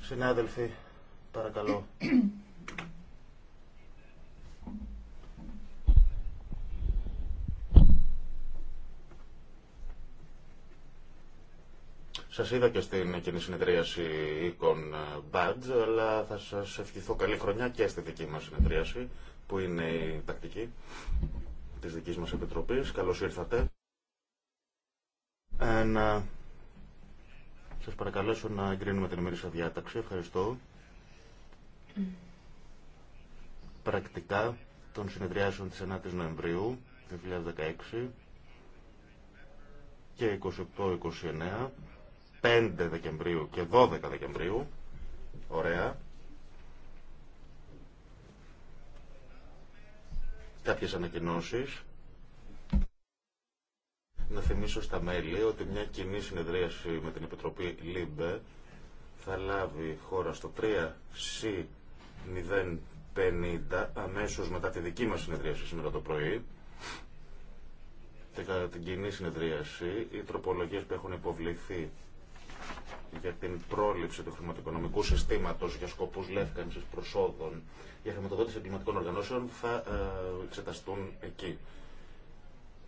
Συνάδελφοι, παρακαλώ. Σα είδα και στην κοινή συνεδρίαση Econ Badge, αλλά θα σας ευχηθώ καλή χρονιά και στη δική μας συνεδρίαση, που είναι η τακτική της δικής μας Επιτροπής. Καλώς ήρθατε. Ένα σας παρακαλέσω να εγκρίνουμε την ημερήσια διάταξη. Ευχαριστώ. Πρακτικά των συνεδριάσεων της 9ης Νοεμβρίου 2016 και 28-29, 5 Δεκεμβρίου και 12 Δεκεμβρίου. Ωραία. Κάποιες ανακοινώσεις. Να θυμίσω στα μέλη ότι μια κοινή συνεδρίαση με την Επιτροπή ΛΥΜΠΕ θα λάβει χώρα στο 3C050 αμέσως μετά τη δική μας συνεδρίαση σήμερα το πρωί και κατά την κοινή συνεδρίαση οι τροπολογίες που έχουν υποβληθεί για την πρόληψη του χρηματοοικονομικού συστήματος για σκοπούς λεύκανσης προσόδων για χρηματοδότηση εγκληματικών οργανώσεων θα ε, εξεταστούν εκεί.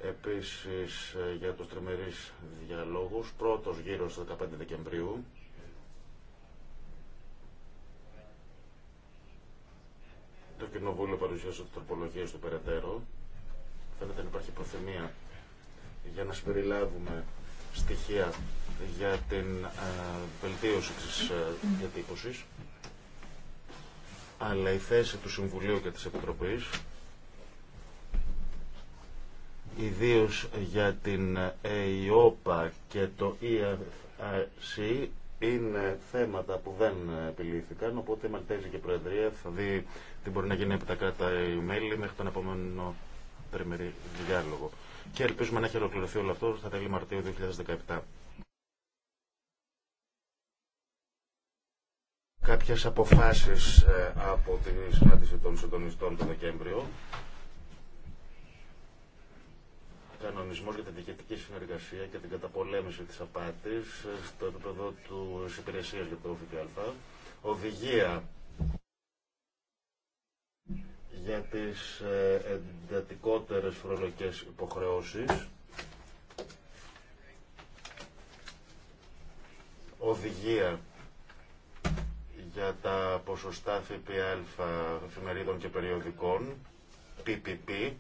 Επίσης ε, για τους τριμερείς διαλόγους, πρώτος γύρος 15 Δεκεμβρίου. Το Κοινοβούλιο παρουσίασε τις τροπολογίες του περαιτέρω. Φαίνεται να υπάρχει προθυμία για να συμπεριλάβουμε στοιχεία για την ε, βελτίωση της ε, διατύπωσης. Αλλά η θέση του Συμβουλίου και της Επιτροπής ιδίως για την ΕΙΟΠΑ και το EFRC είναι θέματα που δεν επιλύθηκαν, οπότε η Προεδρία θα δει τι μπορεί να γίνει από τα κράτα μέλη μέχρι τον επόμενο τριμερή διάλογο. Και ελπίζουμε να έχει ολοκληρωθεί όλο αυτό στα τέλη Μαρτίου 2017. Κάποιες αποφάσεις ε, από τη συνάντηση των συντονιστών το Δεκέμβριο κανονισμό για την διοικητική συνεργασία και την καταπολέμηση της απάτης ε, στο επίπεδο του Υπηρεσία για το ΦΠΑ, οδηγία για τι ε, εντατικότερε φορολογικέ υποχρεώσει. οδηγία για τα ποσοστά ΦΠΑ εφημερίδων και περιοδικών, PPP,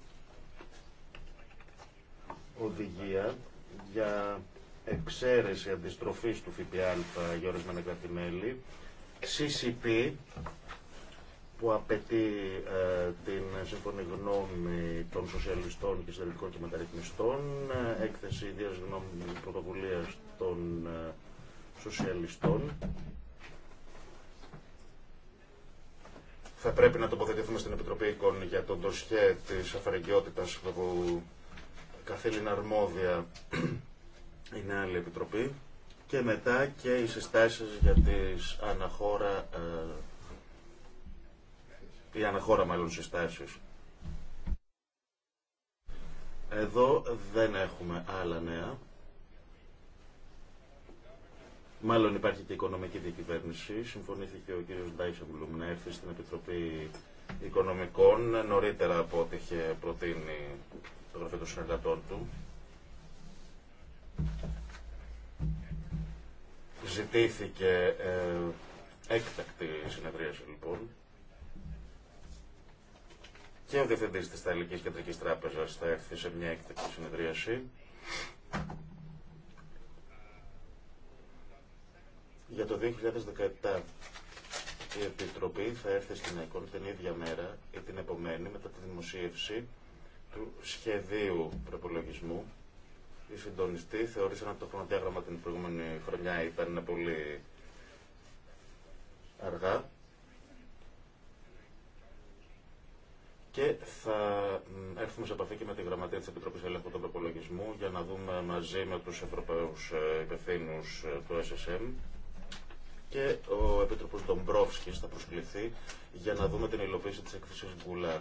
οδηγία για εξαίρεση αντιστροφής του ΦΠΑ για ορισμένα κράτη-μέλη CCP, που απαιτεί ε, την σύμφωνη γνώμη των σοσιαλιστών και συντηρητικών και μεταρρυθμιστών, ε, έκθεση ιδίας γνώμη πρωτοβουλίας των ε, σοσιαλιστών. Θα πρέπει να τοποθετηθούμε στην Επιτροπή Εικόνη για τον τοσχέ της αφαρικιότητας που καθήλυνα αρμόδια είναι άλλη επιτροπή και μετά και οι συστάσεις για τις αναχώρα ε, η αναχώρα μάλλον συστάσεις. Εδώ δεν έχουμε άλλα νέα. Μάλλον υπάρχει και οικονομική διακυβέρνηση. Συμφωνήθηκε ο κύριος Ντάισεμπλουμ να έρθει στην Επιτροπή Οικονομικών νωρίτερα από ό,τι είχε προτείνει το γραφείο των συνεργατών του. Ζητήθηκε ε, έκτακτη συνεδρίαση λοιπόν και ο Διευθυντής της Ταλική Κεντρική Τράπεζα θα έρθει σε μια έκτακτη συνεδρίαση για το 2017 η Επιτροπή θα έρθει στην ΕΚΟΝ την ίδια μέρα ή την επομένη μετά τη δημοσίευση του σχεδίου προπολογισμού. Οι συντονιστοί θεώρησαν ότι το χρονοδιάγραμμα την προηγούμενη χρονιά ήταν πολύ αργά και θα έρθουμε σε επαφή και με τη Γραμματεία της Επιτροπής Ελέγχου του Προπολογισμού για να δούμε μαζί με τους Ευρωπαίους ε, υπευθύνου ε, του SSM και ο Επίτροπος Ντομπρόφσκης θα προσκληθεί για να δούμε την υλοποίηση της έκθεσης Γκουλάρ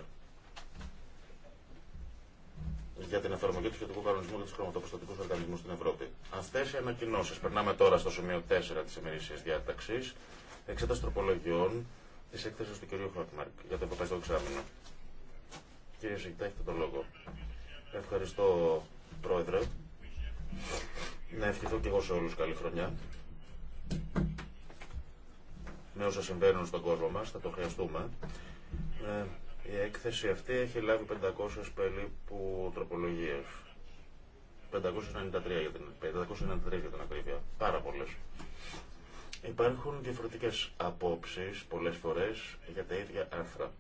για την εφαρμογή του σχετικού κανονισμού για του χρηματοπιστωτικού οργανισμού στην Ευρώπη. Αυτέ οι ανακοινώσει. Περνάμε τώρα στο σημείο 4 τη ημερήσια διάταξη. Εξέταση τροπολογιών τη έκθεση του κ. Χόκμαρκ για το Ευρωπαϊκό Εξάμεινο. Κύριε Σιγητά, έχετε τον λόγο. Ευχαριστώ, Πρόεδρε. Να ευχηθώ και εγώ σε όλου καλή χρονιά. Με όσα συμβαίνουν στον κόσμο μα, θα το χρειαστούμε. Ε, η έκθεση αυτή έχει λάβει 500 περίπου τροπολογίε, 593 για την, 593 για την ακρίβεια. Πάρα πολλέ. Υπάρχουν διαφορετικέ απόψει πολλέ φορέ για τα ίδια άρθρα.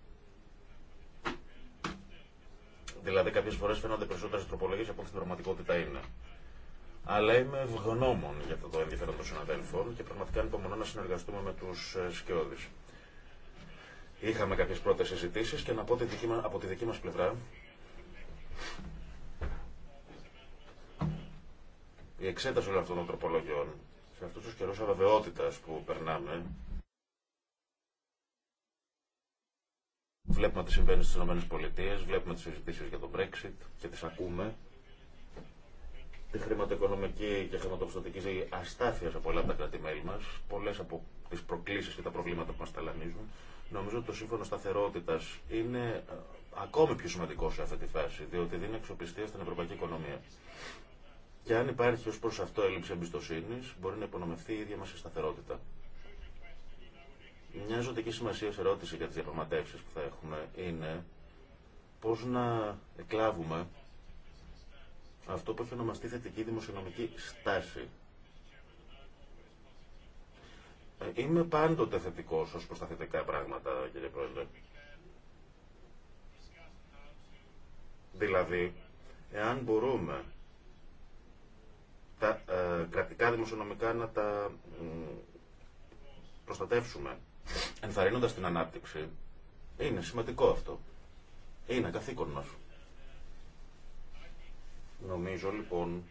Δηλαδή κάποιε φορέ φαίνονται περισσότερε τροπολογίε από ό,τι στην πραγματικότητα είναι. Αλλά είμαι ευγνώμων για το ενδιαφέρον των συναδέλφων και πραγματικά ανυπομονώ να συνεργαστούμε με του ε, σκιώδει. Είχαμε κάποιες πρώτες συζητήσει και να πω τη από τη δική μας πλευρά η εξέταση όλων αυτών των τροπολογιών σε αυτούς τους καιρούς αβεβαιότητας που περνάμε Βλέπουμε τι συμβαίνει στι ΗΠΑ, βλέπουμε τι συζητήσει για το Brexit και τι ακούμε. Τη χρηματοοικονομική και χρηματοπιστωτική αστάθεια από όλα τα κράτη-μέλη μα, πολλέ από τι προκλήσει και τα προβλήματα που μα ταλανίζουν. Νομίζω ότι το σύμφωνο σταθερότητα είναι ε, ακόμη πιο σημαντικό σε αυτή τη φάση, διότι δίνει αξιοπιστία στην ευρωπαϊκή οικονομία. Και αν υπάρχει ω προ αυτό έλλειψη εμπιστοσύνη, μπορεί να υπονομευτεί η ίδια μα η σταθερότητα. Μια ζωτική σημασία σε ερώτηση για τι διαπραγματεύσει που θα έχουμε είναι πώ να εκλάβουμε αυτό που έχει ονομαστεί θετική δημοσιονομική στάση Είμαι πάντοτε θετικός ω προ τα θετικά πράγματα, κύριε Πρόεδρε. Δηλαδή, εάν μπορούμε τα ε, κρατικά δημοσιονομικά να τα προστατεύσουμε, ενθαρρύνοντας την ανάπτυξη, είναι σημαντικό αυτό. Είναι καθήκον μας. Νομίζω λοιπόν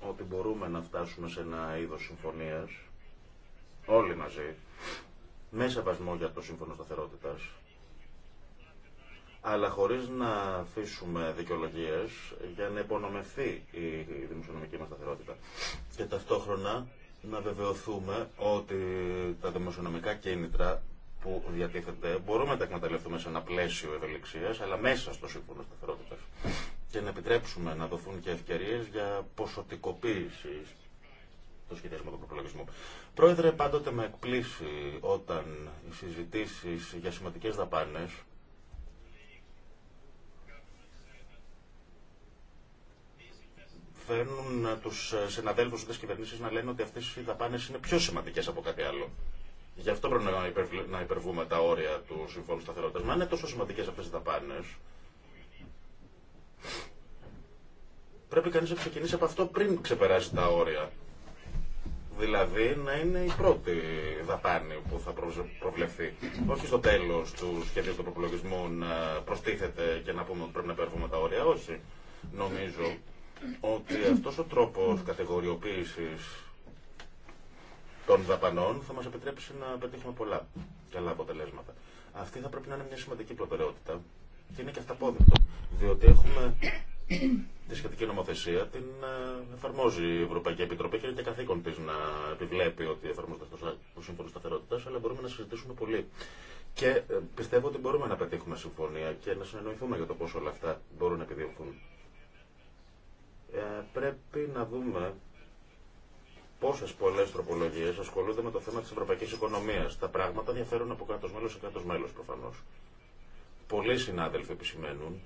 ότι μπορούμε να φτάσουμε σε ένα είδος συμφωνίας όλοι μαζί, με σεβασμό για το Σύμφωνο Σταθερότητας, αλλά χωρίς να αφήσουμε δικαιολογίε για να υπονομευθεί η δημοσιονομική μας σταθερότητα. Και ταυτόχρονα να βεβαιωθούμε ότι τα δημοσιονομικά κίνητρα που διατίθεται μπορούμε να τα εκμεταλλευτούμε σε ένα πλαίσιο ευελιξίας, αλλά μέσα στο σύμφωνο σταθερότητας. Και να επιτρέψουμε να δοθούν και ευκαιρίες για ποσοτικοποίηση το σχεδιασμό του προπολογισμού. Πρόεδρε, πάντοτε με εκπλήσει όταν οι συζητήσει για σημαντικέ δαπάνε φέρνουν του συναδέλφου τη κυβέρνηση να λένε ότι αυτέ οι δαπάνε είναι πιο σημαντικέ από κάτι άλλο. Γι' αυτό πρέπει να υπερβούμε τα όρια του Συμφώνου Σταθερότητα. Μα είναι τόσο σημαντικέ αυτέ οι δαπάνε, πρέπει κανεί να ξεκινήσει από αυτό πριν ξεπεράσει τα όρια Δηλαδή να είναι η πρώτη δαπάνη που θα προβλεφθεί. Όχι στο τέλο του σχεδίου των προπολογισμών να ε, προστίθεται και να πούμε ότι πρέπει να υπερβούμε τα όρια. Όχι. Νομίζω ότι αυτό ο τρόπο κατηγοριοποίηση των δαπανών θα μα επιτρέψει να πετύχουμε πολλά καλά αποτελέσματα. Αυτή θα πρέπει να είναι μια σημαντική προτεραιότητα. Και είναι και αυταπόδεικτο. Διότι έχουμε τη σχετική νομοθεσία την ε, εφαρμόζει η Ευρωπαϊκή Επιτροπή και είναι και καθήκον τη να επιβλέπει ότι εφαρμόζεται αυτό το Σύμφωνο Σταθερότητα, αλλά μπορούμε να συζητήσουμε πολύ. Και ε, πιστεύω ότι μπορούμε να πετύχουμε συμφωνία και να συνεννοηθούμε για το πώ όλα αυτά μπορούν να επιδιωχθούν. Ε, πρέπει να δούμε πόσε πολλέ τροπολογίε ασχολούνται με το θέμα τη ευρωπαϊκή οικονομία. Τα πράγματα διαφέρουν από κράτο μέλο σε κράτο μέλο προφανώ. Πολλοί συνάδελφοι επισημαίνουν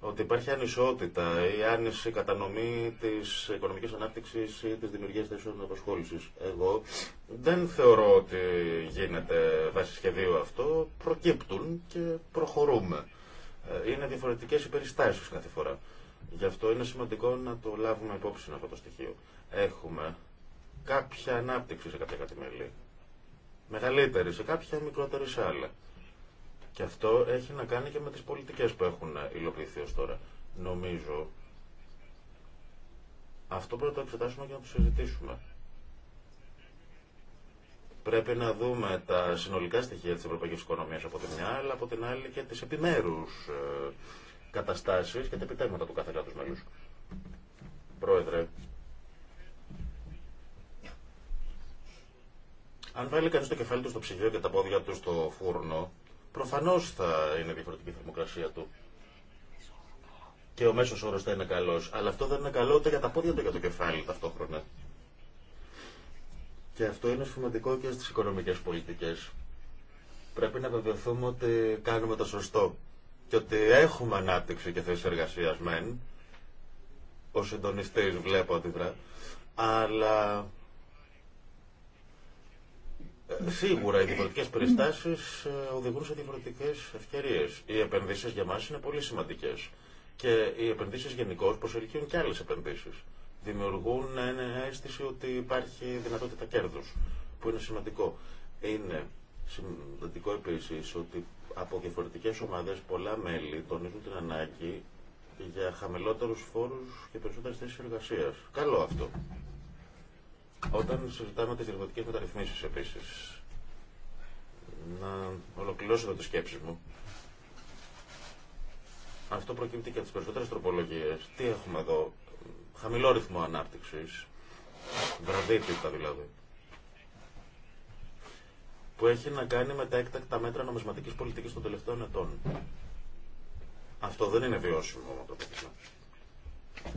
ότι υπάρχει ανισότητα ή άνηση κατανομή τη οικονομική ανάπτυξη ή τη δημιουργία θέσεων απασχόληση. Εγώ δεν θεωρώ ότι γίνεται βάσει σχεδίου αυτό. Προκύπτουν και προχωρούμε. Ε, είναι διαφορετικέ οι περιστάσει κάθε φορά. Γι' αυτό είναι σημαντικό να το λάβουμε υπόψη αυτό το στοιχείο. Έχουμε κάποια ανάπτυξη σε κάποια κατημέλη. Μεγαλύτερη σε κάποια, μικρότερη σε άλλα. Και αυτό έχει να κάνει και με τις πολιτικές που έχουν υλοποιηθεί ως τώρα. Νομίζω αυτό πρέπει να το εξετάσουμε και να το συζητήσουμε. Πρέπει να δούμε τα συνολικά στοιχεία της ευρωπαϊκής οικονομίας από τη μια, αλλά από την άλλη και τις επιμέρους ε, καταστάσεις και τα επιτέγματα του κάθε κράτους μέλους. Πρόεδρε, αν βάλει κανείς το κεφάλι του στο ψυγείο και τα πόδια του στο φούρνο, Προφανώς θα είναι διαφορετική η θερμοκρασία του. Και ο μέσος όρος θα είναι καλός. Αλλά αυτό δεν είναι καλό ούτε για τα πόδια του για το κεφάλι ταυτόχρονα. Και αυτό είναι σημαντικό και στις οικονομικές πολιτικές. Πρέπει να βεβαιωθούμε ότι κάνουμε το σωστό. Και ότι έχουμε ανάπτυξη και θέσει εργασία μεν. Ο συντονιστής βλέπω αντιδρά. Αλλά Σίγουρα οι διαφορετικέ περιστάσει ε, οδηγούν σε διαφορετικέ ευκαιρίε. Οι επενδύσει για μα είναι πολύ σημαντικέ. Και οι επενδύσει γενικώ προσελκύουν και άλλε επενδύσει. Δημιουργούν ένα αίσθηση ότι υπάρχει δυνατότητα κέρδου, που είναι σημαντικό. Είναι σημαντικό επίση ότι από διαφορετικέ ομάδε πολλά μέλη τονίζουν την ανάγκη για χαμηλότερου φόρου και περισσότερε θέσει εργασία. Καλό αυτό. Όταν συζητάμε τι διαδοτικές μεταρρυθμίσει επίση. να ολοκληρώσω εδώ τη σκέψη μου. Αυτό προκύπτει και από τις περισσότερες τροπολογίες. Τι έχουμε εδώ, χαμηλό ρυθμό ανάπτυξη, βραδίτητα δηλαδή, που έχει να κάνει με τα έκτακτα μέτρα νομισματικής πολιτικής των τελευταίων ετών. Αυτό δεν είναι βιώσιμο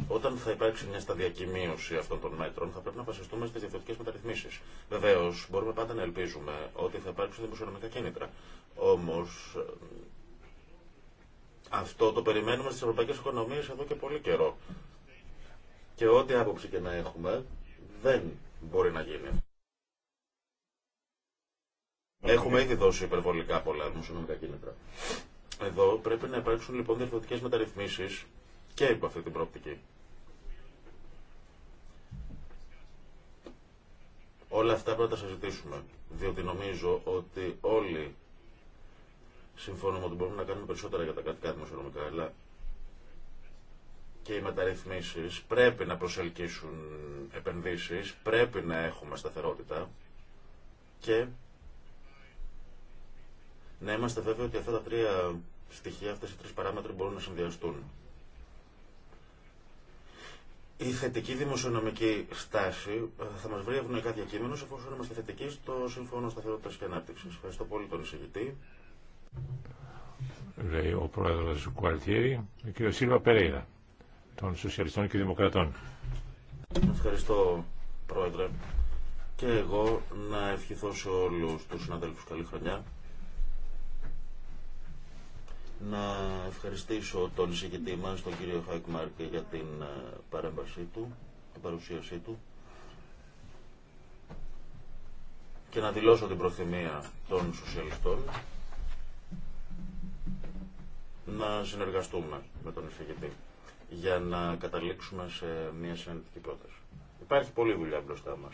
όταν θα υπάρξει μια σταδιακή μείωση αυτών των μέτρων, θα πρέπει να βασιστούμε στι διαφορετικέ μεταρρυθμίσει. Βεβαίω, μπορούμε πάντα να ελπίζουμε ότι θα υπάρξουν δημοσιονομικά κίνητρα. Όμω, ε, αυτό το περιμένουμε στι ευρωπαϊκέ οικονομίε εδώ και πολύ καιρό. Και ό,τι άποψη και να έχουμε, δεν μπορεί να γίνει. Έχουμε ήδη δώσει υπερβολικά πολλά δημοσιονομικά κίνητρα. Εδώ πρέπει να υπάρξουν λοιπόν διαφορετικέ μεταρρυθμίσει και υπό αυτή την προοπτική. Όλα αυτά πρέπει να τα συζητήσουμε, διότι νομίζω ότι όλοι συμφωνούμε ότι μπορούμε να κάνουμε περισσότερα για τα κρατικά δημοσιονομικά, αλλά και οι μεταρρυθμίσεις πρέπει να προσελκύσουν επενδύσεις, πρέπει να έχουμε σταθερότητα και να είμαστε βέβαιοι ότι αυτά τα τρία στοιχεία, αυτές οι τρεις παράμετροι μπορούν να συνδυαστούν. Η θετική δημοσιονομική στάση ε, θα μα βρει ευνοϊκά διακείμενο εφόσον είμαστε θετικοί στο Σύμφωνο Σταθερότητα και Ανάπτυξη. Ευχαριστώ πολύ τον εισηγητή. Λέει ο πρόεδρο Κουαρτιέρη, ο κ. Σίλβα Περέιρα, των Σοσιαλιστών και Δημοκρατών. Ευχαριστώ, πρόεδρε. Και εγώ να ευχηθώ σε όλου του συναδέλφου καλή χρονιά να ευχαριστήσω τον εισηγητή μας, τον κύριο Μάρκε για την ε, παρέμβασή του, την παρουσίασή του και να δηλώσω την προθυμία των σοσιαλιστών να συνεργαστούμε με τον εισηγητή για να καταλήξουμε σε μια συναντητική πρόταση. Υπάρχει πολλή δουλειά μπροστά μας.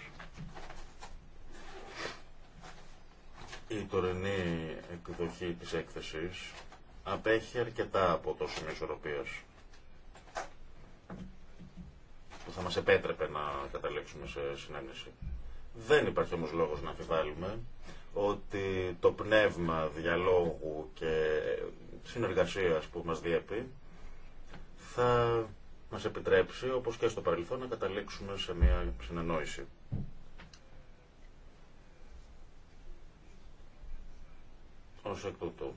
Η τωρινή εκδοχή της έκθεσης απέχει αρκετά από το σημείο που θα μας επέτρεπε να καταλήξουμε σε συνένεση. Δεν υπάρχει όμως λόγος να αμφιβάλλουμε ότι το πνεύμα διαλόγου και συνεργασίας που μας διέπει θα μας επιτρέψει, όπως και στο παρελθόν, να καταλήξουμε σε μια συνεννόηση. Ως εκ τούτου.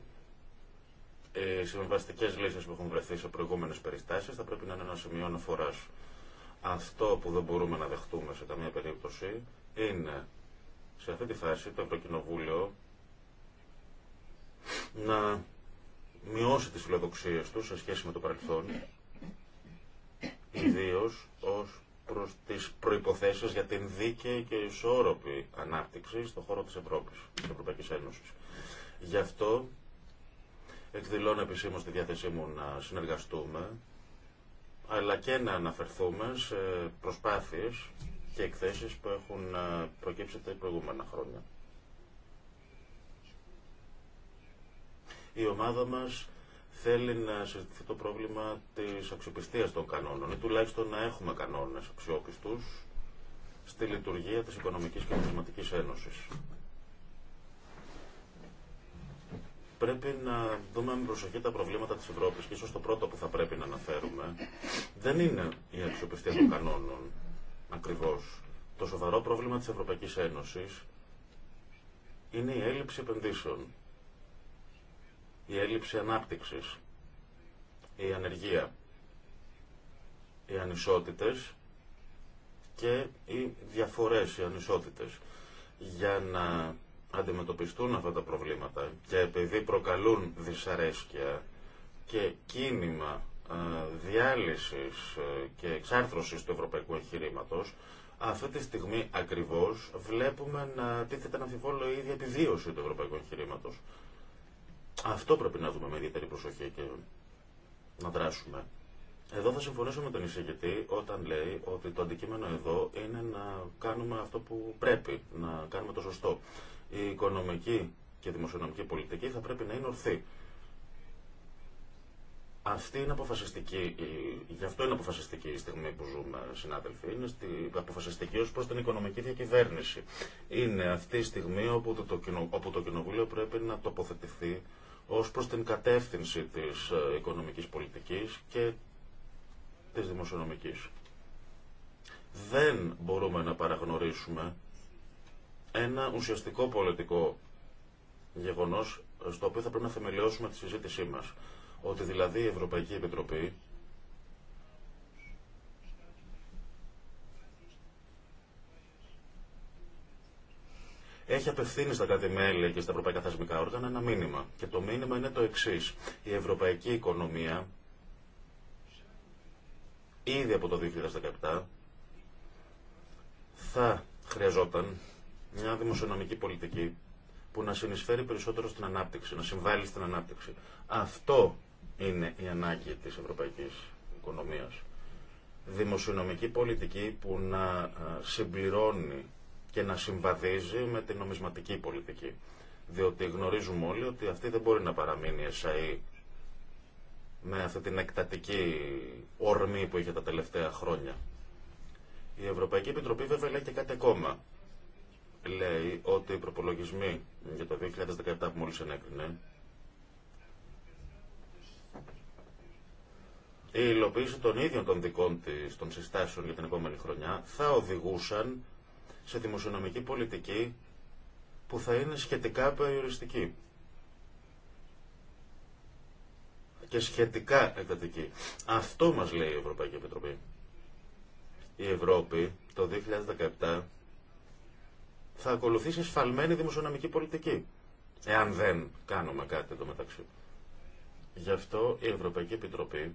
Οι ε, συμβαστικέ λύσει που έχουν βρεθεί σε προηγούμενε περιστάσει θα πρέπει να είναι ένα σημείο αναφορά. Αυτό που δεν μπορούμε να δεχτούμε σε καμία περίπτωση είναι σε αυτή τη φάση το Ευρωκοινοβούλιο να μειώσει τις φιλοδοξίες του σε σχέση με το παρελθόν, ιδίω ως προς τις προϋποθέσεις για την δίκαιη και ισόρροπη ανάπτυξη στον χώρο της Ευρώπης, της Ευρωπαϊκής Ένωσης. Γι' αυτό εκδηλώνω επισήμω τη διάθεσή μου να συνεργαστούμε, αλλά και να αναφερθούμε σε προσπάθειες και εκθέσεις που έχουν ε, προκύψει τα προηγούμενα χρόνια. Η ομάδα μας θέλει να συζητηθεί το πρόβλημα τη αξιοπιστίας των κανόνων ή τουλάχιστον να έχουμε κανόνες αξιόπιστους στη λειτουργία της Οικονομικής και Ένωσης. πρέπει να δούμε με προσοχή τα προβλήματα της Ευρώπης και ίσως το πρώτο που θα πρέπει να αναφέρουμε δεν είναι η αξιοπιστία των κανόνων ακριβώς. Το σοβαρό πρόβλημα της Ευρωπαϊκής Ένωσης είναι η έλλειψη επενδύσεων, η έλλειψη ανάπτυξης, η ανεργία, οι ανισότητες και οι διαφορές, οι ανισότητες. Για να αντιμετωπιστούν αυτά τα προβλήματα και επειδή προκαλούν δυσαρέσκεια και κίνημα ε, διάλυσης ε, και εξάρθρωσης του ευρωπαϊκού εγχειρήματο, αυτή τη στιγμή ακριβώς βλέπουμε να τίθεται να αμφιβόλο η ίδια επιβίωση του ευρωπαϊκού εγχειρήματο. Αυτό πρέπει να δούμε με ιδιαίτερη προσοχή και να δράσουμε. Εδώ θα συμφωνήσω με τον εισηγητή όταν λέει ότι το αντικείμενο εδώ είναι να κάνουμε αυτό που πρέπει, να κάνουμε το σωστό η οικονομική και δημοσιονομική πολιτική θα πρέπει να είναι ορθή. Αυτή είναι αποφασιστική, γι' αυτό είναι αποφασιστική η στιγμή που ζούμε, συνάδελφοι. Είναι στη, αποφασιστική ω προ την οικονομική διακυβέρνηση. Είναι αυτή η στιγμή όπου το, το, όπου το Κοινοβούλιο πρέπει να τοποθετηθεί ω προ την κατεύθυνση τη ε, οικονομική πολιτική και τη δημοσιονομική. Δεν μπορούμε να παραγνωρίσουμε ένα ουσιαστικό πολιτικό γεγονός στο οποίο θα πρέπει να θεμελιώσουμε τη συζήτησή μα. Ότι δηλαδή η Ευρωπαϊκή Επιτροπή έχει απευθύνει στα κατημέλη και στα ευρωπαϊκά θεσμικά όργανα ένα μήνυμα. Και το μήνυμα είναι το εξή. Η ευρωπαϊκή οικονομία ήδη από το 2017 θα χρειαζόταν μια δημοσιονομική πολιτική που να συνεισφέρει περισσότερο στην ανάπτυξη, να συμβάλλει στην ανάπτυξη. Αυτό είναι η ανάγκη της ευρωπαϊκής οικονομίας. Δημοσιονομική πολιτική που να ε, συμπληρώνει και να συμβαδίζει με την νομισματική πολιτική. Διότι γνωρίζουμε όλοι ότι αυτή δεν μπορεί να παραμείνει εσαή με αυτή την εκτατική ορμή που είχε τα τελευταία χρόνια. Η Ευρωπαϊκή Επιτροπή βέβαια λέει και κάτι ακόμα λέει ότι οι προπολογισμοί για το 2017 που μόλις ενέκρινε η υλοποίηση των ίδιων των δικών της, των συστάσεων για την επόμενη χρονιά θα οδηγούσαν σε δημοσιονομική πολιτική που θα είναι σχετικά περιοριστική και σχετικά εκτατική. Αυτό μας λέει η Ευρωπαϊκή Επιτροπή. Η Ευρώπη το 2017 θα ακολουθήσει σφαλμένη δημοσιονομική πολιτική, εάν δεν κάνουμε κάτι εδώ μεταξύ. Γι' αυτό η Ευρωπαϊκή Επιτροπή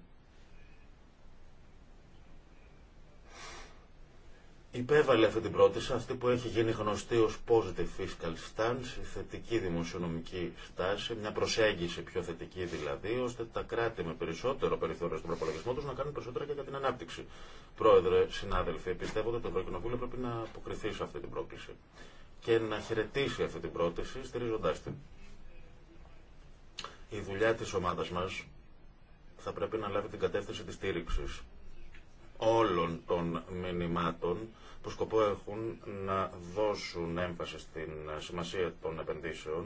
υπέβαλε αυτή την πρόταση, αυτή που έχει γίνει γνωστή ως positive fiscal stance, θετική δημοσιονομική στάση, μια προσέγγιση πιο θετική δηλαδή, ώστε τα κράτη με περισσότερο περιθώριο στον προπολογισμό τους να κάνουν περισσότερα και για την ανάπτυξη. Πρόεδρε, συνάδελφοι, πιστεύω ότι το Ευρωκοινοβούλιο πρέπει να αποκριθεί σε αυτή την πρόκληση και να χαιρετήσει αυτή την πρόταση στηρίζοντάς την. Η δουλειά της ομάδας μας θα πρέπει να λάβει την κατεύθυνση της στήριξης όλων των μηνυμάτων που σκοπό έχουν να δώσουν έμφαση στην σημασία των επενδύσεων,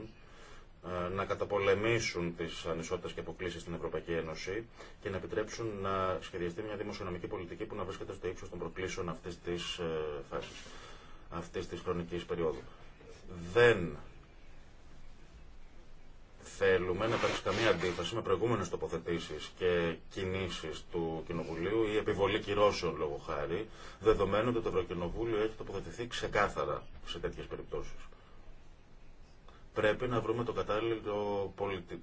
ε, να καταπολεμήσουν τις ανισότητες και αποκλήσεις στην Ευρωπαϊκή Ένωση και να επιτρέψουν να σχεδιαστεί μια δημοσιονομική πολιτική που να βρίσκεται στο ύψος των προκλήσεων αυτής της ε, φάσης, της χρονικής περίοδου. Δεν θέλουμε να υπάρξει καμία αντίφαση με προηγούμενε τοποθετήσει και κινήσει του Κοινοβουλίου ή επιβολή κυρώσεων λόγω χάρη, δεδομένου ότι το Ευρωκοινοβούλιο έχει τοποθετηθεί ξεκάθαρα σε τέτοιε περιπτώσει. Πρέπει να βρούμε το κατάλληλο,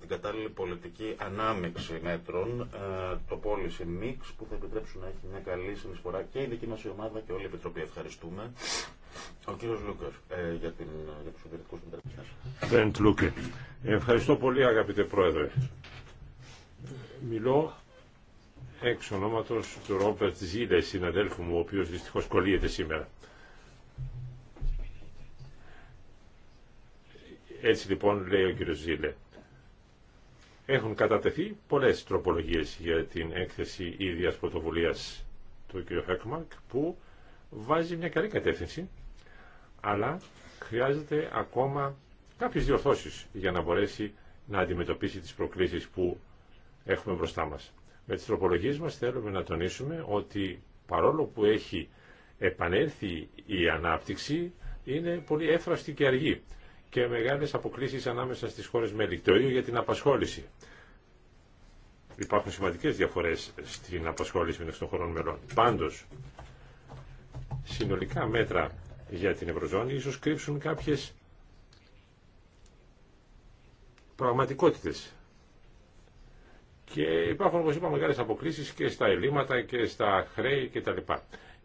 την κατάλληλη πολιτική ανάμειξη μέτρων, ε, το policy mix που θα επιτρέψουν να έχει μια καλή συνεισφορά και η δική μα ομάδα και όλη η Επιτροπή. Ευχαριστούμε. Ο ε, Ευχαριστώ πολύ αγαπητέ Πρόεδρε. Μιλώ εξ ονόματο του Ρόμπερτ Ζήλε, συναδέλφου μου, ο οποίος δυστυχώ κολλείεται σήμερα. Έτσι λοιπόν λέει ο κύριο Ζήλε. Έχουν κατατεθεί πολλέ τροπολογίε για την έκθεση ίδια πρωτοβουλία του κ. Χέκμαρκ που βάζει μια καλή κατεύθυνση αλλά χρειάζεται ακόμα κάποιες διορθώσεις για να μπορέσει να αντιμετωπίσει τις προκλήσεις που έχουμε μπροστά μας. Με τις τροπολογίες μας θέλουμε να τονίσουμε ότι παρόλο που έχει επανέλθει η ανάπτυξη, είναι πολύ έφραστη και αργή και μεγάλες αποκλήσεις ανάμεσα στις χώρες μέλη. Το για την απασχόληση. Υπάρχουν σημαντικές διαφορές στην απασχόληση μεταξύ των χωρών μελών. Πάντως, συνολικά μέτρα για την Ευρωζώνη ίσως κρύψουν κάποιες πραγματικότητες. Και υπάρχουν, όπως είπα, μεγάλες αποκλήσεις και στα ελλείμματα και στα χρέη κτλ.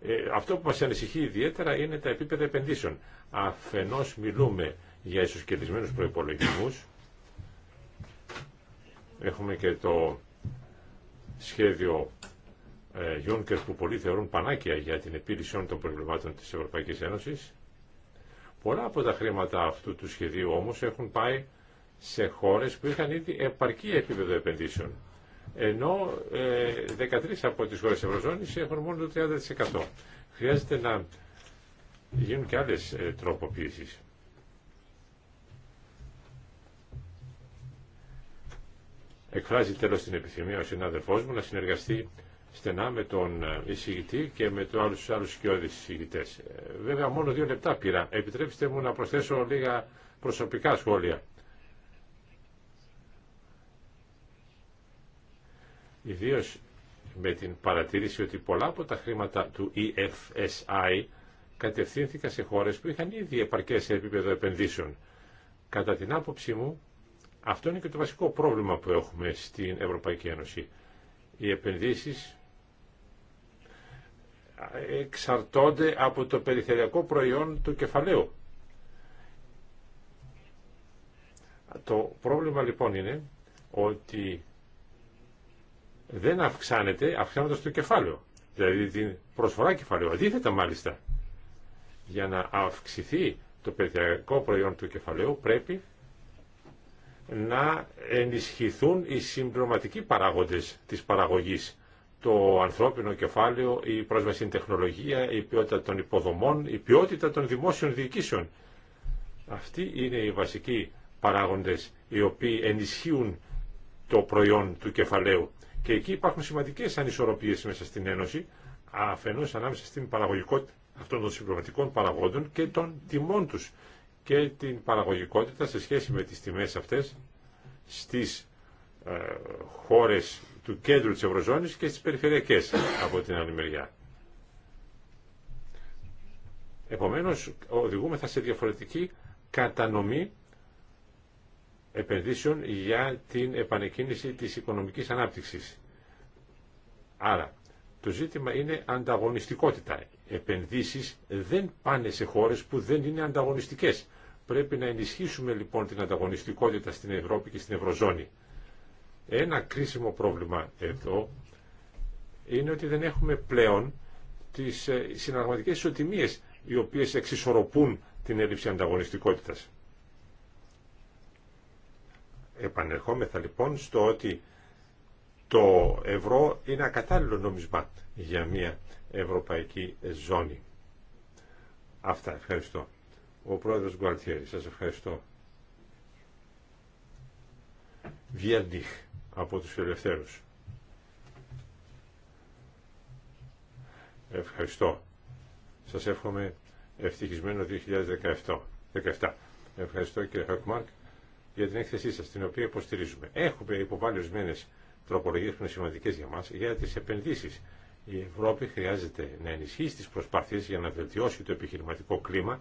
Ε, αυτό που μας ανησυχεί ιδιαίτερα είναι τα επίπεδα επενδύσεων. Αφενός μιλούμε για ισοσκελισμένους προϋπολογισμούς. Έχουμε και το σχέδιο Γιούνκερ που πολλοί θεωρούν πανάκια για την επίλυση όλων των προβλημάτων της Ευρωπαϊκής Ένωσης. Πολλά από τα χρήματα αυτού του σχεδίου όμως έχουν πάει σε χώρες που είχαν ήδη επαρκή επίπεδο επενδύσεων. Ενώ 13 ε, από τις χώρες Ευρωζώνης έχουν μόνο το 30%. Χρειάζεται να γίνουν και άλλες ε, τροποποίησεις. Εκφράζει τέλος την επιθυμία ο συνάδελφός μου να συνεργαστεί στενά με τον ε, εισηγητή και με του άλλους, άλλους σκιώδεις εισηγητές. Ε, βέβαια μόνο δύο λεπτά πήρα. Επιτρέψτε μου να προσθέσω λίγα προσωπικά σχόλια. Ιδίω με την παρατήρηση ότι πολλά από τα χρήματα του EFSI κατευθύνθηκαν σε χώρες που είχαν ήδη επαρκές επίπεδο επενδύσεων. Κατά την άποψή μου, αυτό είναι και το βασικό πρόβλημα που έχουμε στην Ευρωπαϊκή Ένωση. Οι επενδύσεις εξαρτώνται από το περιφερειακό προϊόν του κεφαλαίου. Το πρόβλημα λοιπόν είναι ότι δεν αυξάνεται αυξάνοντας το κεφάλαιο, δηλαδή την προσφορά κεφαλαίου. Αντίθετα μάλιστα, για να αυξηθεί το περιφερειακό προϊόν του κεφαλαίου πρέπει να ενισχυθούν οι συμπληρωματικοί παράγοντες της παραγωγής το ανθρώπινο κεφάλαιο, η πρόσβαση στην τεχνολογία, η ποιότητα των υποδομών, η ποιότητα των δημόσιων διοικήσεων. Αυτοί είναι οι βασικοί παράγοντες οι οποίοι ενισχύουν το προϊόν του κεφαλαίου. Και εκεί υπάρχουν σημαντικές ανισορροπίες μέσα στην Ένωση, αφενός ανάμεσα στην παραγωγικότητα αυτών των συμπληρωματικών παραγόντων και των τιμών τους και την παραγωγικότητα σε σχέση με τις τιμές αυτές στις ε, του κέντρου της Ευρωζώνης και στις περιφερειακές από την άλλη μεριά. Επομένως, οδηγούμεθα σε διαφορετική κατανομή επενδύσεων για την επανεκκίνηση της οικονομικής ανάπτυξης. Άρα, το ζήτημα είναι ανταγωνιστικότητα. Επενδύσεις δεν πάνε σε χώρες που δεν είναι ανταγωνιστικές. Πρέπει να ενισχύσουμε λοιπόν την ανταγωνιστικότητα στην Ευρώπη και στην Ευρωζώνη. Ένα κρίσιμο πρόβλημα εδώ είναι ότι δεν έχουμε πλέον τις ε, συναρματικές ισοτιμίες οι οποίες εξισορροπούν την έλλειψη ανταγωνιστικότητας. Επανερχόμεθα λοιπόν στο ότι το ευρώ είναι ακατάλληλο νόμισμα για μια ευρωπαϊκή ζώνη. Αυτά, ευχαριστώ. Ο πρόεδρος Γκουαλτιέρη, σας ευχαριστώ. Βιαντίχ από τους ελευθέρους. Ευχαριστώ. Σας εύχομαι ευτυχισμένο 2017. 17. Ευχαριστώ κύριε Χακμάρκ για την έκθεσή σας, την οποία υποστηρίζουμε. Έχουμε υποβάλει ορισμένε τροπολογίες που είναι σημαντικέ για μας, για τις επενδύσεις. Η Ευρώπη χρειάζεται να ενισχύσει τις προσπάθειες για να βελτιώσει το επιχειρηματικό κλίμα,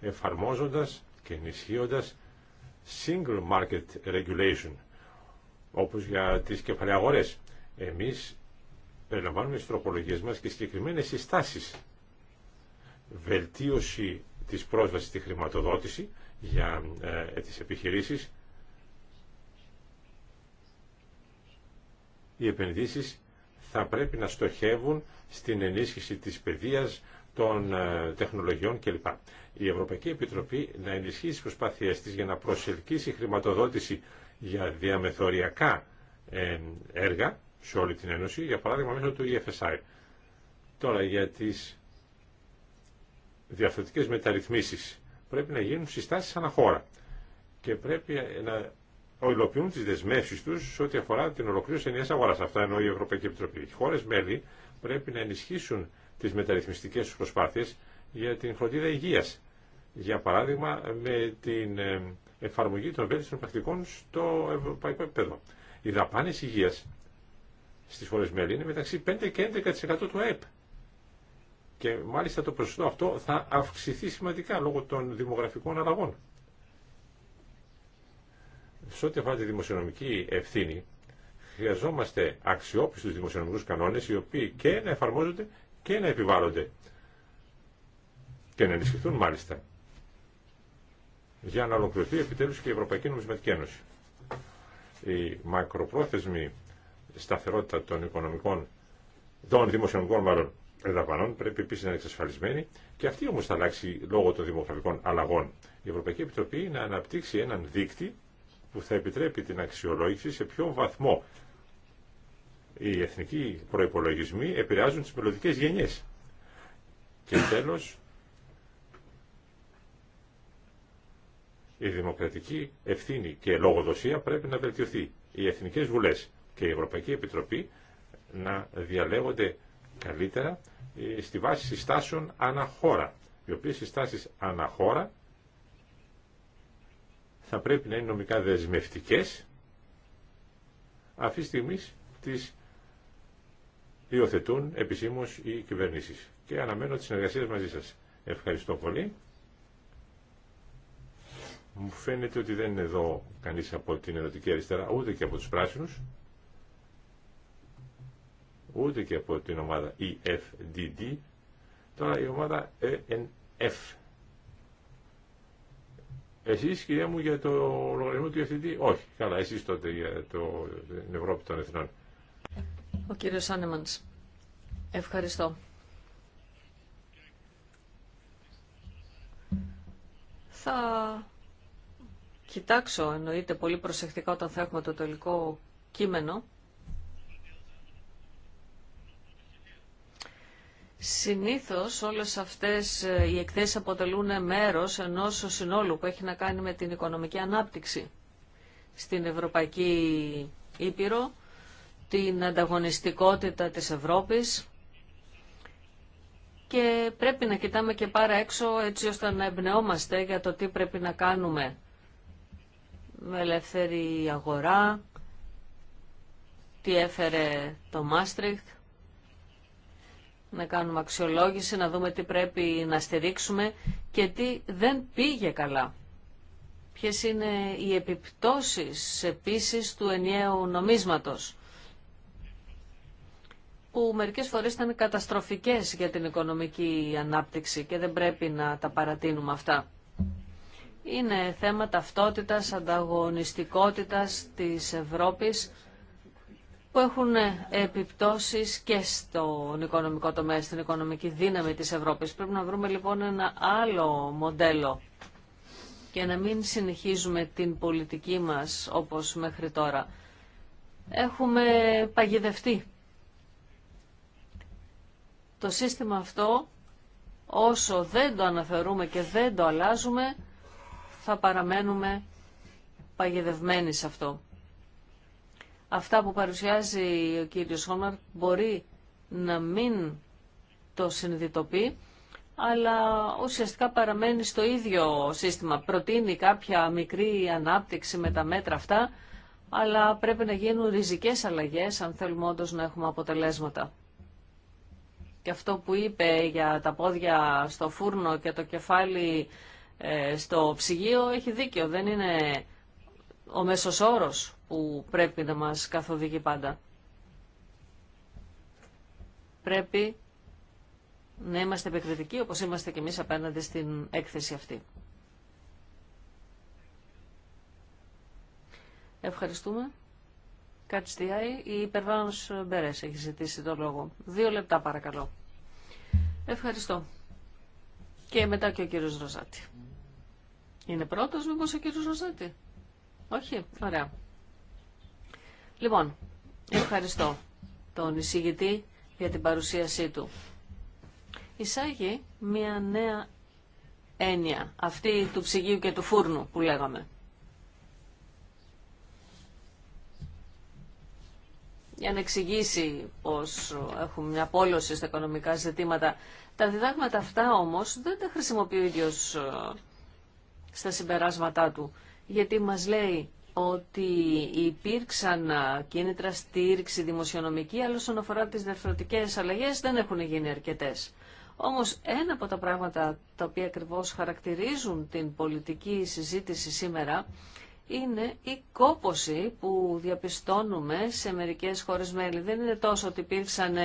εφαρμόζοντας και ενισχύοντας single market regulation όπως για τις κεφαλαιαγορές. Εμείς περιλαμβάνουμε στις τροπολογίες μας και συγκεκριμένες συστάσεις. Βελτίωση της πρόσβασης στη χρηματοδότηση για ε, τις επιχειρήσεις, οι επενδύσεις θα πρέπει να στοχεύουν στην ενίσχυση της παιδείας, των ε, τεχνολογιών κλπ. Η Ευρωπαϊκή Επιτροπή να ενισχύσει τις προσπάθειές της για να προσελκύσει χρηματοδότηση για διαμεθοριακά ε, έργα σε όλη την Ένωση, για παράδειγμα μέσω του EFSI. Τώρα για τις διαφορετικές μεταρρυθμίσεις πρέπει να γίνουν συστάσεις αναχώρα χώρα και πρέπει να ολοποιούν τις δεσμεύσεις τους σε ό,τι αφορά την ολοκλήρωση ενιαίας αγοράς. Αυτά εννοεί η Ευρωπαϊκή Επιτροπή. Οι χώρες μέλη πρέπει να ενισχύσουν τις μεταρρυθμιστικές τους προσπάθειες για την φροντίδα υγείας. Για παράδειγμα με την ε, εφαρμογή των βέλτιστων πρακτικών στο ευρωπαϊκό επίπεδο. Οι δαπάνε υγεία στι χώρε μέλη είναι μεταξύ 5 και 11% του ΑΕΠ. Και μάλιστα το ποσοστό αυτό θα αυξηθεί σημαντικά λόγω των δημογραφικών αλλαγών. Σε ό,τι αφορά τη δημοσιονομική ευθύνη, χρειαζόμαστε αξιόπιστους δημοσιονομικούς κανόνες οι οποίοι και να εφαρμόζονται και να επιβάλλονται και να ενισχυθούν μάλιστα για να ολοκληρωθεί επιτέλους και η Ευρωπαϊκή Νομισματική Ένωση. Η μακροπρόθεσμη σταθερότητα των οικονομικών, των δημοσιονομικών μάλλον δαπανών πρέπει επίση να είναι εξασφαλισμένη και αυτή όμως θα αλλάξει λόγω των δημογραφικών αλλαγών. Η Ευρωπαϊκή Επιτροπή να αναπτύξει έναν δείκτη που θα επιτρέπει την αξιολόγηση σε ποιο βαθμό οι εθνικοί προϋπολογισμοί επηρεάζουν τις μελλοντικές γενιές. Και τέλος, Η δημοκρατική ευθύνη και λογοδοσία πρέπει να βελτιωθεί. Οι εθνικές βουλές και η Ευρωπαϊκή Επιτροπή να διαλέγονται καλύτερα ε, στη βάση συστάσεων αναχώρα. Οι οποίες συστάσεις αναχώρα θα πρέπει να είναι νομικά δεσμευτικές αυτή τη στιγμή τις υιοθετούν επισήμως οι κυβερνήσεις. Και αναμένω τις συνεργασίες μαζί σας. Ευχαριστώ πολύ. Μου φαίνεται ότι δεν είναι εδώ κανείς από την Ενωτική Αριστερά, ούτε και από τους Πράσινους, ούτε και από την ομάδα EFDD. Τώρα η ομάδα ENF. Εσείς, κυρία μου, για το λογαριασμό του EFDD, όχι. Καλά, εσείς τότε για το, την Ευρώπη των Εθνών. Ο κύριος Άνεμανς. Ευχαριστώ. Θα κοιτάξω εννοείται πολύ προσεκτικά όταν θα έχουμε το τελικό κείμενο. Συνήθως όλες αυτές ε, οι εκθέσεις αποτελούν μέρος ενός συνόλου που έχει να κάνει με την οικονομική ανάπτυξη στην Ευρωπαϊκή Ήπειρο, την ανταγωνιστικότητα της Ευρώπης και πρέπει να κοιτάμε και πάρα έξω έτσι ώστε να εμπνεόμαστε για το τι πρέπει να κάνουμε με ελεύθερη αγορά, τι έφερε το Μάστριχτ, να κάνουμε αξιολόγηση, να δούμε τι πρέπει να στηρίξουμε και τι δεν πήγε καλά. Ποιες είναι οι επιπτώσεις επίσης του ενιαίου νομίσματος που μερικές φορές ήταν καταστροφικές για την οικονομική ανάπτυξη και δεν πρέπει να τα παρατείνουμε αυτά είναι θέμα ταυτότητας, ανταγωνιστικότητας της Ευρώπης που έχουν επιπτώσεις και στον οικονομικό τομέα, στην οικονομική δύναμη της Ευρώπης. Πρέπει να βρούμε λοιπόν ένα άλλο μοντέλο και να μην συνεχίζουμε την πολιτική μας όπως μέχρι τώρα. Έχουμε παγιδευτεί. Το σύστημα αυτό όσο δεν το αναφερούμε και δεν το αλλάζουμε θα παραμένουμε παγιδευμένοι σε αυτό. Αυτά που παρουσιάζει ο κύριος Χόμαρ μπορεί να μην το συνειδητοποιεί, αλλά ουσιαστικά παραμένει στο ίδιο σύστημα. Προτείνει κάποια μικρή ανάπτυξη με τα μέτρα αυτά, αλλά πρέπει να γίνουν ριζικές αλλαγές αν θέλουμε όντω να έχουμε αποτελέσματα. Και αυτό που είπε για τα πόδια στο φούρνο και το κεφάλι ε, στο ψυγείο έχει δίκιο. Δεν είναι ο μέσος όρος που πρέπει να μας καθοδηγεί πάντα. Πρέπει να είμαστε επικριτικοί όπως είμαστε και εμείς απέναντι στην έκθεση αυτή. Ευχαριστούμε. ΆΗ. η Υπερβάνος Μπερές έχει ζητήσει το λόγο. Δύο λεπτά παρακαλώ. Ευχαριστώ. Και μετά και ο κύριος Ροζάτη. Είναι πρώτος μήπω ο κύριος Ροζέτη. Όχι, ωραία. Λοιπόν, ευχαριστώ τον εισηγητή για την παρουσίασή του. Εισάγει μια νέα έννοια, αυτή του ψυγείου και του φούρνου που λέγαμε. για να εξηγήσει πως έχουμε μια πόλωση στα οικονομικά ζητήματα. Τα διδάγματα αυτά όμως δεν τα χρησιμοποιεί ο ίδιος ε, στα συμπεράσματά του, γιατί μας λέει ότι υπήρξαν κίνητρα στήριξη δημοσιονομική, αλλά όσον αφορά τις αλλαγές δεν έχουν γίνει αρκετές. Όμως ένα από τα πράγματα τα οποία ακριβώ χαρακτηρίζουν την πολιτική συζήτηση σήμερα είναι η κόποση που διαπιστώνουμε σε μερικές χώρες μέλη. Δεν είναι τόσο ότι υπήρξαν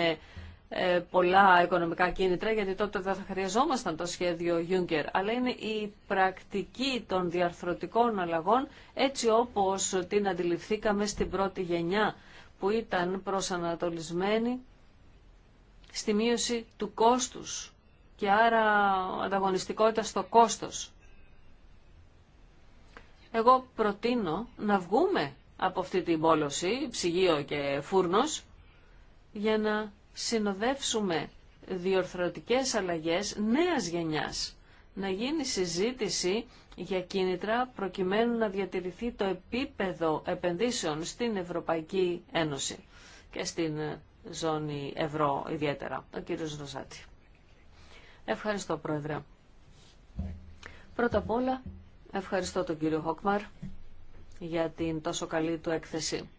ε, πολλά οικονομικά κίνητρα, γιατί τότε δεν θα χρειαζόμασταν το σχέδιο Juncker, αλλά είναι η πρακτική των διαρθρωτικών αλλαγών, έτσι όπως την αντιληφθήκαμε στην πρώτη γενιά, που ήταν προσανατολισμένη στη μείωση του κόστους και άρα ανταγωνιστικότητα στο κόστος. Εγώ προτείνω να βγούμε από αυτή την πόλωση, ψυγείο και φούρνος, για να συνοδεύσουμε διορθωτικές αλλαγές νέας γενιάς. Να γίνει συζήτηση για κίνητρα προκειμένου να διατηρηθεί το επίπεδο επενδύσεων στην Ευρωπαϊκή Ένωση και στην ε, ζώνη ευρώ ιδιαίτερα. Ο κύριος Ροζάτη. Ευχαριστώ Πρόεδρε. Πρώτα απ' όλα ευχαριστώ τον κύριο Χόκμαρ για την τόσο καλή του έκθεση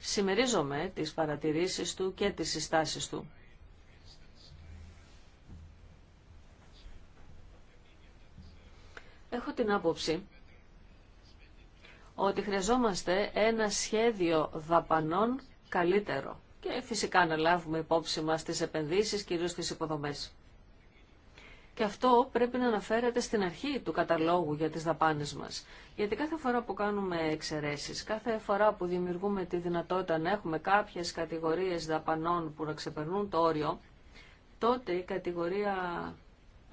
συμμερίζομαι τις παρατηρήσεις του και τις συστάσεις του. Έχω την άποψη ότι χρειαζόμαστε ένα σχέδιο δαπανών καλύτερο και φυσικά να λάβουμε υπόψη μας τις επενδύσεις, κυρίως τις υποδομές. Και αυτό πρέπει να αναφέρεται στην αρχή του καταλόγου για τις δαπάνες μας. Γιατί κάθε φορά που κάνουμε εξαιρέσει, κάθε φορά που δημιουργούμε τη δυνατότητα να έχουμε κάποιες κατηγορίες δαπανών που να ξεπερνούν το όριο, τότε η κατηγορία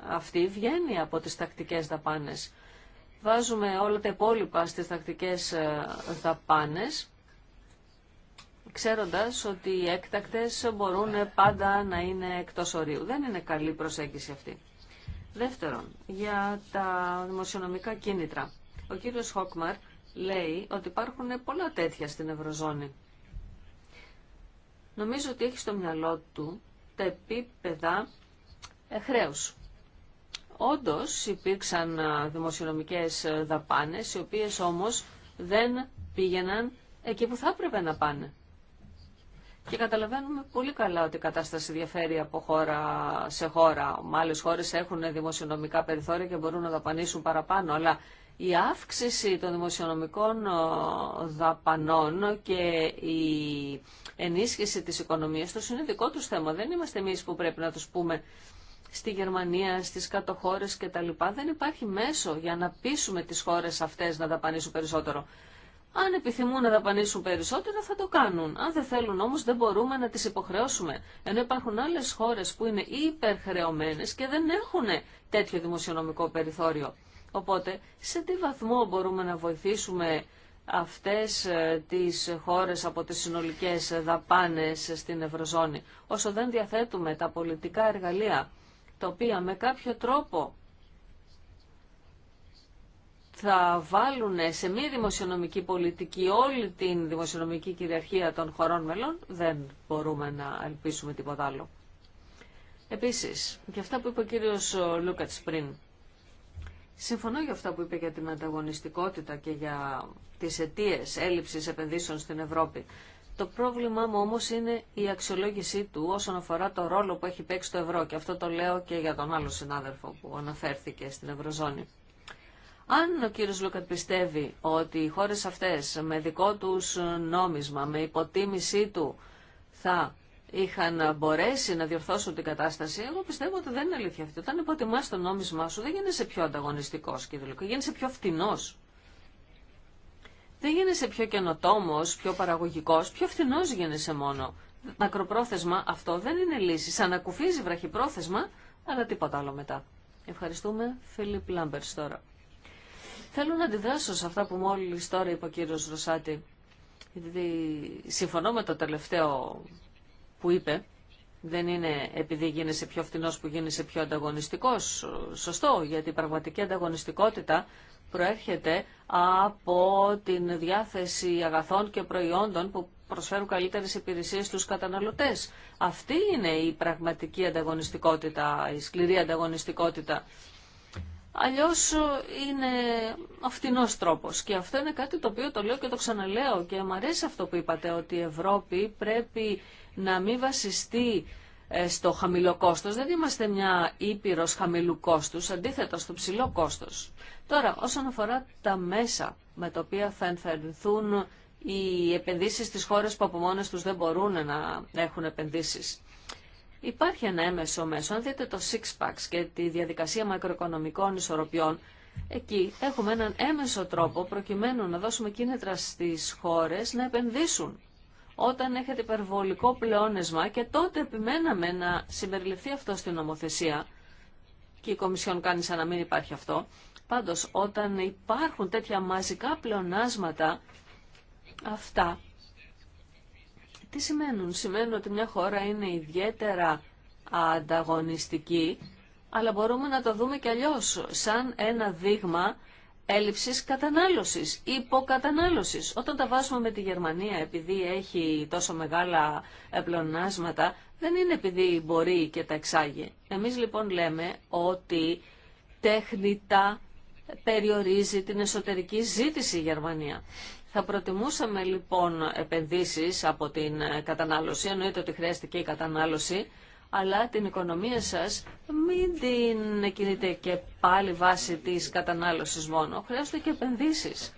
αυτή βγαίνει από τις τακτικές δαπάνες. Βάζουμε όλα τα υπόλοιπα στις τακτικές ε, δαπάνες, ξέροντας ότι οι έκτακτες μπορούν πάντα να είναι εκτός ορίου. Δεν είναι καλή προσέγγιση αυτή. Δεύτερον, για τα δημοσιονομικά κίνητρα. Ο κύριος Χόκμαρ λέει ότι υπάρχουν πολλά τέτοια στην Ευρωζώνη. Νομίζω ότι έχει στο μυαλό του τα επίπεδα ε, χρέους. Όντως υπήρξαν δημοσιονομικές ε, δαπάνες, οι οποίες όμως δεν πήγαιναν εκεί που θα έπρεπε να πάνε. Και καταλαβαίνουμε πολύ καλά ότι η κατάσταση διαφέρει από χώρα σε χώρα. Άλλε χώρε έχουν δημοσιονομικά περιθώρια και μπορούν να δαπανίσουν παραπάνω. Αλλά η αύξηση των δημοσιονομικών ε, δαπανών και η ενίσχυση της οικονομίας τους είναι δικό τους θέμα. Δεν είμαστε εμείς που πρέπει να τους πούμε στη Γερμανία, στις κάτω χώρες Δεν υπάρχει μέσο για να πείσουμε τις χώρες αυτές να δαπανίσουν περισσότερο. Αν επιθυμούν να δαπανίσουν περισσότερα θα το κάνουν. Αν δεν θέλουν όμως δεν μπορούμε να τις υποχρεώσουμε. Ενώ υπάρχουν άλλες χώρες που είναι υπερχρεωμένες και δεν έχουν τέτοιο δημοσιονομικό περιθώριο. Οπότε σε τι βαθμό μπορούμε να βοηθήσουμε αυτές ε, τις χώρες από τις συνολικές δαπάνες στην Ευρωζώνη, όσο δεν διαθέτουμε τα πολιτικά εργαλεία, τα οποία με κάποιο τρόπο θα βάλουν σε μη δημοσιονομική πολιτική όλη την δημοσιονομική κυριαρχία των χωρών μελών, δεν μπορούμε να ελπίσουμε τίποτα άλλο. Επίσης, για αυτά που είπε ο κύριος Λούκατς πριν, συμφωνώ για αυτά που είπε για την ανταγωνιστικότητα και για τις αιτίε έλλειψης επενδύσεων στην Ευρώπη. Το πρόβλημά μου όμως είναι η αξιολόγησή του όσον αφορά το ρόλο που έχει παίξει το ευρώ και αυτό το λέω και για τον άλλο συνάδελφο που αναφέρθηκε στην Ευρωζώνη. Αν ο κύριο Λούκατ πιστεύει ότι οι χώρε αυτέ με δικό του νόμισμα, με υποτίμησή του, θα είχαν μπορέσει να διορθώσουν την κατάσταση, εγώ πιστεύω ότι δεν είναι αλήθεια αυτή. Όταν υποτιμά το νόμισμά σου, δεν γίνεσαι πιο ανταγωνιστικό και γίνεσαι πιο φτηνό. Δεν γίνεσαι πιο καινοτόμο, πιο παραγωγικό, πιο φθηνό γίνεσαι μόνο. Μακροπρόθεσμα αυτό δεν είναι λύση. Σαν να κουφίζει βραχυπρόθεσμα, αλλά τίποτα άλλο μετά. Ευχαριστούμε. Φίλιπ Λάμπερς τώρα. Θέλω να αντιδράσω σε αυτά που μόλι τώρα είπε ο κύριο Ρωσάτη. συμφωνώ με το τελευταίο που είπε. Δεν είναι επειδή γίνεσαι πιο φθηνό που γίνεσαι πιο ανταγωνιστικός. Σωστό, γιατί η πραγματική ανταγωνιστικότητα προέρχεται από την διάθεση αγαθών και προϊόντων που προσφέρουν καλύτερες υπηρεσίες στους καταναλωτές. Αυτή είναι η πραγματική ανταγωνιστικότητα, η σκληρή ανταγωνιστικότητα. Αλλιώς ε, είναι αυτινός τρόπος και αυτό είναι κάτι το οποίο το λέω και το ξαναλέω και μου αρέσει αυτό που είπατε ότι η Ευρώπη πρέπει να μην βασιστεί ε, στο χαμηλό κόστος. Δεν είμαστε μια ήπειρος χαμηλού κόστους, αντίθετα στο ψηλό κόστος. Τώρα, όσον αφορά τα μέσα με τα οποία θα ενθαρρυνθούν οι επενδύσεις στις χώρες που από μόνες τους δεν μπορούν να έχουν επενδύσεις. Υπάρχει ένα έμεσο μέσο. Αν δείτε το six packs και τη διαδικασία μακροοικονομικών ισορροπιών, εκεί έχουμε έναν έμεσο τρόπο προκειμένου να δώσουμε κίνητρα στις χώρες να επενδύσουν. Όταν έχετε υπερβολικό πλεόνεσμα και τότε επιμέναμε να συμπεριληφθεί αυτό στην νομοθεσία και η Κομισιόν κάνει σαν να μην υπάρχει αυτό. Πάντως όταν υπάρχουν τέτοια μαζικά πλεονάσματα αυτά τι σημαίνουν. ότι μια χώρα είναι ιδιαίτερα ανταγωνιστική, αλλά μπορούμε να το δούμε κι αλλιώς, σαν ένα δείγμα έλλειψης κατανάλωσης, υποκατανάλωσης. Όταν τα βάζουμε με τη Γερμανία, επειδή έχει τόσο μεγάλα πλονάσματα, δεν είναι επειδή μπορεί και τα εξάγει. Εμείς λοιπόν λέμε ότι τέχνητα περιορίζει την εσωτερική ζήτηση η Γερμανία. Θα προτιμούσαμε λοιπόν επενδύσεις από την ε, κατανάλωση, εννοείται ότι χρειάζεται και η κατανάλωση, αλλά την οικονομία σας μην την κινείτε και πάλι βάση της κατανάλωσης μόνο. Χρειάζονται και επενδύσεις.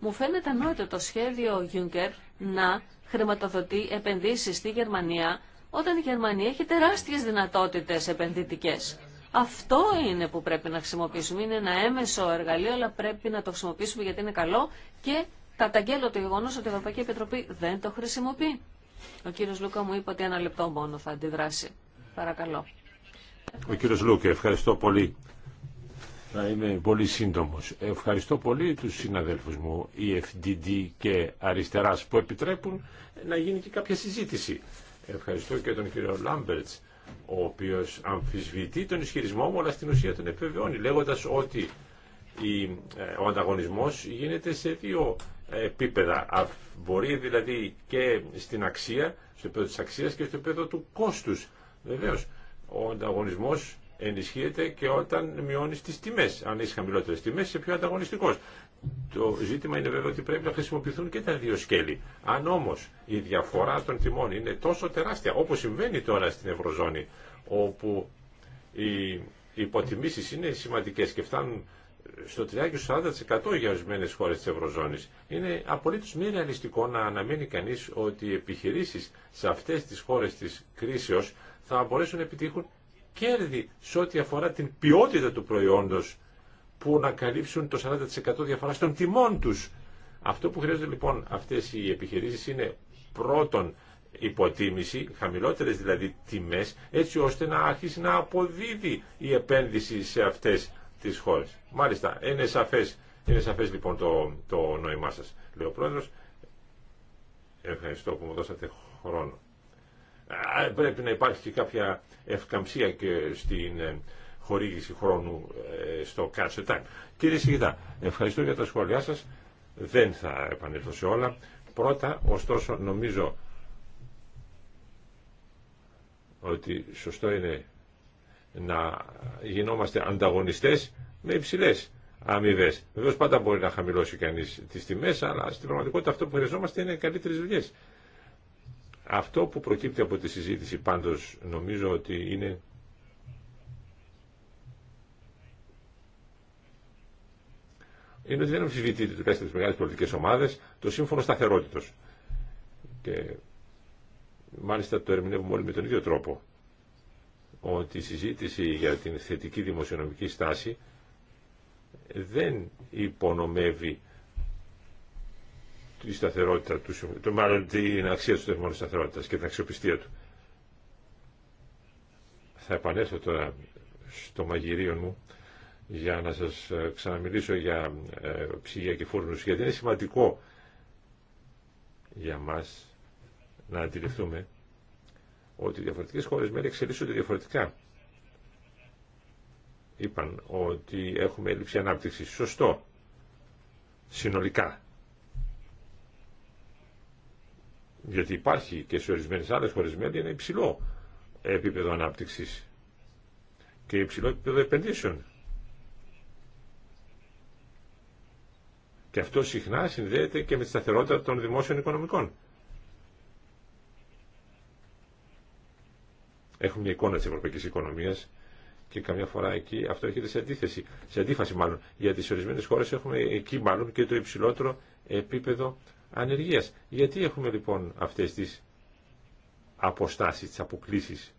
Μου φαίνεται ανόητο το σχέδιο Juncker να χρηματοδοτεί επενδύσεις στη Γερμανία όταν η Γερμανία έχει τεράστιες δυνατότητες επενδυτικές. Αυτό είναι που πρέπει να χρησιμοποιήσουμε. Είναι ένα έμεσο εργαλείο, αλλά πρέπει να το χρησιμοποιήσουμε γιατί είναι καλό και καταγγέλλω το γεγονό ότι η Ευρωπαϊκή Επιτροπή δεν το χρησιμοποιεί. Ο κύριο Λούκα μου είπε ότι ένα λεπτό μόνο θα αντιδράσει. Παρακαλώ. Ο κύριο Λούκα, ευχαριστώ πολύ. Θα είμαι πολύ σύντομο. Ευχαριστώ πολύ του συναδέλφους μου, η FDD και αριστερά που επιτρέπουν να γίνει και κάποια συζήτηση. Ευχαριστώ και τον κύριο Λάμπερτ, ο οποίο αμφισβητεί τον ισχυρισμό μου, αλλά στην ουσία τον επιβεβαιώνει, λέγοντα ότι ε, ο ανταγωνισμός γίνεται σε δύο επίπεδα. Μπορεί δηλαδή και στην αξία, στο επίπεδο της αξίας και στο επίπεδο του κόστους. Βεβαίως, ο ανταγωνισμός ενισχύεται και όταν μειώνεις τις τιμές. Αν είσαι χαμηλότερες τιμές, είσαι πιο ανταγωνιστικός. Το ζήτημα είναι βέβαια ότι πρέπει να χρησιμοποιηθούν και τα δύο σκέλη. Αν όμως η διαφορά των τιμών είναι τόσο τεράστια, όπως συμβαίνει τώρα στην Ευρωζώνη, όπου οι υποτιμήσεις είναι σημαντικές και φτάνουν στο 30-40% για ορισμένε χώρε τη Ευρωζώνη. Είναι απολύτω μη ρεαλιστικό να αναμένει κανεί ότι οι επιχειρήσει σε αυτέ τι χώρε τη κρίσεω θα μπορέσουν να επιτύχουν κέρδη σε ό,τι αφορά την ποιότητα του προϊόντο που να καλύψουν το 40% διαφορά των τιμών του. Αυτό που χρειάζονται λοιπόν αυτέ οι επιχειρήσει είναι πρώτον υποτίμηση, χαμηλότερε δηλαδή τιμέ, έτσι ώστε να αρχίσει να αποδίδει η επένδυση σε αυτές τις χώρες. Μάλιστα, είναι σαφές, λοιπόν το, το νόημά σας, λέει ο Πρόεδρος. Ευχαριστώ που μου δώσατε χρόνο. Πρέπει να υπάρχει και κάποια ευκαμψία και στην ε, χορήγηση χρόνου ε, στο κάτσε Κύριε Σιγητά, ευχαριστώ για τα σχόλιά σας. Δεν θα επανέλθω σε όλα. Πρώτα, ωστόσο, νομίζω ότι σωστό είναι να γινόμαστε ανταγωνιστές με υψηλές αμοιβέ. Βεβαίω πάντα μπορεί να χαμηλώσει κανεί τι τιμέ, αλλά στην πραγματικότητα αυτό που χρειαζόμαστε είναι καλύτερε δουλειέ. Αυτό που προκύπτει από τη συζήτηση πάντω νομίζω ότι είναι. Είναι ότι δεν αμφισβητείται τουλάχιστον τι μεγάλε πολιτικέ ομάδε το σύμφωνο σταθερότητο. μάλιστα το ερμηνεύουμε όλοι με τον ίδιο τρόπο ότι η συζήτηση για την θετική δημοσιονομική στάση δεν υπονομεύει τη σταθερότητα του, το μάλλον την αξία του θεσμού Σταθερότητα και την αξιοπιστία του. Θα επανέλθω τώρα στο μαγειρίο μου για να σας ε, ξαναμιλήσω για ε, ψυγεία και φούρνους, γιατί είναι σημαντικό για μας να αντιληφθούμε ότι οι διαφορετικές χώρες μέλη εξελίσσονται διαφορετικά. Είπαν ότι έχουμε έλλειψη ανάπτυξης. Σωστό. Συνολικά. Γιατί υπάρχει και σε ορισμένε άλλε χώρε μέλη ένα υψηλό επίπεδο ανάπτυξης και υψηλό επίπεδο επενδύσεων. Και αυτό συχνά συνδέεται και με τη σταθερότητα των δημόσιων οικονομικών. Έχουμε μια εικόνα της ευρωπαϊκής οικονομίας και καμιά φορά εκεί αυτό έρχεται σε αντίθεση, σε αντίφαση μάλλον. γιατί σε ορισμένες χώρες έχουμε εκεί μάλλον και το υψηλότερο επίπεδο ανεργίας. Γιατί έχουμε λοιπόν αυτές τις αποστάσεις, τις αποκλήσεις.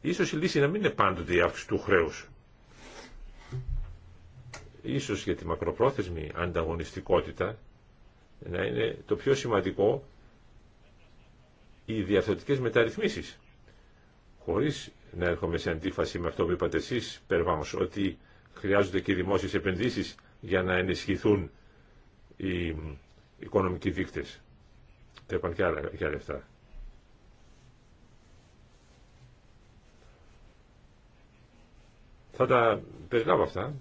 Ίσως η λύση να μην είναι πάντοτε η αύξηση του χρέους. Ίσως για τη μακροπρόθεσμη ανταγωνιστικότητα να είναι το πιο σημαντικό οι διαθετικές μεταρρυθμίσεις. Χωρίς να έρχομαι σε αντίφαση με αυτό που είπατε εσείς, Περβάμος, ότι χρειάζονται και δημόσιες επενδύσεις για να ενισχυθούν οι οικονομικοί δείκτες. Τα και άλλα, και άλλα αυτά. Θα τα περιλάβω αυτά.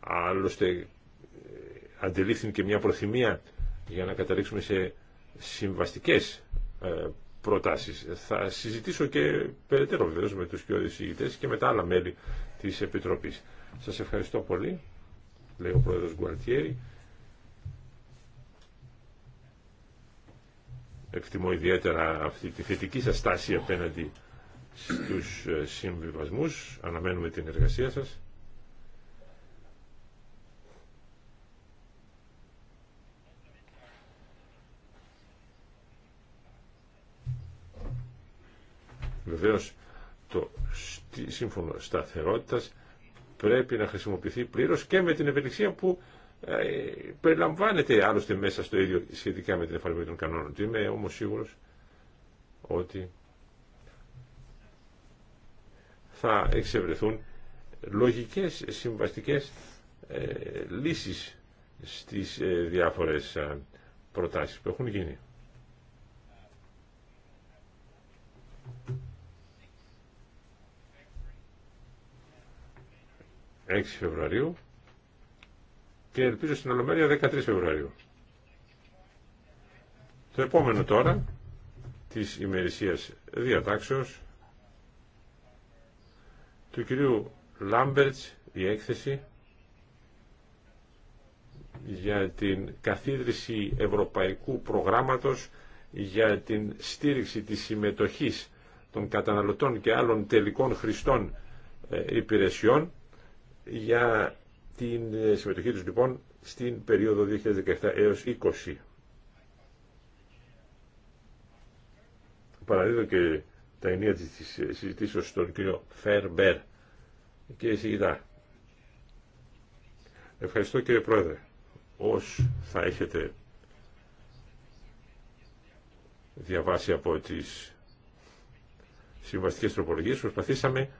Άλλωστε αντιλήφθην και μια προθυμία για να καταλήξουμε σε συμβαστικές ε, προτάσεις. Θα συζητήσω και περαιτέρω βεβαίω με τους ηγητέ και με τα άλλα μέλη της Επιτροπής. Σας ευχαριστώ πολύ, λέει ο Πρόεδρος Γκουαλτιέρη. Εκτιμώ ιδιαίτερα αυτή τη θετική σας στάση απέναντι στους ε, συμβιβασμούς. Αναμένουμε την εργασία σας. Βεβαίως το σύμφωνο σταθερότητας πρέπει να χρησιμοποιηθεί πλήρως και με την ευελιξία που ε, περιλαμβάνεται άλλωστε μέσα στο ίδιο σχετικά με την εφαρμογή των κανόνων. Είμαι όμως σίγουρος ότι θα εξευρεθούν λογικές συμβαστικές ε, λύσεις στις ε, διάφορες προτάσεις που έχουν γίνει. 6 Φεβρουαρίου και ελπίζω στην Ολομέλεια 13 Φεβρουαρίου. Το επόμενο τώρα της ημερησίας διατάξεως του κυρίου Λάμπερτς η έκθεση για την καθίδρυση Ευρωπαϊκού Προγράμματος για την στήριξη της συμμετοχής των καταναλωτών και άλλων τελικών χρηστών ε, υπηρεσιών για την ε, συμμετοχή τους λοιπόν στην περίοδο 2017 έως 20. Παραδίδω και τα ενία της ε, συζητήσεως στον κύριο Φέρμπερ. Κύριε Σιγητά, ευχαριστώ κύριε Πρόεδρε. Ως θα έχετε διαβάσει από τις συμβαστικές τροπολογίες, προσπαθήσαμε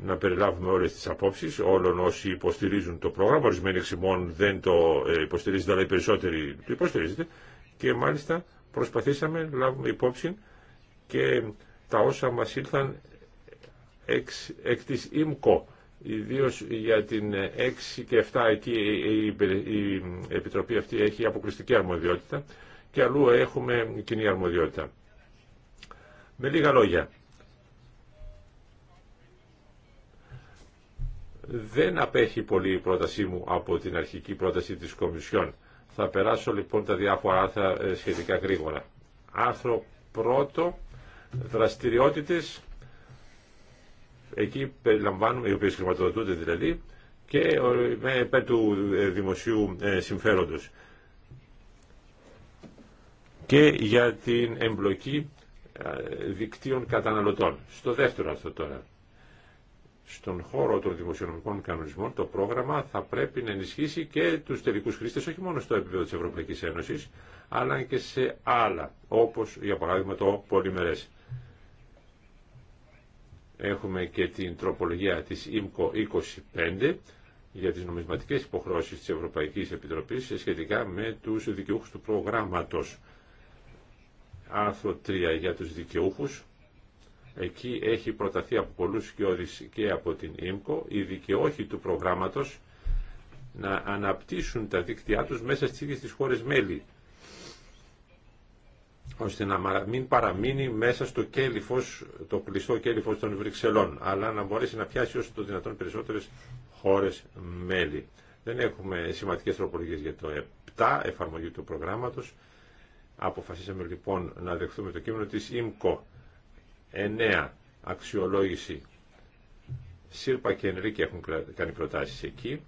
να περιλάβουμε όλε τι απόψει, όλων όσοι υποστηρίζουν το πρόγραμμα. Ορισμένοι εξημών δεν το ε, υποστηρίζετε, αλλά οι περισσότεροι το υποστηρίζετε. Και μάλιστα προσπαθήσαμε να λάβουμε υπόψη και τα όσα μα ήλθαν εκ τη ΙΜΚΟ, ιδίω για την 6 και 7 εκεί η, η Επιτροπή αυτή έχει αποκλειστική αρμοδιότητα και αλλού έχουμε κοινή αρμοδιότητα. Με λίγα λόγια, δεν απέχει πολύ η πρότασή μου από την αρχική πρόταση της Κομισιόν. Θα περάσω λοιπόν τα διάφορα άρθρα ε, σχετικά γρήγορα. Άρθρο πρώτο, δραστηριότητες, εκεί περιλαμβάνουμε, οι οποίες χρηματοδοτούνται δηλαδή, και ε, με του ε, δημοσίου συμφέροντος. Και για την εμπλοκή δικτύων καταναλωτών. Στο δεύτερο αυτό τώρα στον χώρο των δημοσιονομικών κανονισμών το πρόγραμμα θα πρέπει να ενισχύσει και τους τελικούς χρήστες όχι μόνο στο επίπεδο της Ευρωπαϊκής Ένωσης αλλά και σε άλλα όπως για παράδειγμα το πολυμερές. Έχουμε και την τροπολογία της ΙΜΚΟ 25 για τις νομισματικές υποχρεώσεις της Ευρωπαϊκής Επιτροπής σχετικά με τους δικαιούχους του προγράμματος. Άρθρο 3 για τους δικαιούχους Εκεί έχει προταθεί από πολλούς και από την ΙΜΚΟ οι δικαιώχοι του προγράμματος να αναπτύσσουν τα δίκτυά τους μέσα στις ίδιες τις χώρες μέλη ώστε να μην παραμείνει μέσα στο κέλυφος, το κλειστό κέλυφος των Βρυξελών, αλλά να μπορέσει να πιάσει όσο το δυνατόν περισσότερες χώρες μέλη. Δεν έχουμε σημαντικές τροπολογίες για το 7, εφαρμογή του προγράμματος. Αποφασίσαμε λοιπόν να δεχθούμε το κείμενο της ΙΜΚΟ. 9. Αξιολόγηση. Σύρπα και Ενρίκη έχουν κάνει προτάσει εκεί.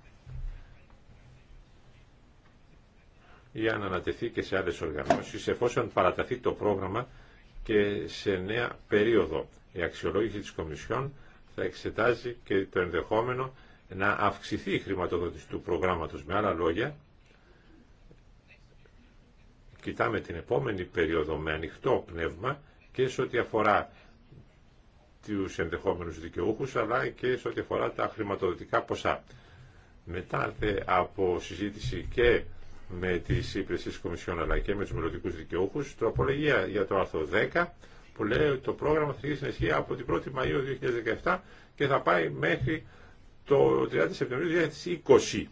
για να ανατεθεί και σε άλλε οργανώσει εφόσον παραταθεί το πρόγραμμα και σε νέα περίοδο. Η αξιολόγηση της Κομισιόν θα εξετάζει και το ενδεχόμενο να αυξηθεί η χρηματοδότηση του προγράμματος. Με άλλα λόγια, κοιτάμε την επόμενη περίοδο με ανοιχτό πνεύμα και σε ό,τι αφορά τους ενδεχόμενου δικαιούχου αλλά και σε ό,τι αφορά τα χρηματοδοτικά ποσά. Μετά δε, από συζήτηση και με τις υπηρεσίε κομισιών αλλά και με τους μελλοντικούς δικαιούχους, απολογία για το άρθρο 10 που λέει ότι το πρόγραμμα θα αρχίσει να ισχύει από την 1η Μαΐου 2017 και θα πάει μέχρι το 30 Σεπτεμβρίου 2020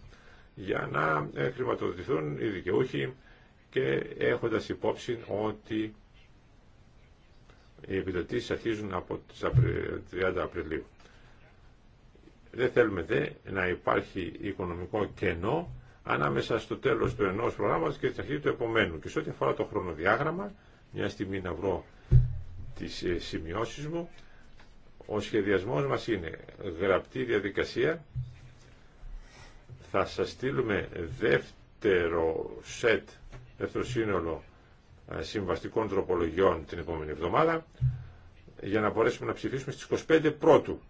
για να ε, χρηματοδοτηθούν οι δικαιούχοι και έχοντας υπόψη ότι οι επιδοτήσεις αρχίζουν από τις 30 Απριλίου. Δεν θέλουμε δε να υπάρχει οικονομικό κενό ανάμεσα στο τέλος του ενός προγράμματος και στην αρχή του επομένου. Και σε ό,τι αφορά το χρονοδιάγραμμα, μια στιγμή να βρω τις ε, σημειώσεις μου, ο σχεδιασμός μας είναι γραπτή διαδικασία, θα σας στείλουμε δεύτερο σετ, δεύτερο σύνολο ε, συμβαστικών τροπολογιών την επόμενη εβδομάδα για να μπορέσουμε να ψηφίσουμε στις 25 πρώτου.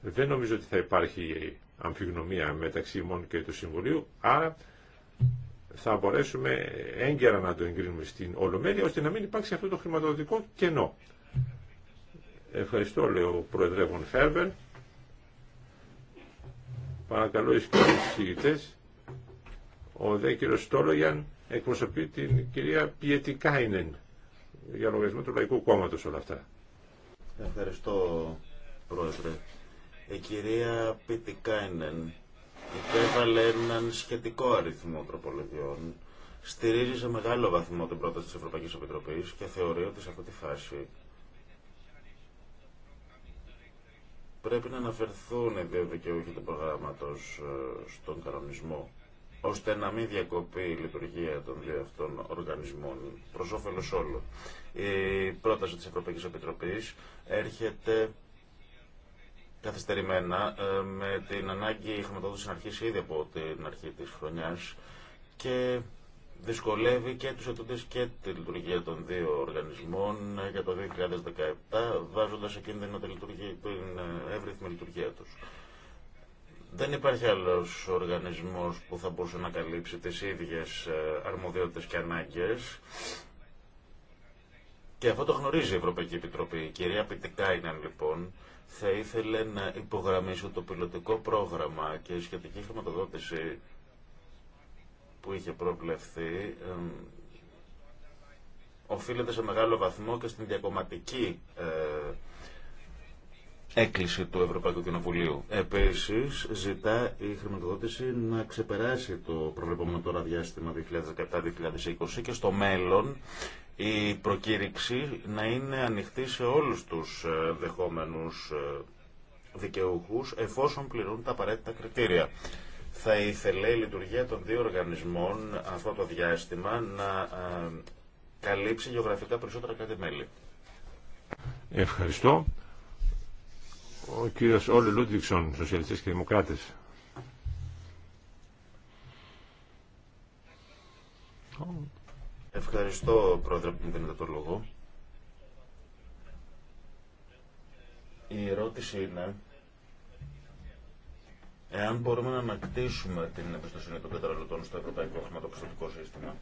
Δεν νομίζω ότι θα υπάρχει αμφιγνωμία μεταξύ μόνο και του Συμβουλίου, άρα θα μπορέσουμε έγκαιρα να το εγκρίνουμε στην Ολομέλεια, ώστε να μην υπάρξει αυτό το χρηματοδοτικό κενό. Ευχαριστώ, λέω ο Προεδρεύων Φέρβερ. Παρακαλώ, οι ο δε κύριος Στόλογιαν εκπροσωπεί την κυρία Πιετικάινεν για λογαριασμό του Λαϊκού κόμματο όλα αυτά. Ευχαριστώ Πρόεδρε. Η κυρία Πιετικάινεν υπέβαλε έναν σχετικό αριθμό τροπολογιών στηρίζει σε μεγάλο βαθμό την πρόταση τη Ευρωπαϊκή Επιτροπή και θεωρεί ότι σε αυτή τη φάση πρέπει να αναφερθούν οι δύο δικαιούχοι του προγράμματος ε, στον κανονισμό ώστε να μην διακοπεί η λειτουργία των δύο αυτών οργανισμών προ όφελο όλων. Η πρόταση τη Ευρωπαϊκή Επιτροπή έρχεται καθυστερημένα ε, με την ανάγκη χρηματοδότηση να αρχίσει ήδη από την αρχή τη χρονιά και δυσκολεύει και τους ετούντες και τη λειτουργία των δύο οργανισμών ε, για το 2017, βάζοντα σε κίνδυνο την ε, εύρυθμη λειτουργία τους. Δεν υπάρχει άλλος οργανισμός που θα μπορούσε να καλύψει τις ίδιες ε, αρμοδιότητες και ανάγκες. Και αυτό το γνωρίζει η Ευρωπαϊκή Επιτροπή. Η κυρία Πιτικάιναν λοιπόν θα ήθελε να ότι το πιλωτικό πρόγραμμα και η σχετική χρηματοδότηση που είχε προβλεφθεί οφείλεται σε μεγάλο βαθμό και στην διακομματική ε, έκκληση του Ευρωπαϊκού Κοινοβουλίου. Επίση, ζητά η χρηματοδότηση να ξεπεράσει το προβλεπόμενο τώρα διάστημα 2017-2020 και στο μέλλον η προκήρυξη να είναι ανοιχτή σε όλους τους ε, δεχόμενους ε, δικαιούχους εφόσον πληρούν τα απαραίτητα κριτήρια. Θα ήθελε η λειτουργία των δύο οργανισμών αυτό το διάστημα να ε, καλύψει γεωγραφικά περισσότερα κάτι μέλη. Ευχαριστώ. Ο κύριος Όλε Λούντβιξον, Σοσιαλιστές και Δημοκράτες. Ευχαριστώ, Πρόεδρε, που μου δίνετε το λόγο. Η ερώτηση είναι εάν μπορούμε να ανακτήσουμε την εμπιστοσύνη των καταναλωτών στο ευρωπαϊκό χρηματοπιστωτικό σύστημα.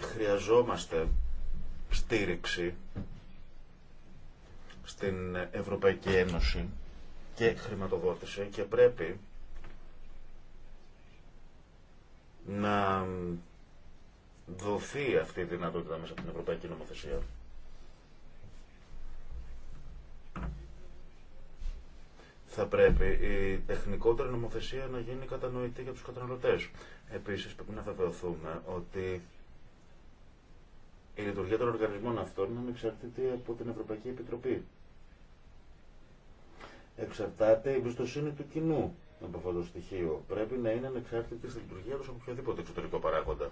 Χρειαζόμαστε στήριξη στην Ευρωπαϊκή Ένωση και χρηματοδότηση και πρέπει να δοθεί αυτή η δυνατότητα μέσα από την Ευρωπαϊκή Νομοθεσία. Θα πρέπει η τεχνικότερη νομοθεσία να γίνει κατανοητή για τους καταναλωτές. Επίσης πρέπει να βεβαιωθούμε ότι η λειτουργία των οργανισμών αυτών είναι εξαρτητή από την Ευρωπαϊκή Επιτροπή εξαρτάται η εμπιστοσύνη του κοινού από αυτό το στοιχείο. Πρέπει να είναι ανεξάρτητη στη λειτουργία του από οποιοδήποτε εξωτερικό παράγοντα.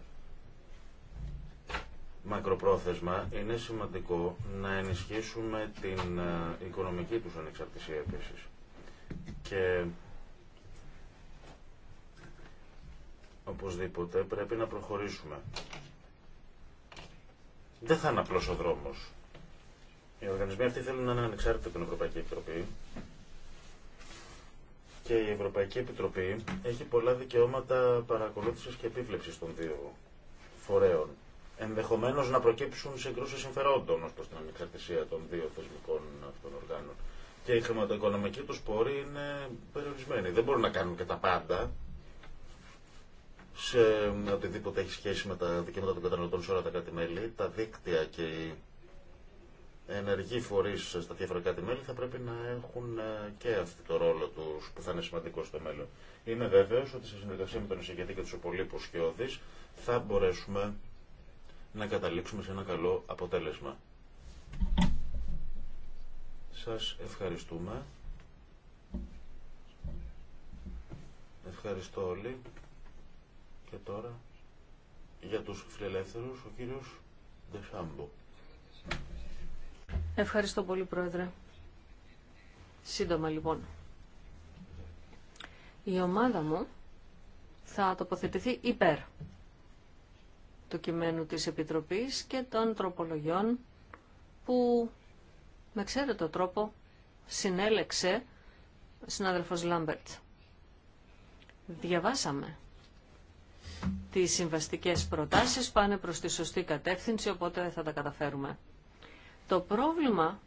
Μακροπρόθεσμα είναι σημαντικό να ενισχύσουμε την ε, οικονομική τους ανεξαρτησία επίσης. Και οπωσδήποτε πρέπει να προχωρήσουμε. Δεν θα είναι απλός ο δρόμος. Οι οργανισμοί αυτοί θέλουν να είναι ανεξάρτητοι από την Ευρωπαϊκή Επιτροπή και η Ευρωπαϊκή Επιτροπή έχει πολλά δικαιώματα παρακολούθησης και επίβλεψης των δύο φορέων. Ενδεχομένως να προκύψουν συγκρούσεις συμφερόντων ως προς την ανεξαρτησία των δύο θεσμικών αυτών οργάνων. Και οι χρηματοοικονομικοί τους πόροι είναι περιορισμένοι. Δεν μπορούν να κάνουν και τα πάντα σε οτιδήποτε έχει σχέση με τα δικαιώματα των καταναλωτών σε όλα τα κράτη-μέλη. Τα δίκτυα και οι ενεργοί φορεί στα διαφορετικά τη κράτη-μέλη θα πρέπει να έχουν ε, και αυτό το ρόλο του που θα είναι σημαντικό στο μέλλον. Είμαι βέβαιο ότι σε συνεργασία με τον εισηγητή και του υπολείπου σκιώδη θα μπορέσουμε να καταλήξουμε σε ένα καλό αποτέλεσμα. Σας ευχαριστούμε. Ευχαριστώ όλοι. Και τώρα για τους φιλελεύθερους ο κύριος Ντεσάμπο. Ευχαριστώ πολύ, Πρόεδρε. Σύντομα, λοιπόν. Η ομάδα μου θα τοποθετηθεί υπέρ του κειμένου της Επιτροπής και των τροπολογιών που με ξέρετο τρόπο συνέλεξε ο συνάδελφος Λάμπερτ. Διαβάσαμε τις συμβαστικές προτάσεις, πάνε προς τη σωστή κατεύθυνση, οπότε θα τα καταφέρουμε. Το πρόβλημα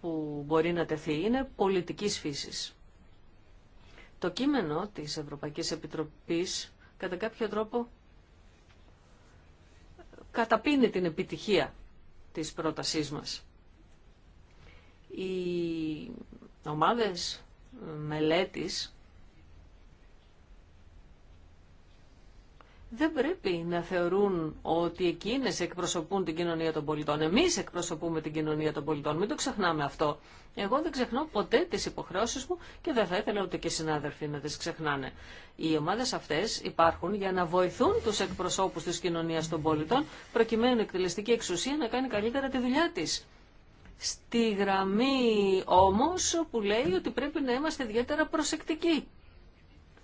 που μπορεί να τεθεί είναι πολιτικής φύσης. Το κείμενο της Ευρωπαϊκής Επιτροπής κατά κάποιο τρόπο καταπίνει την επιτυχία της πρότασής μας. Οι ομάδες μελέτης δεν πρέπει να θεωρούν ότι εκείνες εκπροσωπούν την κοινωνία των πολιτών. Εμείς εκπροσωπούμε την κοινωνία των πολιτών. Μην το ξεχνάμε αυτό. Εγώ δεν ξεχνώ ποτέ τις υποχρεώσεις μου και δεν θα ήθελα ούτε και οι συνάδελφοι να τις ξεχνάνε. Οι ομάδες αυτές υπάρχουν για να βοηθούν τους εκπροσώπους της κοινωνίας των πολιτών προκειμένου η εκτελεστική εξουσία να κάνει καλύτερα τη δουλειά της. Στη γραμμή όμως που λέει ότι πρέπει να είμαστε ιδιαίτερα προσεκτικοί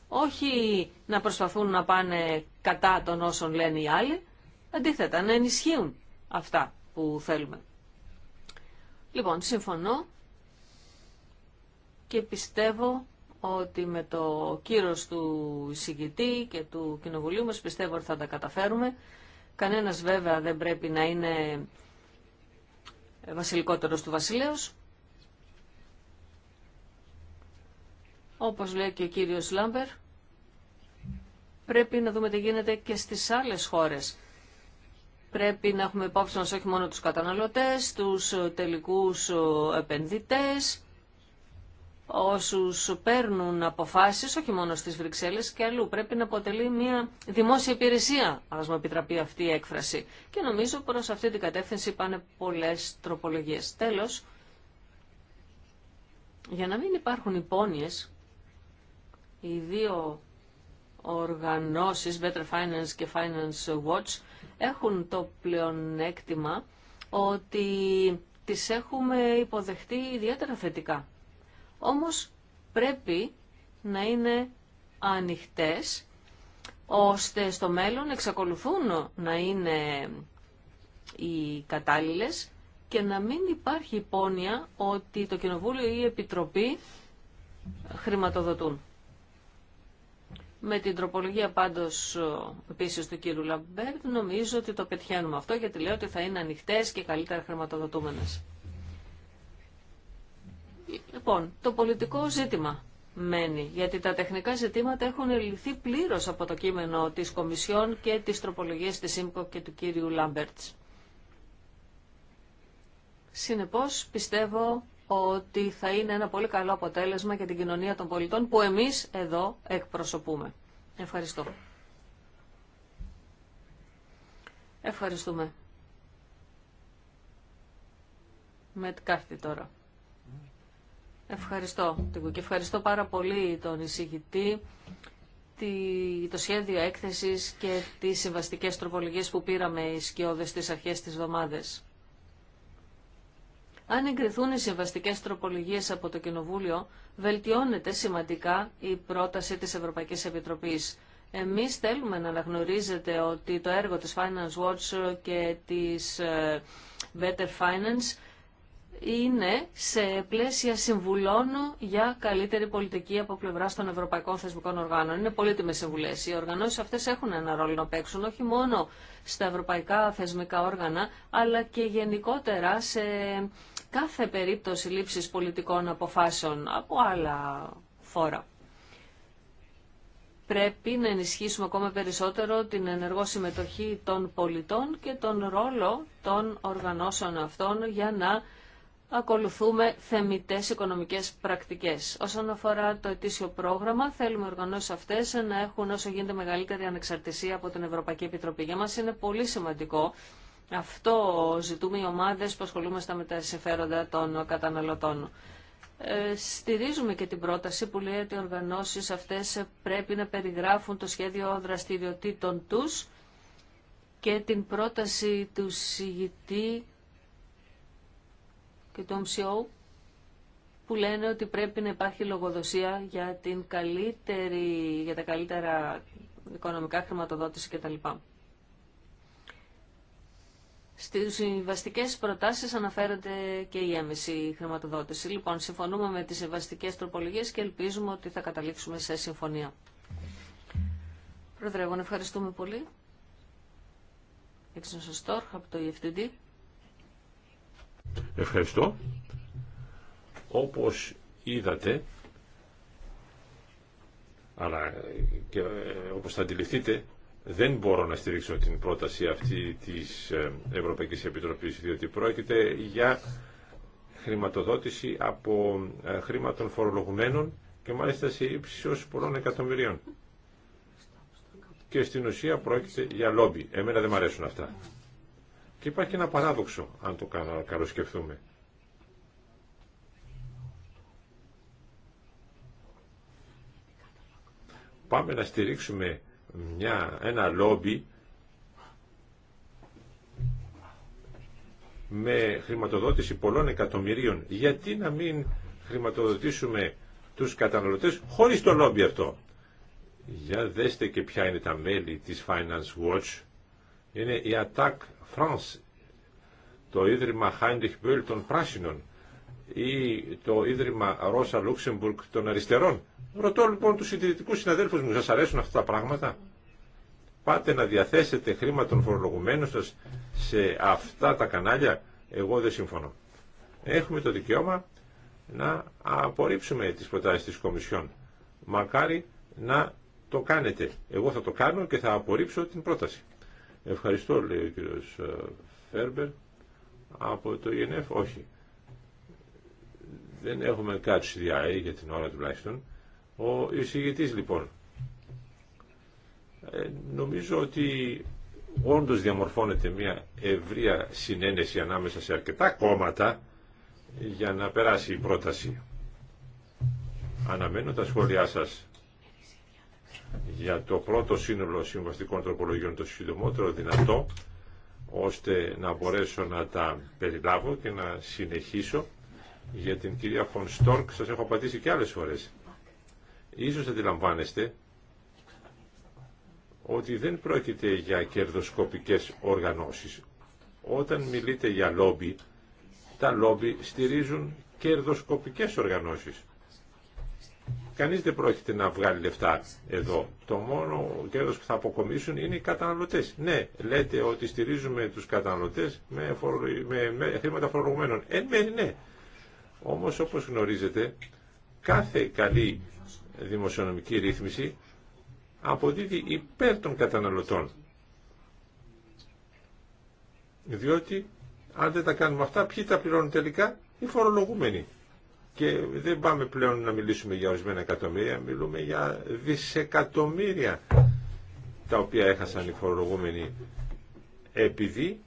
όχι να προσπαθούν να πάνε κατά των όσων λένε οι άλλοι, αντίθετα να ενισχύουν αυτά που θέλουμε. Λοιπόν, συμφωνώ και πιστεύω ότι με το κύρος του συγκητή και του κοινοβουλίου μας πιστεύω ότι θα τα καταφέρουμε. Κανένας βέβαια δεν πρέπει να είναι βασιλικότερος του βασιλέως. Όπως λέει και ο κύριος Λάμπερ, πρέπει να δούμε τι γίνεται και στις άλλες χώρες. Πρέπει να έχουμε υπόψη μας όχι μόνο τους καταναλωτές, τους τελικούς επενδυτές, όσους παίρνουν αποφάσεις, όχι μόνο στις Βρυξέλλες και αλλού. Πρέπει να αποτελεί μια δημόσια υπηρεσία, ας μου επιτραπεί αυτή η έκφραση. Και νομίζω προς αυτή την κατεύθυνση πάνε πολλές τροπολογίες. Τέλος, για να μην υπάρχουν υπόνοιες, οι δύο οργανώσεις Better Finance και Finance Watch έχουν το πλεονέκτημα ότι τις έχουμε υποδεχτεί ιδιαίτερα θετικά. Όμως πρέπει να είναι ανοιχτές ώστε στο μέλλον εξακολουθούν να είναι οι κατάλληλες και να μην υπάρχει υπόνοια ότι το Κοινοβούλιο ή η Επιτροπή χρηματοδοτούν. Με την τροπολογία πάντως επίσης του κύριου Λαμπέρτ νομίζω ότι το πετυχαίνουμε αυτό γιατί λέω ότι θα είναι ανοιχτέ και καλύτερα χρηματοδοτούμενε. Λοιπόν, το πολιτικό ζήτημα μένει γιατί τα τεχνικά ζητήματα έχουν λυθεί πλήρως από το κείμενο της Κομισιόν και της τροπολογίας της ΣΥΜΚΟ και του κύριου Λάμπερτς. Συνεπώς πιστεύω ότι θα είναι ένα πολύ καλό αποτέλεσμα για την κοινωνία των πολιτών που εμείς εδώ εκπροσωπούμε. Ευχαριστώ. Ευχαριστούμε. Με κάθε τώρα. Ευχαριστώ. Και ευχαριστώ πάρα πολύ τον εισηγητή, το σχέδιο έκθεσης και τις συμβαστικές τροπολογίες που πήραμε οι σκιώδες στις αρχές της εβδομάδας. Αν εγκριθούν οι συμβαστικέ τροπολογίε από το Κοινοβούλιο, βελτιώνεται σημαντικά η πρόταση τη Ευρωπαϊκή Επιτροπή. Εμεί θέλουμε να αναγνωρίζετε ότι το έργο τη Finance Watch και τη ε, Better Finance είναι σε πλαίσια συμβουλών για καλύτερη πολιτική από πλευρά των Ευρωπαϊκών Θεσμικών Οργάνων. Είναι πολύτιμε συμβουλέ. Οι οργανώσει αυτέ έχουν ένα ρόλο να παίξουν όχι μόνο στα ευρωπαϊκά θεσμικά όργανα, αλλά και γενικότερα σε κάθε περίπτωση λήψης πολιτικών αποφάσεων από άλλα φόρα. Πρέπει να ενισχύσουμε ακόμα περισσότερο την ενεργό συμμετοχή των πολιτών και τον ρόλο των οργανώσεων αυτών για να ακολουθούμε θεμητές οικονομικές πρακτικές. Όσον αφορά το ετήσιο πρόγραμμα, θέλουμε οργανώσεις αυτές να έχουν όσο γίνεται μεγαλύτερη ανεξαρτησία από την Ευρωπαϊκή Επιτροπή. Για μας είναι πολύ σημαντικό αυτό ζητούμε οι ομάδες που ασχολούμαστε με τα συμφέροντα των καταναλωτών. Ε, στηρίζουμε και την πρόταση που λέει ότι οι οργανώσεις αυτές πρέπει να περιγράφουν το σχέδιο δραστηριοτήτων τους και την πρόταση του συγητή και του MCO που λένε ότι πρέπει να υπάρχει λογοδοσία για, την καλύτερη, για τα καλύτερα οικονομικά χρηματοδότηση κτλ. Στις συμβαστικέ προτάσεις αναφέρεται και η έμεση χρηματοδότηση. Λοιπόν, συμφωνούμε με τις συμβαστικές τροπολογίες και ελπίζουμε ότι θα καταλήξουμε σε συμφωνία. Πρόεδρε, εγώ ευχαριστούμε πολύ. Έξω από το EFTD. Ευχαριστώ. Όπως είδατε, αλλά και ε, όπως θα αντιληφθείτε, δεν μπορώ να στηρίξω την πρόταση αυτή της ε, Ευρωπαϊκής Επιτροπής, διότι πρόκειται για χρηματοδότηση από ε, χρήμα των φορολογουμένων και μάλιστα σε ύψη πολλών εκατομμυρίων. Και στην ουσία πρόκειται για λόμπι. Εμένα δεν μου αρέσουν αυτά. Και υπάρχει ένα παράδοξο, αν το καλοσκεφτούμε. Πάμε να στηρίξουμε μια, ένα λόμπι με χρηματοδότηση πολλών εκατομμυρίων. Γιατί να μην χρηματοδοτήσουμε τους καταναλωτές χωρίς το λόμπι αυτό. Για δέστε και ποια είναι τα μέλη της Finance Watch. Είναι η Attack France, το Ίδρυμα Heinrich Böll των Πράσινων, ή το Ίδρυμα Ρώσα Λούξεμπουργκ των Αριστερών. Ρωτώ λοιπόν τους συντηρητικούς συναδέλφους μου, σας αρέσουν αυτά τα πράγματα. Πάτε να διαθέσετε χρήμα των φορολογουμένων σας σε αυτά τα κανάλια. Εγώ δεν συμφωνώ. Έχουμε το δικαίωμα να απορρίψουμε τις προτάσεις της Κομισιόν. Μακάρι να το κάνετε. Εγώ θα το κάνω και θα απορρίψω την πρόταση. Ευχαριστώ, λέει ο κύριος ε, Φέρμπερ. Από το ΙΝΕΦ. όχι. Δεν έχουμε κάτι the για την ώρα τουλάχιστον. Ο εισηγητή λοιπόν. Ε, νομίζω ότι όντω διαμορφώνεται μια ευρεία συνένεση ανάμεσα σε αρκετά κόμματα για να περάσει η πρόταση. Αναμένω τα σχόλιά σα για το πρώτο σύνολο συμβαστικών τροπολογιών το συντομότερο δυνατό ώστε να μπορέσω να τα περιλάβω και να συνεχίσω για την κυρία Φων Στόρκ σας έχω απαντήσει και άλλες φορές. Ίσως αντιλαμβάνεστε ότι δεν πρόκειται για κερδοσκοπικές οργανώσεις. Όταν μιλείτε για λόμπι, τα λόμπι στηρίζουν κερδοσκοπικές οργανώσεις. Κανείς δεν πρόκειται να βγάλει λεφτά εδώ. Το μόνο κέρδος που θα αποκομίσουν είναι οι καταναλωτές. Ναι, λέτε ότι στηρίζουμε τους καταναλωτές με, με... με χρήματα φορολογουμένων. Εν μέρει ναι. Όμως όπως γνωρίζετε κάθε καλή δημοσιονομική ρύθμιση αποδίδει υπέρ των καταναλωτών. Διότι αν δεν τα κάνουμε αυτά, ποιοι τα πληρώνουν τελικά, οι φορολογούμενοι. Και δεν πάμε πλέον να μιλήσουμε για ορισμένα εκατομμύρια, μιλούμε για δισεκατομμύρια τα οποία έχασαν οι φορολογούμενοι επειδή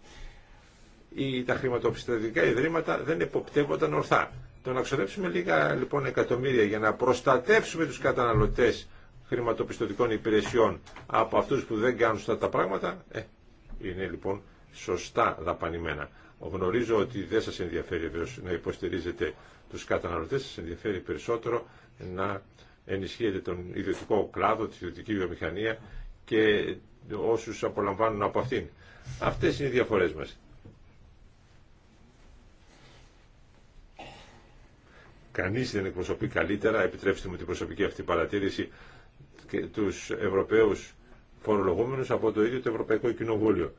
οι, τα χρηματοπιστωτικά ιδρύματα δεν εποπτεύονταν ορθά. Το να ξοδέψουμε λίγα λοιπόν εκατομμύρια για να προστατεύσουμε τους καταναλωτές χρηματοπιστωτικών υπηρεσιών από αυτούς που δεν κάνουν στα τα πράγματα, ε, είναι λοιπόν σωστά δαπανημένα. Γνωρίζω ότι δεν σας ενδιαφέρει να υποστηρίζετε τους καταναλωτές, σας ενδιαφέρει περισσότερο να ενισχύετε τον ιδιωτικό κλάδο, τη ιδιωτική βιομηχανία και όσους απολαμβάνουν από αυτήν. Αυτές είναι οι διαφορές μας. κανείς δεν εκπροσωπεί καλύτερα, επιτρέψτε μου την προσωπική αυτή παρατήρηση, του τους Ευρωπαίους από το ίδιο το Ευρωπαϊκό Κοινοβούλιο.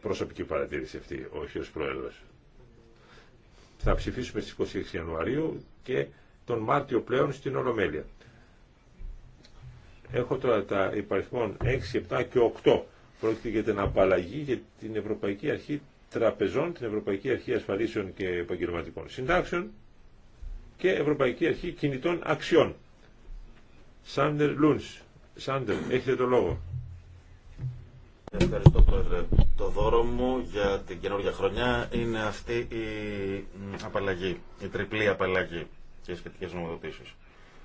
Προσωπική παρατήρηση αυτή, όχι ω Πρόεδρο. Θα ψηφίσουμε στις 26 Ιανουαρίου και τον Μάρτιο πλέον στην Ολομέλεια. Έχω τώρα τα υπαριθμών 6, 7 και 8. Πρόκειται για την απαλλαγή για την Ευρωπαϊκή Αρχή Τραπεζών, την Ευρωπαϊκή Αρχή Ασφαλίσεων και Επαγγελματικών Συντάξεων και Ευρωπαϊκή Αρχή Κινητών Αξιών. Σάντερ Λούνς. Σάντερ, έχετε το λόγο. Ευχαριστώ Πρόεδρε. Το δώρο μου για την καινούργια χρονιά είναι αυτή η απαλλαγή, η τριπλή απαλλαγή και οι σχετικές νομοδοτήσεις.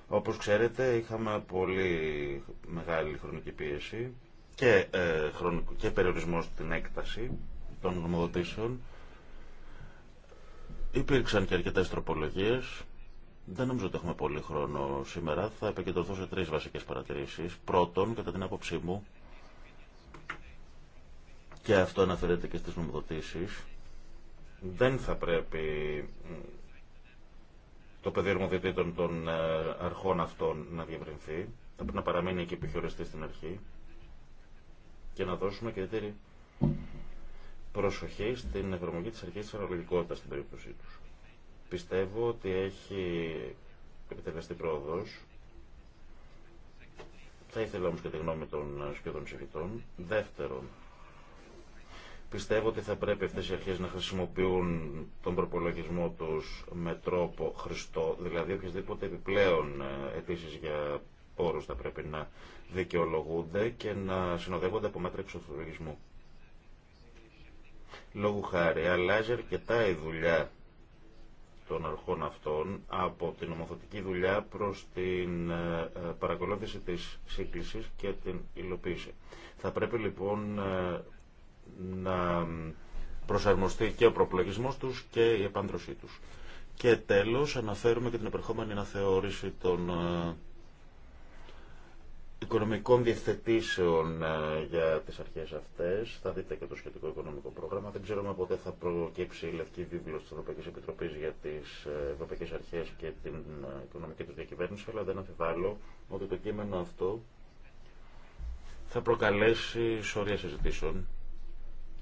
Όπως ξέρετε είχαμε πολύ μεγάλη χρονική πίεση και, ε, και περιορισμό στην έκταση των νομοδοτήσεων Υπήρξαν και αρκετέ τροπολογίε. Δεν νομίζω ότι έχουμε πολύ χρόνο σήμερα. Θα επικεντρωθώ σε τρει βασικέ παρατηρήσει. Πρώτον, κατά την άποψή μου, και αυτό αναφέρεται και στι νομοδοτήσει, δεν θα πρέπει το πεδίο νομοδοτήτων των ε, αρχών αυτών να διευρυνθεί. Θα πρέπει να παραμείνει και επιχειριστή στην αρχή και να δώσουμε και προσοχή στην εφαρμογή της αρχής της αναλογικότητας στην περίπτωσή τους. Πιστεύω ότι έχει επιτελεστεί πρόοδος. Θα ήθελα όμως και τη γνώμη των σκοτών ψηφιτών. Δεύτερον, πιστεύω ότι θα πρέπει αυτές οι αρχές να χρησιμοποιούν τον προπολογισμό τους με τρόπο χρηστό, δηλαδή οποιασδήποτε επιπλέον επίσης για πόρους θα πρέπει να δικαιολογούνται και να συνοδεύονται από μέτρα εξωτερικισμού. Λόγου χάρη αλλάζει αρκετά η δουλειά των αρχών αυτών από την ομοθετική δουλειά προς την ε, ε, παρακολούθηση της σύγκλησης και την υλοποίηση. Θα πρέπει λοιπόν ε, να προσαρμοστεί και ο προπλογισμός τους και η επάντρωσή τους. Και τέλος αναφέρουμε και την επερχόμενη αναθεώρηση των οικονομικών διευθετήσεων ε, για τις αρχές αυτές. Θα δείτε και το σχετικό οικονομικό πρόγραμμα. Δεν ξέρουμε πότε θα προκύψει η Λευκή Βίβλος της ευρωπαϊκή επιτροπή για τις ε, Ευρωπαϊκές Αρχές και την ε, οικονομική του διακυβέρνηση, αλλά δεν αμφιβάλλω ότι το κείμενο αυτό θα προκαλέσει σωρία συζητήσεων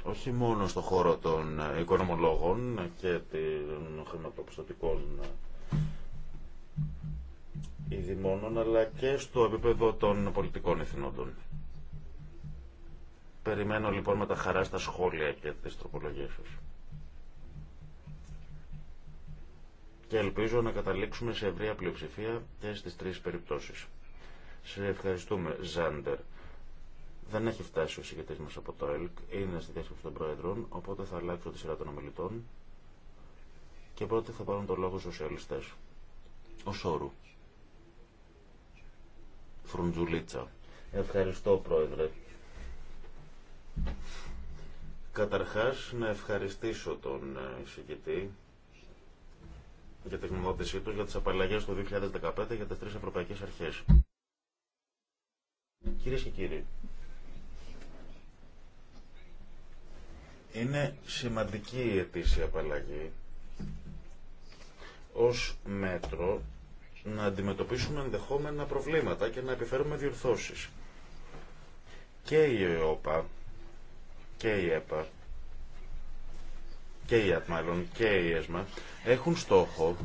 όχι μόνο στον χώρο των οικονομολόγων και των χρηματοπιστωτικών ειδημόνων αλλά και στο επίπεδο των πολιτικών εθνόντων. Περιμένω λοιπόν με τα χαρά στα σχόλια και τις τροπολογίες σας. Και ελπίζω να καταλήξουμε σε ευρεία πλειοψηφία και στις τρεις περιπτώσεις. Σε ευχαριστούμε, Ζάντερ. Δεν έχει φτάσει ο συγκεκριτή μα από το ΕΛΚ, είναι στη διάσκεψη των Πρόεδρων, οπότε θα αλλάξω τη σειρά των ομιλητών και πρώτοι θα πάρουν το λόγο σοσιαλιστέ. Ο Σόρου Φρουντζουλίτσα. Ευχαριστώ, Πρόεδρε. Καταρχάς, να ευχαριστήσω τον ε, εισηγητή για τη γνωμότησή του για τις απαλλαγές του 2015 για τις τρεις ευρωπαϊκές αρχές. Κυρίες και κύριοι, είναι σημαντική η ετήσια απαλλαγή ως μέτρο να αντιμετωπίσουμε ενδεχόμενα προβλήματα και να επιφέρουμε διορθώσεις. Και η ΕΟΠΑ και η ΕΠΑ και η ΑΤ και η ΕΣΜΑ έχουν στόχο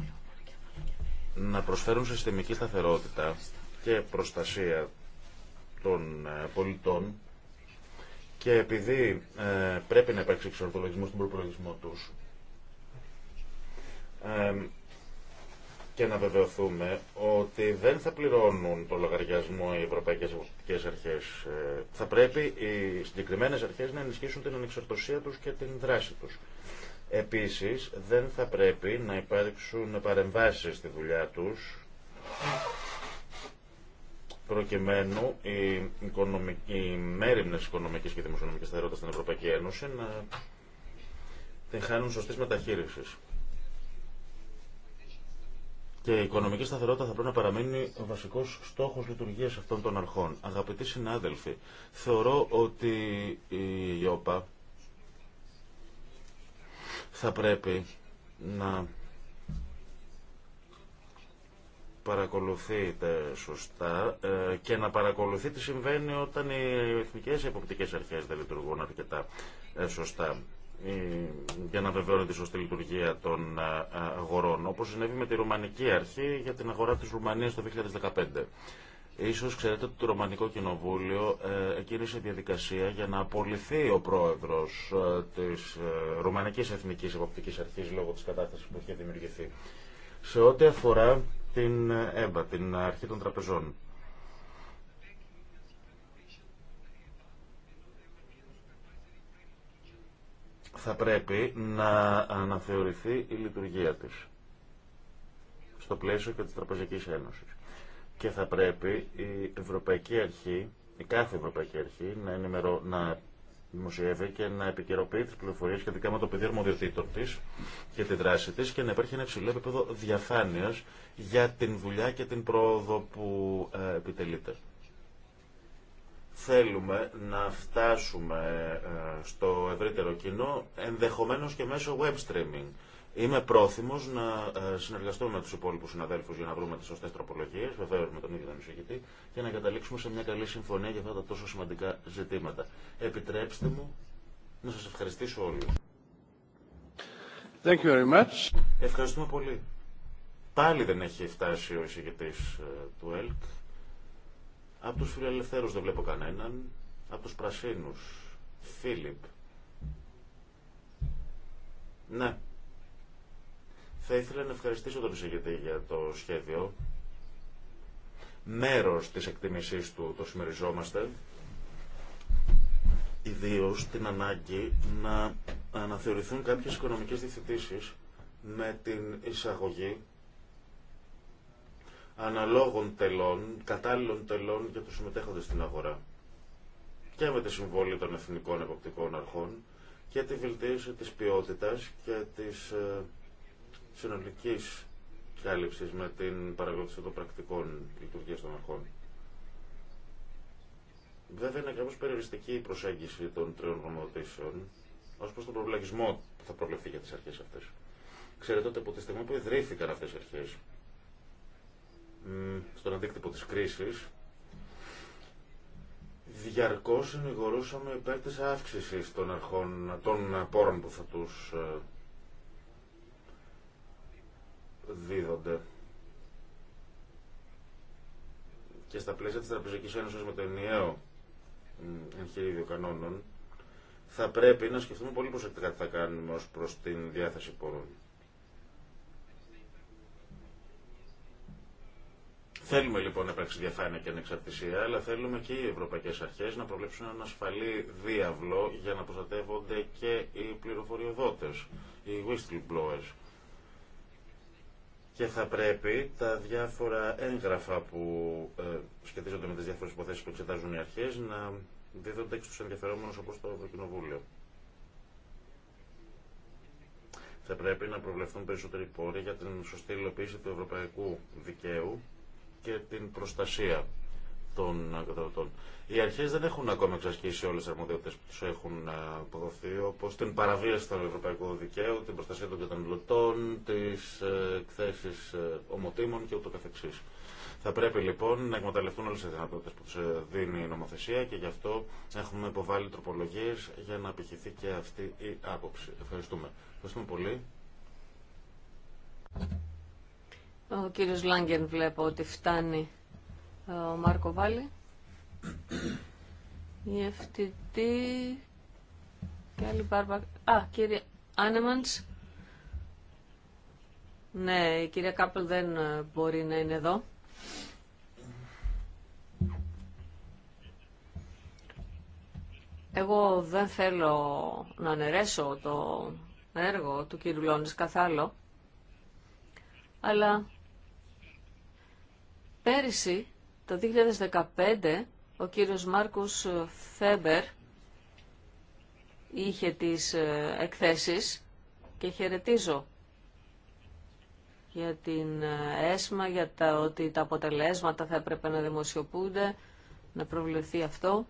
να προσφέρουν συστημική σταθερότητα και προστασία των ε, πολιτών και επειδή ε, πρέπει να υπάρξει εξορθολογισμό στον προπολογισμό τους ε, και να βεβαιωθούμε ότι δεν θα πληρώνουν το λογαριασμό οι ευρωπαϊκές εποπτικές αρχές. Ε, θα πρέπει οι συγκεκριμένες αρχέ να ενισχύσουν την ανεξαρτησία τους και την δράση τους. Επίσης, δεν θα πρέπει να υπάρξουν παρεμβάσεις στη δουλειά τους προκειμένου οι, οι μέρημνες και δημοσιονομική σταθερότητα στην Ευρωπαϊκή Ένωση να την χάνουν σωστή μεταχείριση. Και η οικονομική σταθερότητα θα πρέπει να παραμείνει ο βασικό στόχο λειτουργία αυτών των αρχών. Αγαπητοί συνάδελφοι, θεωρώ ότι η ΙΟΠΑ θα πρέπει να παρακολουθείτε σωστά ε, και να παρακολουθεί τι συμβαίνει όταν οι εθνικές εποπτικές αρχές δεν λειτουργούν αρκετά ε, σωστά. Ε, για να βεβαιώνει τη σωστή λειτουργία των ε, αγορών, όπως συνέβη με τη Ρουμανική Αρχή για την αγορά της Ρουμανίας το 2015. Ίσως ξέρετε ότι το Ρουμανικό Κοινοβούλιο ε, εκείνησε διαδικασία για να απολυθεί ο πρόεδρος της Ρουμανικής Εθνικής Εποπτικής Αρχής λόγω της κατάστασης που είχε δημιουργηθεί. Σε ό,τι αφορά την ΕΜΠΑ, την Αρχή των Τραπεζών. θα πρέπει να αναθεωρηθεί η λειτουργία της στο πλαίσιο και της Τραπεζικής Ένωσης. Και θα πρέπει η Ευρωπαϊκή Αρχή, η κάθε Ευρωπαϊκή Αρχή, να, ενημερώ, να δημοσιεύει και να επικαιροποιεί τις πληροφορίε σχετικά με το πεδίο αρμοδιοτήτων τη και τη δράση της και να υπάρχει ένα υψηλό επίπεδο διαφάνειας για την δουλειά και την πρόοδο που ε, επιτελείται θέλουμε να φτάσουμε ε, στο ευρύτερο κοινό, ενδεχομένως και μέσω web streaming. Είμαι πρόθυμος να ε, συνεργαστώ με τους υπόλοιπους συναδέλφους για να βρούμε τις σωστές τροπολογίες, βεβαίως με τον ίδιο τον εισηγητή, και να καταλήξουμε σε μια καλή συμφωνία για αυτά τα τόσο σημαντικά ζητήματα. Επιτρέψτε μου να σας ευχαριστήσω όλους. Ευχαριστούμε πολύ. Πάλι δεν έχει φτάσει ο εισηγητής ε, του ΕΛΚ. Από τους φιλελευθέρους δεν βλέπω κανέναν. Από τους πρασίνους. Φίλιπ. Ναι. Θα ήθελα να ευχαριστήσω τον εισηγητή για το σχέδιο. Μέρος της εκτίμησής του το συμμεριζόμαστε. ιδίω την ανάγκη να αναθεωρηθούν κάποιες οικονομικές διευθυντήσεις με την εισαγωγή αναλόγων τελών, κατάλληλων τελών για τους συμμετέχοντες στην αγορά και με τη συμβολή των εθνικών εποπτικών αρχών και τη βελτίωση της ποιότητας και της ε, συνολικής κάλυψης με την παραγωγή των πρακτικών λειτουργίας των αρχών. Βέβαια είναι κάπως περιοριστική η προσέγγιση των τριών γνωμοδοτήσεων ως προς τον προβλαγισμό που θα προβλεφθεί για τις αρχές αυτές. Ξέρετε ότι από τη στιγμή που ιδρύθηκαν αυτές οι αρχές, στον αντίκτυπο της κρίσης, διαρκώς συνηγορούσαμε υπέρ της αύξησης των, αρχών, των πόρων που θα τους ε, δίδονται. Και στα πλαίσια της Τραπεζικής Ένωσης με το ενιαίο εγχειρίδιο κανόνων, θα πρέπει να σκεφτούμε πολύ προσεκτικά τι θα κάνουμε ως προς την διάθεση πόρων. Θέλουμε λοιπόν να υπάρξει διαφάνεια και ανεξαρτησία, αλλά θέλουμε και οι ευρωπαϊκέ αρχέ να προβλέψουν ένα ασφαλή διάβλο για να προστατεύονται και οι πληροφοριοδότε, οι whistleblowers. Και θα πρέπει τα διάφορα έγγραφα που ε, σχετίζονται με τι διάφορε υποθέσει που εξετάζουν οι αρχέ να δίδονται και στου ενδιαφερόμενου όπω το Ευρωκοινοβούλιο. Θα πρέπει να προβλεφθούν περισσότεροι πόροι για την σωστή υλοποίηση του ευρωπαϊκού δικαίου και την προστασία των καταναλωτών. Οι αρχέ δεν έχουν ακόμα εξασκήσει όλε τι αρμοδιότητε που του έχουν ε, αποδοθεί, όπω την παραβίαση του ευρωπαϊκού δικαίου, την προστασία των καταναλωτών, τι ε, εκθέσει ε, ομοτήμων και ούτω Θα πρέπει λοιπόν να εκμεταλλευτούν όλε τι δυνατότητε που του δίνει η νομοθεσία και γι' αυτό έχουμε υποβάλει τροπολογίε για να απηχηθεί και αυτή η άποψη. Ευχαριστούμε. Ευχαριστούμε πολύ. Ο κύριος Λάγκεν βλέπω ότι φτάνει ε, ο Μάρκο Βάλλη. Η ευθυντή και άλλη Α, κύριε Άνεμαντς. Ναι, η κυρία Κάπελ δεν ε, μπορεί να είναι εδώ. Εγώ δεν θέλω να αναιρέσω το έργο του κύριου Λόνης καθ' άλλο, αλλά Πέρυσι, το 2015, ο κύριος Μάρκους Φέμπερ είχε τις ε, εκθέσεις και χαιρετίζω για την ΕΣΜΑ, για ότι τα αποτελέσματα θα έπρεπε να δημοσιοποιούνται, να προβληθεί αυτό.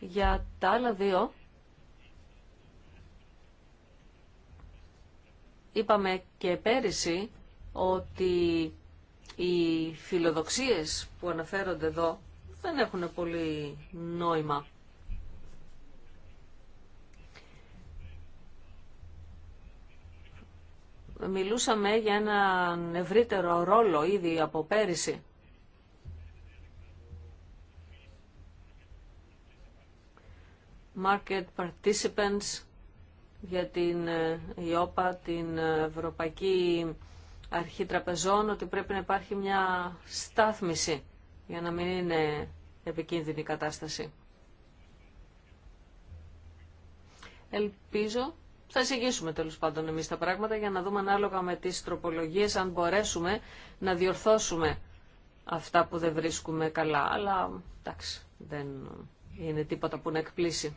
Για τα άλλα δύο, είπαμε και πέρυσι ότι οι φιλοδοξίες που αναφέρονται εδώ δεν έχουν πολύ νόημα. Μιλούσαμε για έναν ευρύτερο ρόλο ήδη από πέρυσι. Market Participants για την ΙΟΠΑ, ε, την ε, Ευρωπαϊκή αρχή τραπεζών ότι πρέπει να υπάρχει μια στάθμιση για να μην είναι επικίνδυνη η κατάσταση. Ελπίζω, θα εισηγήσουμε τέλο πάντων εμείς τα πράγματα για να δούμε ανάλογα με τις τροπολογίες αν μπορέσουμε να διορθώσουμε αυτά που δεν βρίσκουμε καλά. Αλλά εντάξει, δεν είναι τίποτα που να εκπλήσει.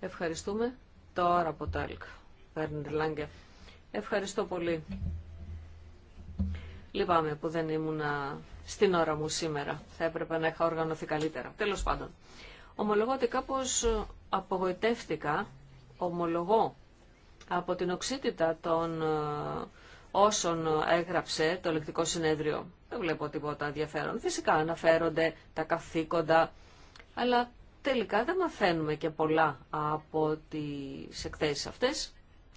Ευχαριστούμε. Τώρα από το ΕΛΚ. Ευχαριστώ πολύ. Λυπάμαι που δεν ήμουν στην ώρα μου σήμερα. Θα έπρεπε να είχα οργανωθεί καλύτερα. Τέλος πάντων. Ομολογώ ότι κάπω απογοητεύτηκα, ομολογώ, από την οξύτητα των ε, όσων έγραψε το λεκτικό συνέδριο. Δεν βλέπω τίποτα ενδιαφέρον. Φυσικά αναφέρονται τα καθήκοντα, αλλά τελικά δεν μαθαίνουμε και πολλά από τις εκθέσεις αυτές.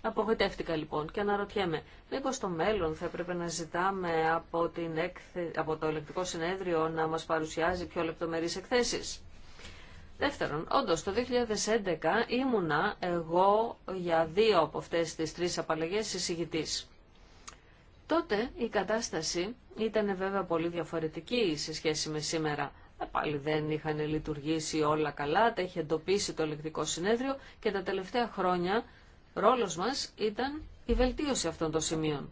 Απογοητεύτηκα λοιπόν και αναρωτιέμαι, μήπω στο μέλλον θα έπρεπε να ζητάμε από, την εκθε... από το ελεκτικό συνέδριο να μα παρουσιάζει πιο λεπτομερεί εκθέσει. Δεύτερον, όντω το 2011 ήμουνα εγώ για δύο από αυτές τις τρεις απαλλαγέ εισηγητή. Τότε η κατάσταση ήταν βέβαια πολύ διαφορετική σε σχέση με σήμερα. Ε, πάλι δεν είχαν λειτουργήσει όλα καλά, τα είχε εντοπίσει το ελεκτικό συνέδριο και τα τελευταία χρόνια Ρόλος μας ήταν η βελτίωση αυτών των σημείων,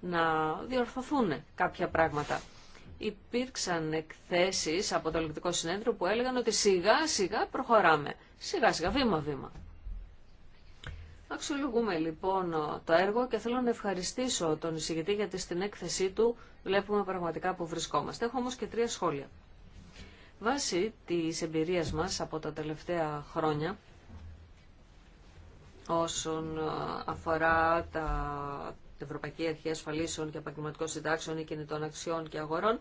να διορθωθούν κάποια πράγματα. Υπήρξαν εκθέσεις από το Ελληνικό Συνέδριο που έλεγαν ότι σιγά σιγά προχωράμε, σιγά σιγά, βήμα βήμα. Αξιολογούμε λοιπόν το έργο και θέλω να ευχαριστήσω τον εισηγητή γιατί στην έκθεσή του βλέπουμε πραγματικά που βρισκόμαστε. Έχω όμως και τρία σχόλια. Βάσει της εμπειρίας μας από τα τελευταία χρόνια, όσον ε, αφορά τα Ευρωπαϊκή Αρχή Ασφαλίσεων και Επαγγελματικών Συντάξεων ή Κινητών Αξιών και Αγορών,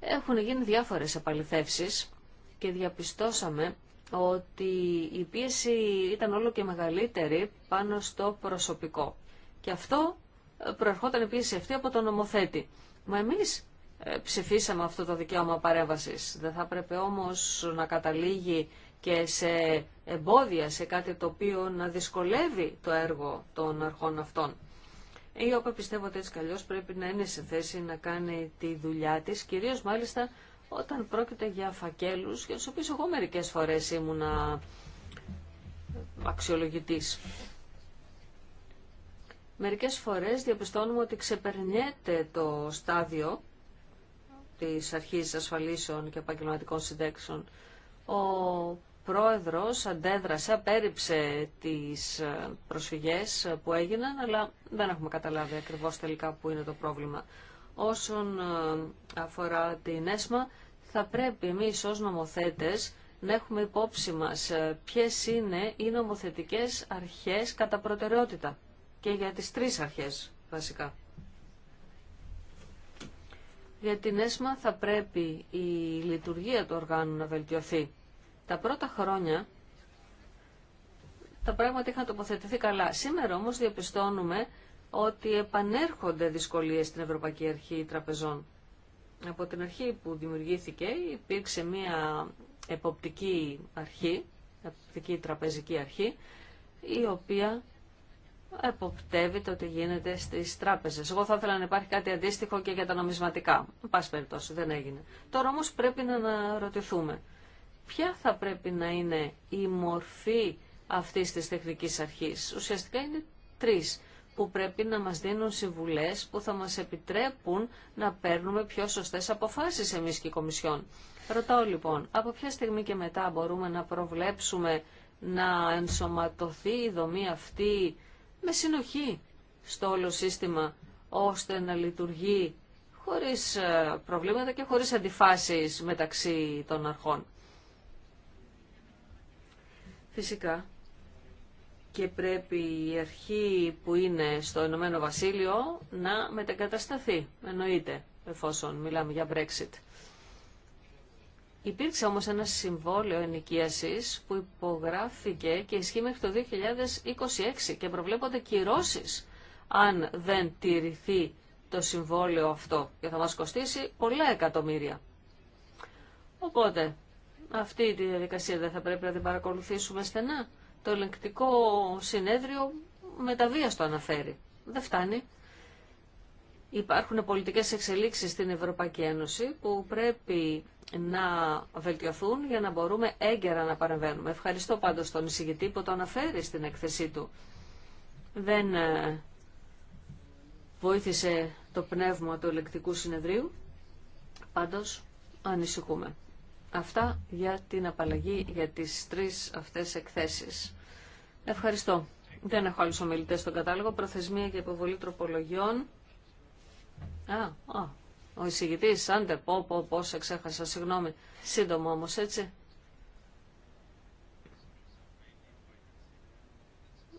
έχουν γίνει διάφορες επαληθεύσεις και διαπιστώσαμε ότι η πίεση ήταν όλο και μεγαλύτερη πάνω στο προσωπικό. Και αυτό ε, προερχόταν η πίεση αυτή από τον νομοθέτη. Μα εμείς ε, ψηφίσαμε αυτό το δικαίωμα παρέμβασης. Δεν θα έπρεπε όμως να καταλήγει και σε εμπόδια, σε κάτι το οποίο να δυσκολεύει το έργο των αρχών αυτών. Η ΟΠΑ πιστεύω ότι έτσι καλλιώς πρέπει να είναι σε θέση να κάνει τη δουλειά της, κυρίως μάλιστα όταν πρόκειται για φακέλους, για τους οποίους εγώ μερικές φορές ήμουνα αξιολογητής. Μερικές φορές διαπιστώνουμε ότι ξεπερνιέται το στάδιο της αρχής ασφαλίσεων και επαγγελματικών συντέξεων. Ο πρόεδρος αντέδρασε, απέρριψε τις ε, προσφυγές ε, που έγιναν, αλλά δεν έχουμε καταλάβει ακριβώς τελικά που είναι το πρόβλημα. Όσον ε, αφορά την ΕΣΜΑ, θα πρέπει εμείς ως νομοθέτες να έχουμε υπόψη μας ποιες είναι οι νομοθετικές αρχές κατά προτεραιότητα και για τις τρεις αρχές βασικά. Για την ΕΣΜΑ θα πρέπει η λειτουργία του οργάνου να βελτιωθεί τα πρώτα χρόνια τα πράγματα είχαν τοποθετηθεί καλά. Σήμερα όμως διαπιστώνουμε ότι επανέρχονται δυσκολίες στην Ευρωπαϊκή Αρχή Τραπεζών. Από την αρχή που δημιουργήθηκε υπήρξε μια εποπτική αρχή, εποπτική τραπεζική αρχή, η οποία εποπτεύεται ότι γίνεται στις τράπεζες. Εγώ θα ήθελα να υπάρχει κάτι αντίστοιχο και για τα νομισματικά. Εν πάση περιπτώσει, δεν έγινε. Τώρα όμως πρέπει να αναρωτηθούμε ποια θα πρέπει να είναι η μορφή αυτής της τεχνικής αρχής. Ουσιαστικά είναι τρεις που πρέπει να μας δίνουν συμβουλές που θα μας επιτρέπουν να παίρνουμε πιο σωστές αποφάσεις εμείς και η Κομισιόν. Ρωτάω λοιπόν, από ποια στιγμή και μετά μπορούμε να προβλέψουμε να ενσωματωθεί η δομή αυτή με συνοχή στο όλο σύστημα, ώστε να λειτουργεί χωρίς ε, προβλήματα και χωρίς αντιφάσεις μεταξύ των αρχών. Φυσικά. Και πρέπει η αρχή που είναι στο Ηνωμένο Βασίλειο να μετεγκατασταθεί, εννοείται, εφόσον μιλάμε για Brexit. Υπήρξε όμως ένα συμβόλαιο ενοικίασης που υπογράφηκε και ισχύει μέχρι το 2026 και προβλέπονται κυρώσεις αν δεν τηρηθεί το συμβόλαιο αυτό και θα μας κοστίσει πολλά εκατομμύρια. Οπότε αυτή τη διαδικασία δεν θα πρέπει να την παρακολουθήσουμε στενά. Το ελεγκτικό συνέδριο με τα στο αναφέρει. Δεν φτάνει. Υπάρχουν πολιτικές εξελίξεις στην Ευρωπαϊκή Ένωση που πρέπει να βελτιωθούν για να μπορούμε έγκαιρα να παρεμβαίνουμε. Ευχαριστώ πάντως τον εισηγητή που το αναφέρει στην έκθεσή του. Δεν ε, βοήθησε το πνεύμα του ελεκτικού συνεδρίου, πάντως ανησυχούμε. Αυτά για την απαλλαγή για τις τρεις αυτές εκθέσεις. Ευχαριστώ. Δεν έχω άλλους ομιλητές στον κατάλογο. Προθεσμία για υποβολή τροπολογιών. Α, α ο εισηγητής, άντε, πω, πω, σε ξέχασα, συγγνώμη. Σύντομο όμως, έτσι.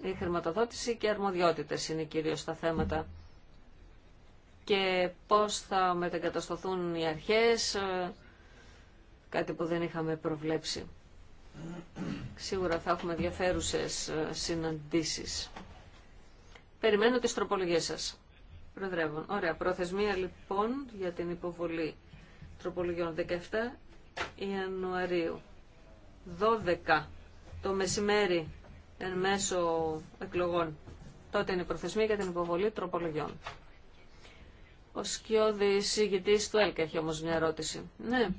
Η χρηματοδότηση και αρμοδιότητες είναι κυρίως τα θέματα. Και πώς θα μετεγκατασταθούν οι αρχές, ε, κάτι που δεν είχαμε προβλέψει. Σίγουρα θα έχουμε ενδιαφέρουσε ε, συναντήσεις. Περιμένω τις τροπολογίες σας. Ωραία. Προθεσμία λοιπόν για την υποβολή τροπολογιών 17 Ιανουαρίου. 12 το μεσημέρι εν μέσω εκλογών. Τότε είναι η προθεσμία για την υποβολή τροπολογιών. Ο Σκιώδης ηγητής του ΕΛΚ έχει όμως μια ερώτηση. Ναι,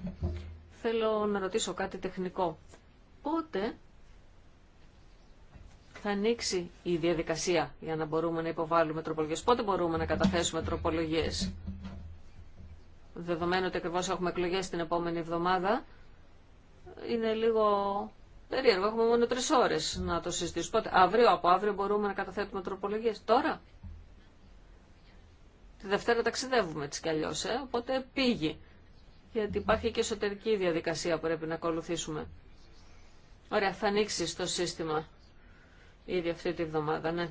θέλω να ρωτήσω κάτι τεχνικό. Πότε θα ανοίξει η διαδικασία για να μπορούμε να υποβάλουμε τροπολογίες. Πότε μπορούμε να καταθέσουμε τροπολογίες. Δεδομένου ότι ακριβώ έχουμε εκλογέ την επόμενη εβδομάδα, είναι λίγο περίεργο. Έχουμε μόνο τρει ώρε να το συζητήσουμε. Πότε, αύριο από αύριο μπορούμε να καταθέτουμε τροπολογίε. Τώρα. Τη Δευτέρα ταξιδεύουμε έτσι κι αλλιώ, ε, οπότε πήγε γιατί υπάρχει και εσωτερική διαδικασία που πρέπει να ακολουθήσουμε. Ωραία, θα ανοίξει το σύστημα ήδη αυτή τη βδομάδα, ναι.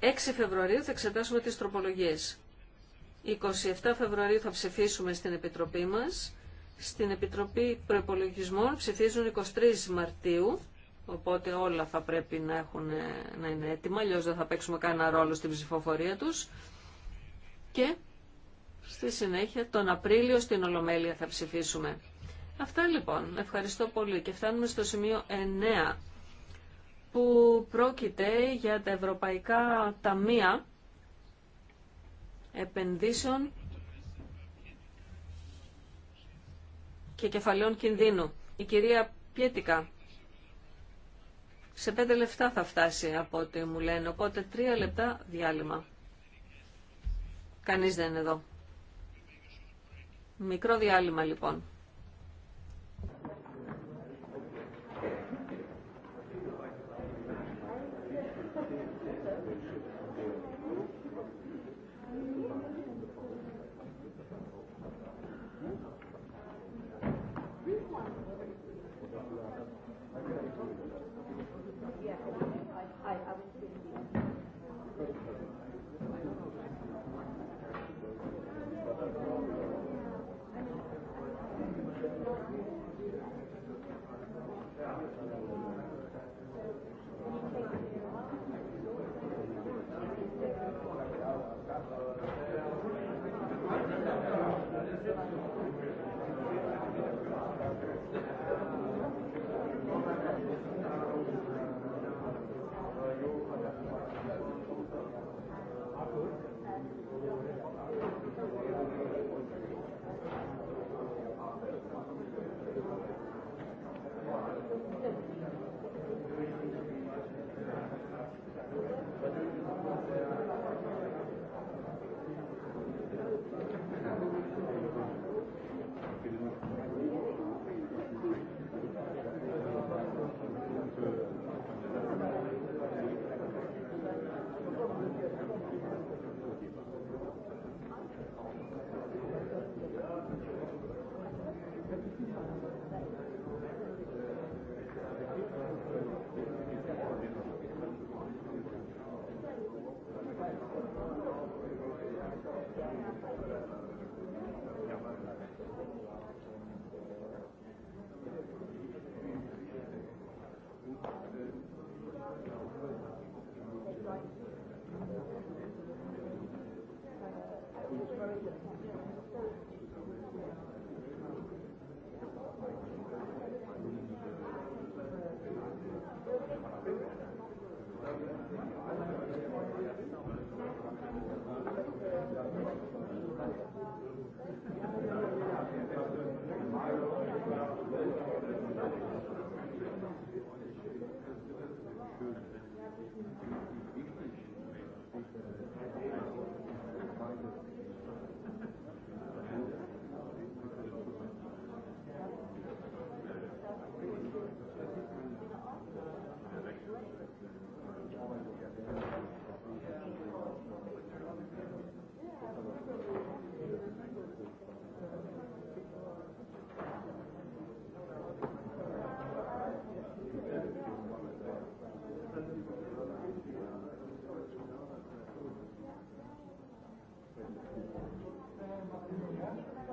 6 Φεβρουαρίου θα εξετάσουμε τις τροπολογίες. 27 Φεβρουαρίου θα ψηφίσουμε στην Επιτροπή μας. Στην Επιτροπή Προπολογισμών ψηφίζουν 23 Μαρτίου, οπότε όλα θα πρέπει να, ε, να είναι έτοιμα, αλλιώς δεν θα παίξουμε κανένα ρόλο στην ψηφοφορία τους. Και Στη συνέχεια, τον Απρίλιο στην Ολομέλεια θα ψηφίσουμε. Αυτά λοιπόν. Ευχαριστώ πολύ. Και φτάνουμε στο σημείο 9 που πρόκειται για τα Ευρωπαϊκά Ταμεία Επενδύσεων και Κεφαλαίων Κινδύνου. Η κυρία Πιέτικα σε πέντε λεπτά θα φτάσει από ό,τι μου λένε, οπότε τρία λεπτά διάλειμμα. Κανείς δεν είναι εδώ. Μικρό διάλειμμα λοιπόν.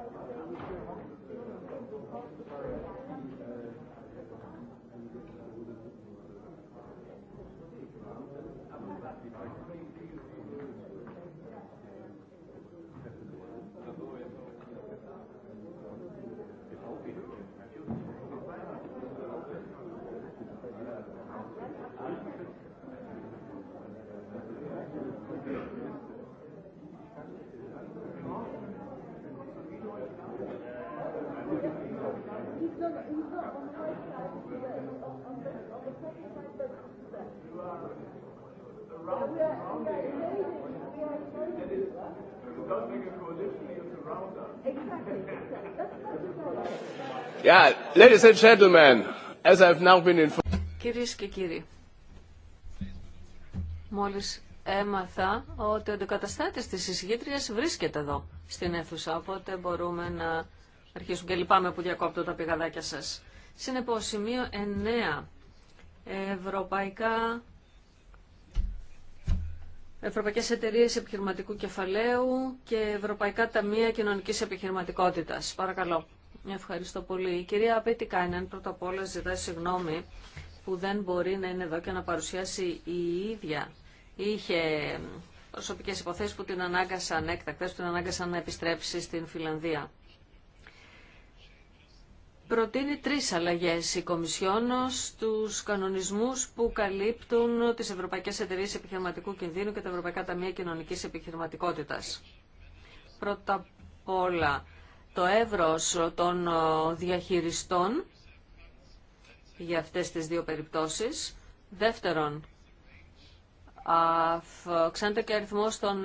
Thank you. Yeah, Κυρίες και κύριοι, μόλις έμαθα ότι ο αντικαταστάτης της εισηγήτριας βρίσκεται εδώ στην αίθουσα, οπότε μπορούμε να αρχίσουμε και λυπάμαι που διακόπτω τα πηγαδάκια σας. Συνεπώς, σημείο 9. Ευρωπαϊκά Ευρωπαϊκές Εταιρείες Επιχειρηματικού Κεφαλαίου και Ευρωπαϊκά Ταμεία Κοινωνικής Επιχειρηματικότητας. Παρακαλώ. Ευχαριστώ πολύ. Η κυρία Απέτη Κάινεν πρώτα απ' όλα ζητά συγγνώμη που δεν μπορεί να είναι εδώ και να παρουσιάσει η ίδια. Είχε προσωπικές υποθέσεις που την ανάγκασαν έκτακτες, που την ανάγκασαν να επιστρέψει στην Φιλανδία προτείνει τρεις αλλαγές η Κομισιόν στους κανονισμούς που καλύπτουν τις Ευρωπαϊκές Εταιρείες Επιχειρηματικού Κινδύνου και τα Ευρωπαϊκά Ταμεία Κοινωνικής Επιχειρηματικότητας. Πρώτα απ' όλα, το εύρος των διαχειριστών για αυτές τις δύο περιπτώσεις. Δεύτερον, αυξάνεται και αριθμό των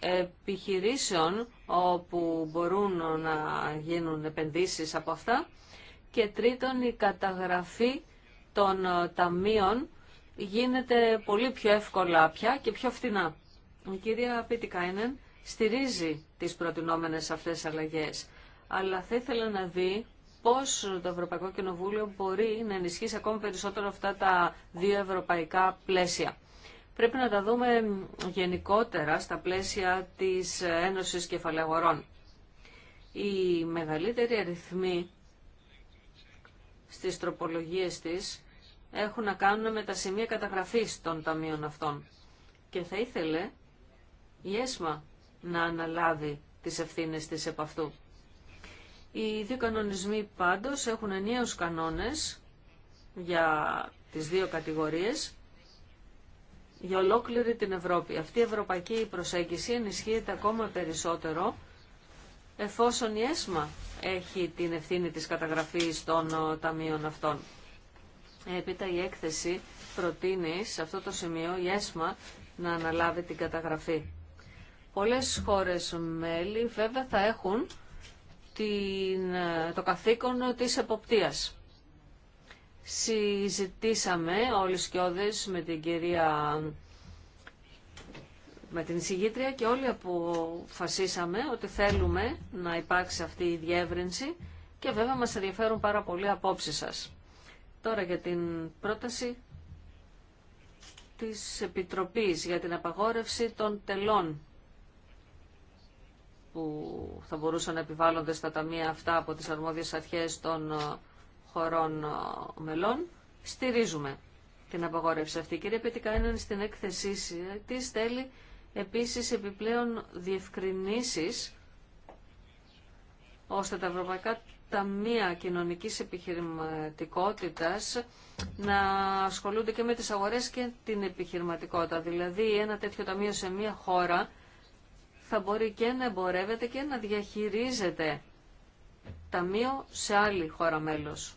επιχειρήσεων όπου μπορούν να γίνουν επενδύσεις από αυτά και τρίτον η καταγραφή των ε, ταμείων γίνεται πολύ πιο εύκολα πια και πιο φθηνά. Η κυρία Πίτικάινεν στηρίζει τις προτινόμενες αυτές αλλαγές, αλλά θα ήθελα να δει πώς το Ευρωπαϊκό Κοινοβούλιο μπορεί να ενισχύσει ακόμη περισσότερο αυτά τα δύο ευρωπαϊκά πλαίσια. Πρέπει να τα δούμε γενικότερα στα πλαίσια της Ένωσης Κεφαλαίου Η μεγαλύτεροι αριθμοί στις τροπολογίες της έχουν να κάνουν με τα σημεία καταγραφής των ταμείων αυτών. Και θα ήθελε η ΕΣΜΑ να αναλάβει τις ευθύνες της επ' αυτού. Οι δύο κανονισμοί πάντως έχουν ενιαίους κανόνες για τις δύο κατηγορίες για ολόκληρη την Ευρώπη. Αυτή η ευρωπαϊκή προσέγγιση ενισχύεται ακόμα περισσότερο εφόσον η ΕΣΜΑ έχει την ευθύνη της καταγραφής των ε, ταμείων αυτών. Έπειτα η έκθεση προτείνει σε αυτό το σημείο η ΕΣΜΑ να αναλάβει την καταγραφή. Πολλές χώρες μέλη βέβαια θα έχουν την, ε, το καθήκον της εποπτείας. Συζητήσαμε όλες και όδες με την κυρία με την συγγήτρια και όλοι αποφασίσαμε ότι θέλουμε να υπάρξει αυτή η διεύρυνση και βέβαια μας ενδιαφέρουν πάρα πολύ απόψει σας. Τώρα για την πρόταση της Επιτροπής για την απαγόρευση των τελών που θα μπορούσαν να επιβάλλονται στα ταμεία αυτά από τις αρμόδιες αρχές των ε, χωρών ε, μελών, στηρίζουμε την απαγόρευση αυτή. Κύριε είναι στην έκθεσή της θέλει επίσης επιπλέον διευκρινήσεις ώστε τα ευρωπαϊκά ταμεία κοινωνικής επιχειρηματικότητας να ασχολούνται και με τις αγορές και την επιχειρηματικότητα. Δηλαδή ένα τέτοιο ταμείο σε μια χώρα θα μπορεί και να εμπορεύεται και να διαχειρίζεται ταμείο σε άλλη χώρα μέλος.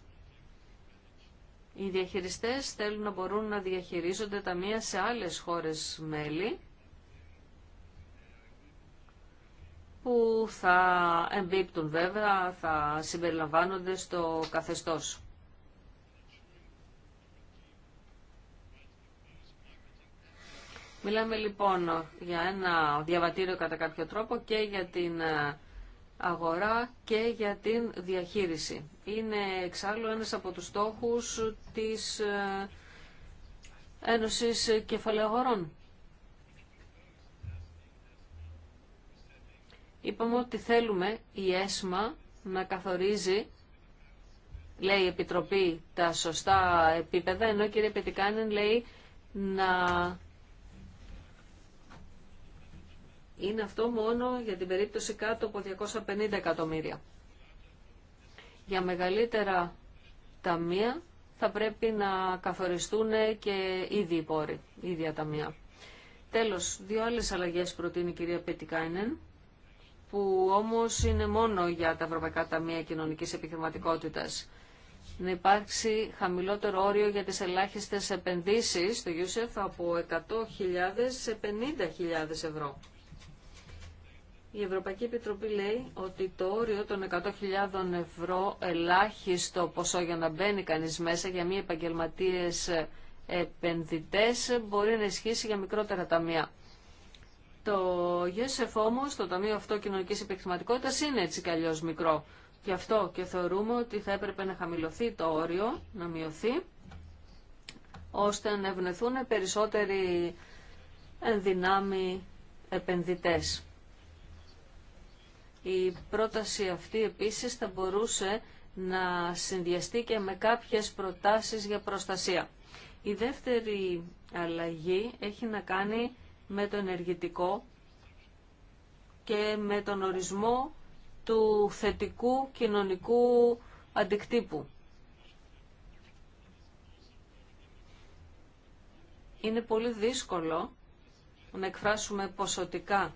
Οι διαχειριστές θέλουν να μπορούν να διαχειρίζονται ταμεία σε άλλες χώρες μέλη που θα εμπίπτουν βέβαια, θα συμπεριλαμβάνονται στο καθεστώς. Μιλάμε λοιπόν για ένα διαβατήριο κατά κάποιο τρόπο και για την ε, αγορά και για την διαχείριση. Είναι εξάλλου ένας από τους στόχους της ε, Ένωσης Κεφαλαίου Αγορών. είπαμε ότι θέλουμε η ΕΣΜΑ να καθορίζει, λέει η Επιτροπή, τα σωστά επίπεδα, ενώ η κυρία Πετικάνεν λέει να είναι αυτό μόνο για την περίπτωση κάτω από 250 εκατομμύρια. Για μεγαλύτερα ταμεία θα πρέπει να καθοριστούν και ήδη οι πόροι, ίδια ταμεία. Τέλος, δύο άλλες αλλαγές προτείνει η κυρία Πετικάινεν που όμως είναι μόνο για τα Ευρωπαϊκά Ταμεία Κοινωνικής Επιχειρηματικότητας. Να υπάρξει χαμηλότερο όριο για τις ελάχιστες επενδύσεις στο Ιούσεφ, από 100.000 σε 50.000 ευρώ. Η Ευρωπαϊκή Επιτροπή λέει ότι το όριο των 100.000 ευρώ ελάχιστο ποσό για να μπαίνει κανείς μέσα για μη επαγγελματίες επενδυτές μπορεί να ισχύσει για μικρότερα ταμεία. Το ΓΕΣΕΦ όμω, το Ταμείο Αυτό Κοινωνική Επιχειρηματικότητα, είναι έτσι κι μικρό. Γι' αυτό και θεωρούμε ότι θα έπρεπε να χαμηλωθεί το όριο, να μειωθεί, ώστε να ευνεθούν περισσότεροι ενδυνάμοι επενδυτές. Η πρόταση αυτή επίσης θα μπορούσε να συνδυαστεί και με κάποιες προτάσεις για προστασία. Η δεύτερη αλλαγή έχει να κάνει με το ενεργητικό και με τον ορισμό του θετικού κοινωνικού αντικτύπου. Είναι πολύ δύσκολο να εκφράσουμε ποσοτικά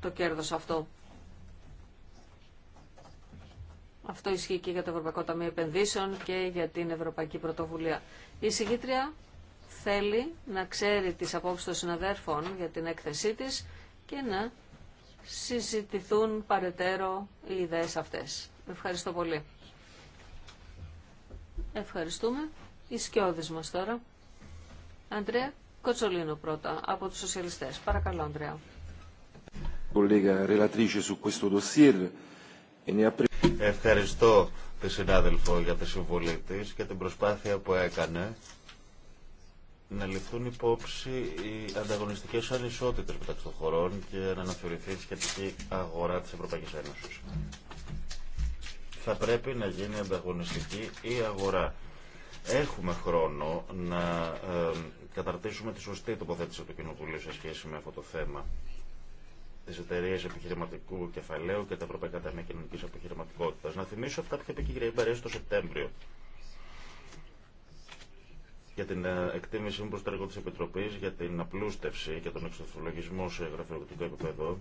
το κέρδος αυτό. Αυτό ισχύει και για το Ευρωπαϊκό Ταμείο Επενδύσεων και για την Ευρωπαϊκή Πρωτοβουλία. Η συγκήτρια θέλει να ξέρει τις απόψεις των συναδέρφων για την έκθεσή της και να συζητηθούν παρετέρω οι ιδέες αυτές. Ευχαριστώ πολύ. Ευχαριστούμε. Οι σκιώδεις μας τώρα. Αντρέα Κοτσολίνο πρώτα από τους σοσιαλιστές. Παρακαλώ, Αντρέα. E Ευχαριστώ τη συνάδελφο για τη συμβολή της και την προσπάθεια που έκανε να ληφθούν υπόψη οι ανταγωνιστικέ ανισότητε μεταξύ των χωρών και να αναθεωρηθεί η σχετική αγορά τη Ευρωπαϊκή Ένωση. Θα πρέπει να γίνει ανταγωνιστική η αγορά. Έχουμε χρόνο να ε, καταρτήσουμε τη σωστή τοποθέτηση του Κοινοβουλίου σε σχέση με αυτό το θέμα. Τι εταιρείε επιχειρηματικού κεφαλαίου και τα Ευρωπαϊκά Ταμεία Κοινωνική Επιχειρηματικότητα. Να θυμίσω αυτά που είχε και η κυρία Σεπτέμβριο για την ε, εκτίμηση μου προ το έργο τη Επιτροπή για την απλούστευση και τον εξορθολογισμό σε γραφειοκρατικό επίπεδο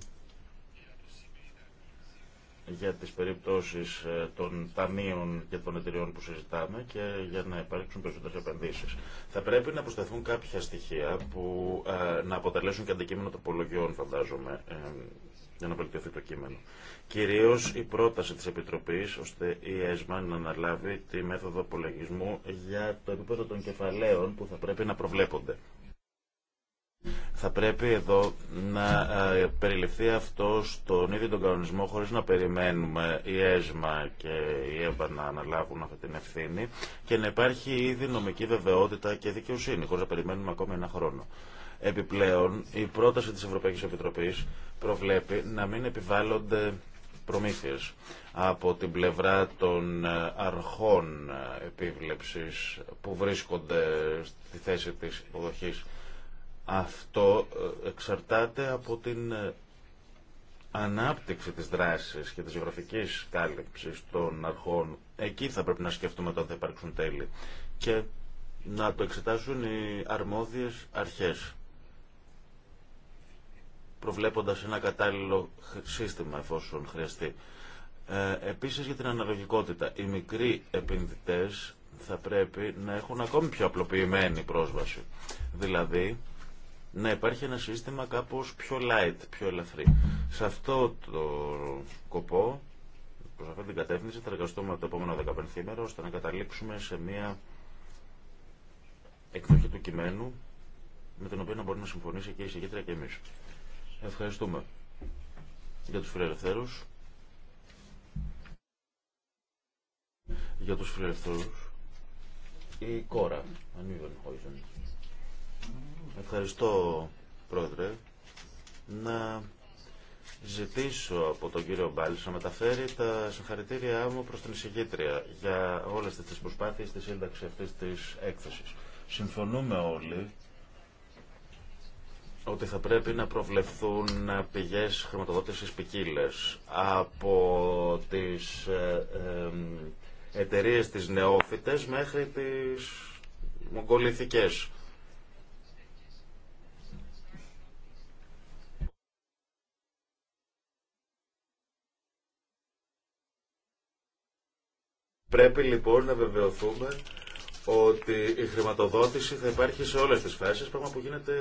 για τι περιπτώσει ε, των ταμείων και των εταιριών που συζητάμε και για να υπάρξουν περισσότερε επενδύσει. Θα πρέπει να προσθεθούν κάποια στοιχεία που ε, να αποτελέσουν και αντικείμενο τοπολογιών φαντάζομαι, για να βελτιωθεί το κείμενο. Κυρίως η πρόταση τη Επιτροπή ώστε η ΕΣΜΑ να αναλάβει τη μέθοδο απολογισμού για το επίπεδο των κεφαλαίων που θα πρέπει να προβλέπονται. Θα πρέπει εδώ να ε, περιληφθεί αυτό στον ίδιο τον κανονισμό χωρίς να περιμένουμε η ΕΣΜΑ και η ΕΜΠΑ να αναλάβουν αυτή την ευθύνη και να υπάρχει ήδη νομική βεβαιότητα και δικαιοσύνη χωρίς να περιμένουμε ακόμη ένα χρόνο. Επιπλέον, η πρόταση της Ευρωπαϊκής Επιτροπής προβλέπει να μην επιβάλλονται προμήθειες από την πλευρά των ε, αρχών ε, επίβλεψης που βρίσκονται στη θέση της υποδοχής. Αυτό ε, εξαρτάται από την ανάπτυξη της δράσης και της γεωγραφικής κάλυψης των αρχών. Εκεί θα πρέπει να σκεφτούμε όταν θα υπάρξουν τέλη και να το εξετάσουν οι αρμόδιες αρχές προβλέποντας ένα κατάλληλο σύστημα εφόσον χρειαστεί. Ε, επίσης για την αναλογικότητα, οι μικροί επενδυτές θα πρέπει να έχουν ακόμη πιο απλοποιημένη πρόσβαση. Δηλαδή, να υπάρχει ένα σύστημα κάπως πιο light, πιο ελαφρύ. Σε αυτό το σκοπό, προς αυτή την κατεύθυνση, θα εργαστούμε το επόμενο 15 ώστε να καταλήξουμε σε μια εκδοχή του κειμένου, με την οποία να μπορεί να συμφωνήσει και η συγκέντρια και εμείς. Ευχαριστούμε για τους φιλελευθέρους. Για τους φιλελευθέρους. Η κόρα, Ευχαριστώ, Πρόεδρε. Να ζητήσω από τον κύριο Μπάλης να μεταφέρει τα συγχαρητήριά μου προς την εισηγήτρια για όλες τις προσπάθειες της σύνταξη αυτής της έκθεσης. Συμφωνούμε όλοι ότι θα πρέπει να προβλεφθούν πηγές χρηματοδότησης ποικίλε από τις ε, εταιρείες της νεόφυτες μέχρι τις μογκολιθικές. Πρέπει λοιπόν να βεβαιωθούμε ότι η χρηματοδότηση θα υπάρχει σε όλες τις φάσεις, πράγμα που γίνεται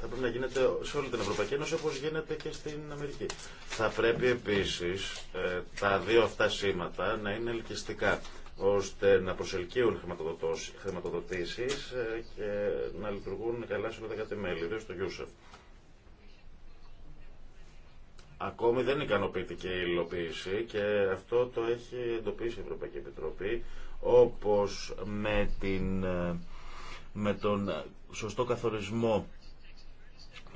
θα πρέπει να γίνεται σε όλη την Ευρωπαϊκή Ένωση όπως γίνεται και στην Αμερική. Θα πρέπει επίσης ε, τα δύο αυτά σήματα να είναι ελκυστικά ώστε να προσελκύουν χρηματοδοτήσεις ε, και να λειτουργούν καλά σε όλα τα στο Γιούσεφ. Ακόμη δεν ικανοποιήθηκε η υλοποίηση και αυτό το έχει εντοπίσει η Ευρωπαϊκή Επιτροπή όπως με, την, ε, με τον σωστό καθορισμό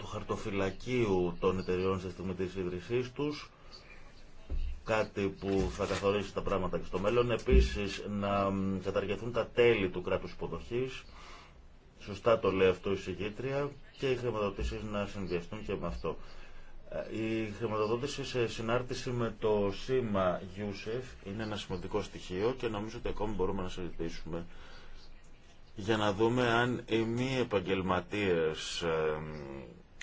του χαρτοφυλακίου των εταιριών σε στιγμή της ίδρυσής τους, κάτι που θα καθορίσει τα πράγματα και στο μέλλον. Επίσης, να καταργηθούν τα τέλη του κράτους υποδοχής. Σωστά το λέει αυτό η συγκήτρια και οι χρηματοδοτήσει να συνδυαστούν και με αυτό. Ε, η χρηματοδότηση σε συνάρτηση με το σήμα USEF είναι ένα σημαντικό στοιχείο και νομίζω ότι ακόμη μπορούμε να συζητήσουμε για να δούμε αν οι μη επαγγελματίες ε,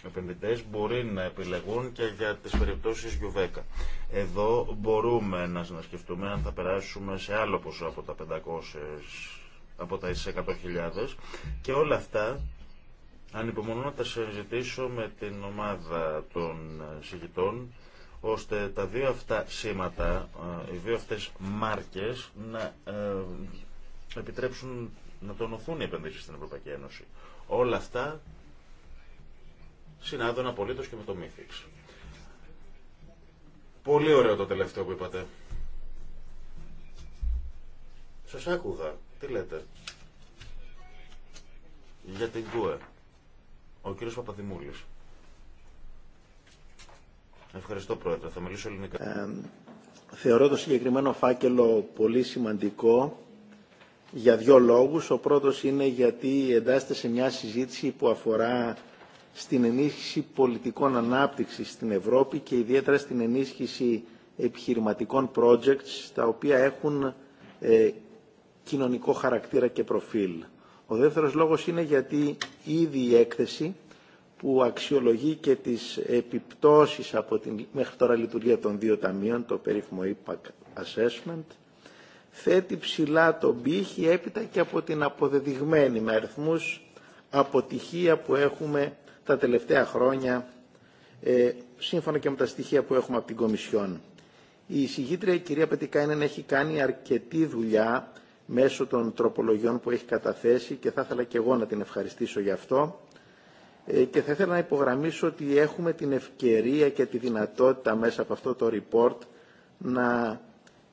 επενδυτές μπορεί να επιλεγούν και για τις περιπτώσεις Γιουβέκα. Εδώ μπορούμε να σκεφτούμε αν θα περάσουμε σε άλλο ποσό από τα 500 από τα 100.000 και όλα αυτά ανυπομονώ να τα συζητήσω με την ομάδα των συγκητών ώστε τα δύο αυτά σήματα, ε, οι δύο αυτές μάρκες να ε, επιτρέψουν να τονωθούν οι επενδύσεις στην Ευρωπαϊκή Ένωση. Όλα αυτά συνάδουν απολύτως και με το Μύθιξ. Πολύ ωραίο το τελευταίο που είπατε. Σας άκουγα. Τι λέτε. Για την ΚΟΕ. Ο κύριος Παπαδημούλης. Ευχαριστώ πρόεδρε. Θα μιλήσω ελληνικά. Ε, θεωρώ το συγκεκριμένο φάκελο πολύ σημαντικό για δύο λόγους. Ο πρώτος είναι γιατί εντάσσεται σε μια συζήτηση που αφορά στην ενίσχυση πολιτικών ανάπτυξης στην Ευρώπη και ιδιαίτερα στην ενίσχυση επιχειρηματικών projects τα οποία έχουν ε, κοινωνικό χαρακτήρα και προφίλ. Ο δεύτερος λόγος είναι γιατί ήδη η έκθεση που αξιολογεί και τις επιπτώσεις από την μέχρι τώρα λειτουργία των δύο ταμείων, το περίφημο impact assessment, θέτει ψηλά τον πύχη έπειτα και από την αποδεδειγμένη με αριθμούς αποτυχία που έχουμε τα τελευταία χρόνια, ε, σύμφωνα και με τα στοιχεία που έχουμε από την Κομισιόν. Η εισηγήτρια, η κυρία Πετικάινεν, έχει κάνει αρκετή δουλειά μέσω των τροπολογιών που έχει καταθέσει και θα ήθελα και εγώ να την ευχαριστήσω γι' αυτό. Ε, και θα ήθελα να υπογραμμίσω ότι έχουμε την ευκαιρία και τη δυνατότητα μέσα από αυτό το report να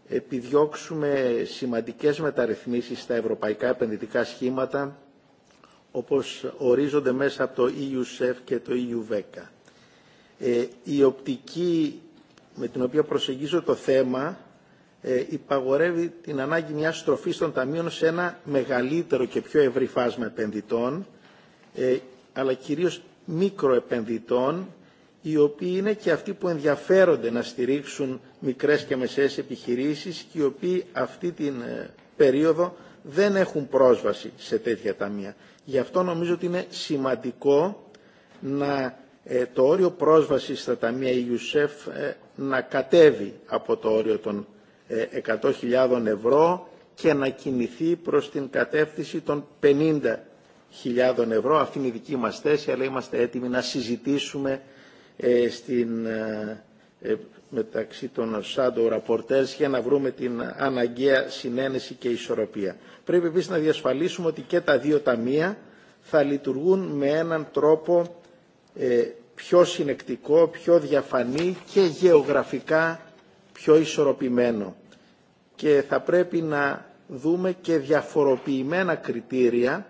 επιδιώξουμε σημαντικές μεταρρυθμίσεις στα ευρωπαϊκά επενδυτικά σχήματα όπως ορίζονται μέσα από το eu και το EU-VECA. Ε, η οπτική με την οποία προσεγγίζω το θέμα ε, υπαγορεύει την ανάγκη μιας στροφής των ταμείων σε ένα μεγαλύτερο και πιο ευρύ φάσμα επενδυτών, ε, αλλά κυρίως μικροεπενδυτών, οι οποίοι είναι και αυτοί που ενδιαφέρονται να στηρίξουν μικρές και μεσαίες επιχειρήσεις και οι οποίοι αυτή την περίοδο δεν έχουν πρόσβαση σε τέτοια ταμεία. Γι' αυτό νομίζω ότι είναι σημαντικό να ε, το όριο πρόσβασης στα ταμεία Ιουσέφ ε, να κατέβει από το όριο των 100.000 ε, ευρώ και να κινηθεί προς την κατεύθυνση των 50.000 ευρώ. Αυτή είναι η δική μας θέση, αλλά είμαστε έτοιμοι να συζητήσουμε στην ε, μεταξύ των Σάντο Ραπορτέρς για να βρούμε την αναγκαία συνένεση και ισορροπία. Πρέπει επίσης να διασφαλίσουμε ότι και τα δύο ταμεία θα λειτουργούν με έναν τρόπο ε, πιο συνεκτικό, πιο διαφανή και γεωγραφικά πιο ισορροπημένο. Και θα πρέπει να δούμε και διαφοροποιημένα κριτήρια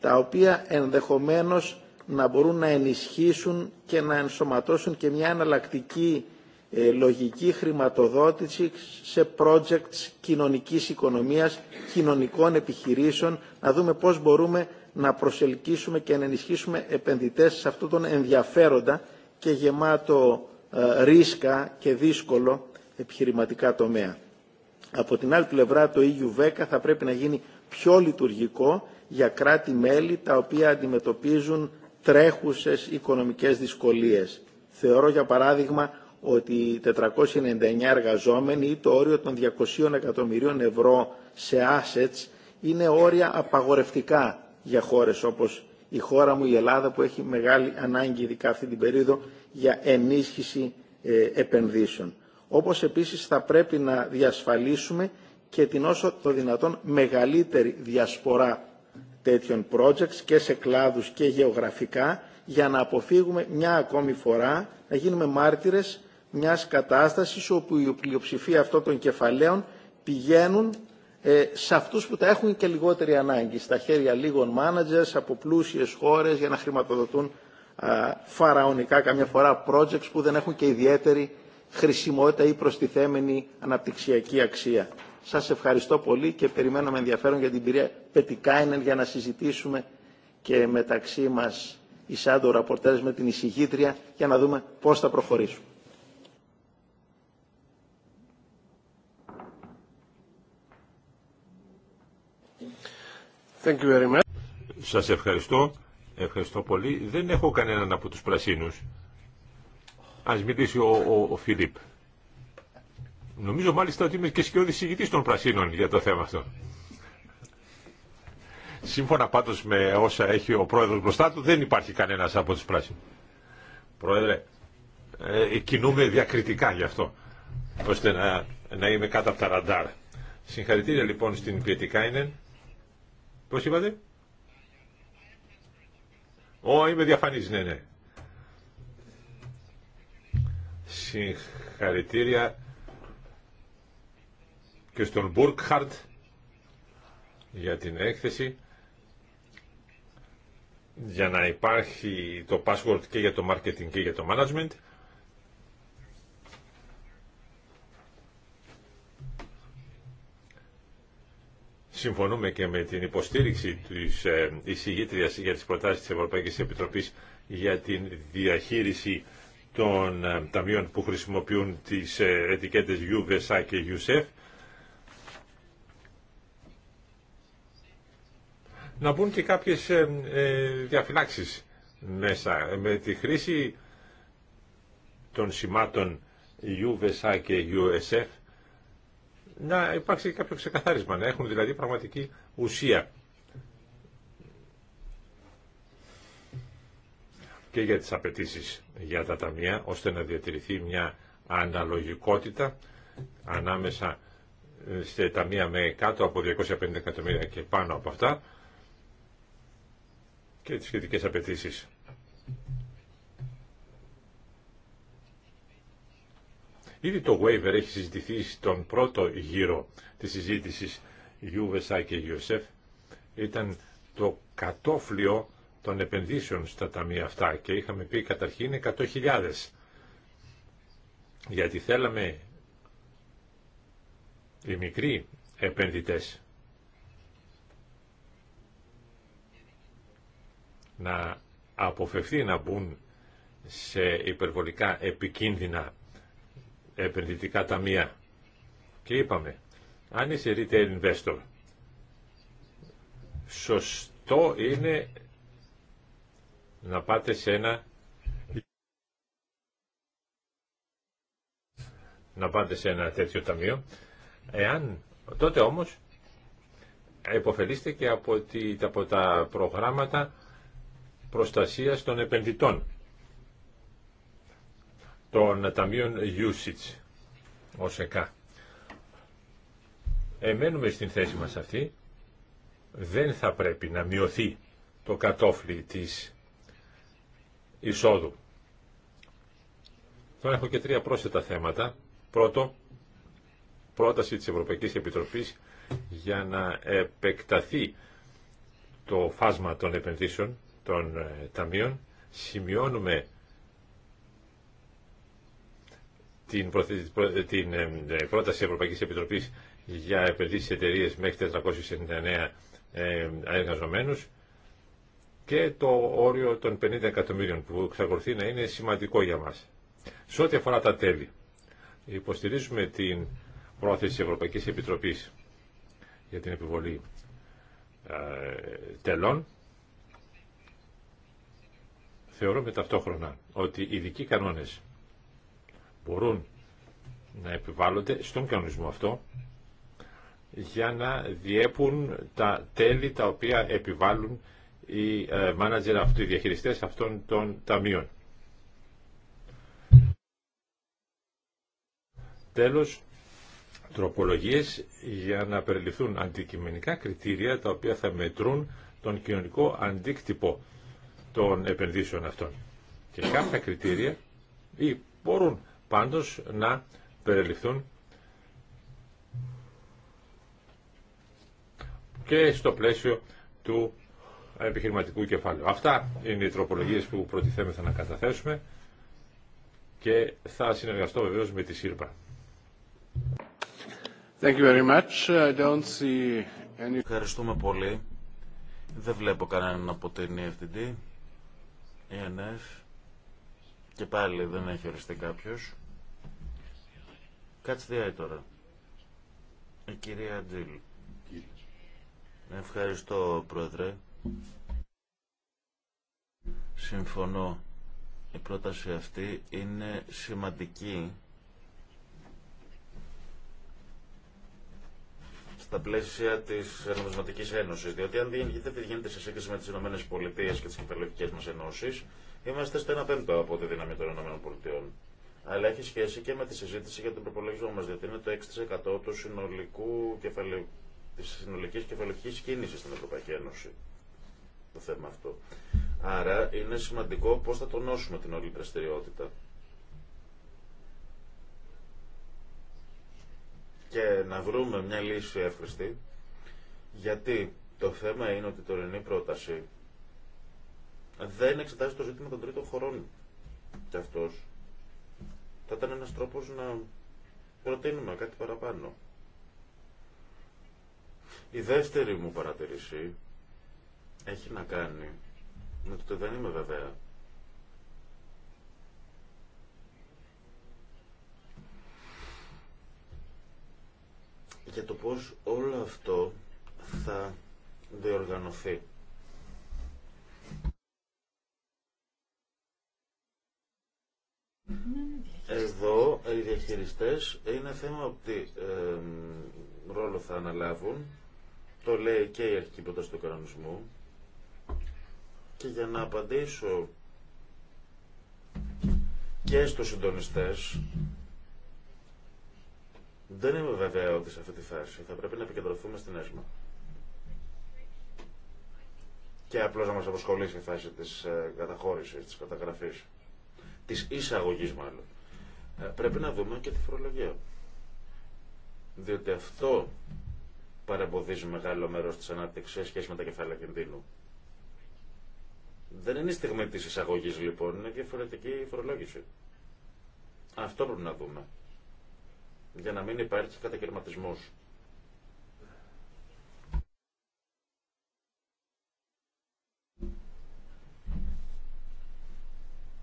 τα οποία ενδεχομένως να μπορούν να ενισχύσουν και να ενσωματώσουν και μια εναλλακτική ε, λογική χρηματοδότηση σε projects κοινωνικής οικονομίας, κοινωνικών επιχειρήσεων, να δούμε πώς μπορούμε να προσελκύσουμε και να ενισχύσουμε επενδυτές σε αυτόν τον ενδιαφέροντα και γεμάτο ε, ρίσκα και δύσκολο επιχειρηματικά τομέα. Από την άλλη πλευρά το EU10 θα πρέπει να γίνει πιο λειτουργικό για κράτη-μέλη τα οποία αντιμετωπίζουν τρέχουσες οικονομικές δυσκολίες. Θεωρώ για παράδειγμα ότι 499 εργαζόμενοι ή το όριο των 200 εκατομμυρίων ευρώ σε assets είναι όρια απαγορευτικά για χώρες όπως η χώρα μου η Ελλάδα που έχει μεγάλη ανάγκη ειδικά αυτή την περίοδο για ενίσχυση ε, επενδύσεων. Όπως επίσης θα πρέπει να διασφαλίσουμε και την όσο το δυνατόν μεγαλύτερη διασπορά τέτοιων projects και σε κλάδους και γεωγραφικά για να αποφύγουμε μια ακόμη φορά να γίνουμε μάρτυρες μιας κατάστασης όπου η πλειοψηφία αυτών των κεφαλαίων πηγαίνουν ε, σε αυτούς που τα έχουν και λιγότερη ανάγκη, στα χέρια λίγων managers από πλούσιες χώρες για να χρηματοδοτούν α, φαραωνικά καμιά φορά projects που δεν έχουν και ιδιαίτερη χρησιμότητα ή προστιθέμενη αναπτυξιακή αξία. Σας ευχαριστώ πολύ και περιμένω με ενδιαφέρον για την κυρία Πετικάινεν για να συζητήσουμε και μεταξύ μας οι Σάντο Ραπορτές με την εισηγήτρια για να δούμε πώς θα προχωρήσουμε. Thank you very much. Σας ευχαριστώ. Ευχαριστώ πολύ. Δεν έχω κανέναν από τους πρασίνους. Ας μιλήσει ο, ο, Φιλίπ. Νομίζω μάλιστα ότι είμαι και σκιώδης συγητής των πρασίνων για το θέμα αυτό. Σύμφωνα πάντως με όσα έχει ο πρόεδρος μπροστά του, δεν υπάρχει κανένας από τους πράσινους. Πρόεδρε, ε, κινούμε διακριτικά γι' αυτό, ώστε να, να είμαι κάτω από τα ραντάρ. Συγχαρητήρια λοιπόν στην Πιετικάινεν. Πώς είπατε? Ω, είμαι διαφανής, ναι, ναι. Συγχαρητήρια και στον Μπουρκχαρτ για την έκθεση για να υπάρχει το password και για το marketing και για το management συμφωνούμε και με την υποστήριξη της ε, εισηγήτριας για τις προτάσεις της Ευρωπαϊκής Επιτροπής για την διαχείριση των ε, ταμείων που χρησιμοποιούν τις ε, ετικέτες UVSA και USEF. Να μπουν και κάποιες διαφυλάξεις μέσα με τη χρήση των σημάτων UVSA και USF να υπάρξει κάποιο ξεκαθάρισμα, να έχουν δηλαδή πραγματική ουσία. και για τις απαιτήσει για τα ταμεία, ώστε να διατηρηθεί μια αναλογικότητα ανάμεσα ε, σε ταμεία με κάτω από 250 εκατομμύρια και πάνω από αυτά και τις σχετικές απαιτήσει Ήδη το waiver έχει συζητηθεί στον πρώτο γύρο της συζήτησης USA και USF. Ήταν το κατόφλιο των επενδύσεων στα ταμεία αυτά και είχαμε πει καταρχήν 100.000 γιατί θέλαμε οι μικροί επενδυτές να αποφευθεί να μπουν σε υπερβολικά επικίνδυνα επενδυτικά ταμεία. Και είπαμε, αν είσαι retail investor, σωστό είναι να πάτε σε ένα να πάτε σε ένα τέτοιο ταμείο. Εάν, τότε όμως, υποφελείστε και από, τη, από τα προγράμματα προστασίας των επενδυτών των ταμείων usage ως ΕΚΑ. Εμένουμε στην θέση μας αυτή. Δεν θα πρέπει να μειωθεί το κατόφλι της εισόδου. Τώρα έχω και τρία πρόσθετα θέματα. Πρώτο, πρόταση της Ευρωπαϊκής Επιτροπής για να επεκταθεί το φάσμα των επενδύσεων των ε, ταμείων. Σημειώνουμε την, την ε, ε, πρόταση Ευρωπαϊκή Επιτροπή για επενδύσεις εταιρείε μέχρι 499 εργαζομένους και το όριο των 50 εκατομμύριων που εξακολουθεί να είναι σημαντικό για μας. Σε ό,τι αφορά τα τέλη, υποστηρίζουμε την πρόθεση τη Ευρωπαϊκής Επιτροπής για την επιβολή ε, τελών. Θεωρούμε ταυτόχρονα ότι οι ειδικοί κανόνες μπορούν να επιβάλλονται στον κανονισμό αυτό για να διέπουν τα τέλη τα οποία επιβάλλουν οι ε, μάνατζερ αυτού, οι διαχειριστές αυτών των ταμείων. Τέλος, τροπολογίες για να περιληφθούν αντικειμενικά κριτήρια τα οποία θα μετρούν τον κοινωνικό αντίκτυπο των επενδύσεων αυτών. Και κάποια κριτήρια ή μπορούν πάντως να περιληφθούν και στο πλαίσιο του επιχειρηματικού κεφάλαιου. Αυτά είναι οι τροπολογίες που προτιθέμεθα να καταθέσουμε και θα συνεργαστώ βεβαίως με τη ΣΥΡΠΑ. Thank you very much. I don't see any... Ευχαριστούμε πολύ. Δεν βλέπω κανέναν από την EFTD, ENF και πάλι δεν έχει οριστεί κάποιος. Κάτσε the τώρα. Η κυρία Τζίλ. Ευχαριστώ, Πρόεδρε. Συμφωνώ. Η πρόταση αυτή είναι σημαντική στα πλαίσια τη Νομισματική Ένωση. Διότι αν διηγείται τι γίνεται σε σύγκριση με τι ΗΠΑ και τι κεφαλαιοχικέ μα ενώσει, είμαστε στο 1 πέμπτο από τη δύναμη των ΗΠΑ αλλά έχει σχέση και με τη συζήτηση για τον προπολογισμό μα γιατί είναι το 6% του συνολικού κεφαλαι... της συνολικής κεφαλικής κίνησης στην Ευρωπαϊκή Ένωση το θέμα αυτό. Άρα είναι σημαντικό πώς θα τονώσουμε την όλη δραστηριότητα. Και να βρούμε μια λύση εύχριστη, γιατί το θέμα είναι ότι η τωρινή πρόταση δεν εξετάζει το ζήτημα των τρίτων χωρών. Και αυτός θα ήταν ένας τρόπος να προτείνουμε κάτι παραπάνω. Η δεύτερη μου παρατηρήση έχει να κάνει με το ότι δεν είμαι βεβαία. Για το πώς όλο αυτό θα διοργανωθεί. Εδώ οι διαχειριστές είναι θέμα ότι ε, ρόλο θα αναλάβουν, το λέει και η αρχική πρόταση του κανονισμού και για να απαντήσω και στους συντονιστές δεν είμαι βέβαια ότι σε αυτή τη φάση θα πρέπει να επικεντρωθούμε στην ΕΣΜΑ. Και απλώς να μας αποσχολήσει η φάση της ε, καταχώρησης, της καταγραφής. Τη εισαγωγή, μάλλον, ε, πρέπει να δούμε και τη φορολογία. Διότι αυτό παρεμποδίζει μεγάλο μέρος τη ανάπτυξη σε σχέση με τα κεφάλαια κινδύνου. Δεν είναι η στιγμή τη εισαγωγή, λοιπόν, είναι διαφορετική η φορολόγηση. Αυτό πρέπει να δούμε. Για να μην υπάρχει κατακαιρματισμό.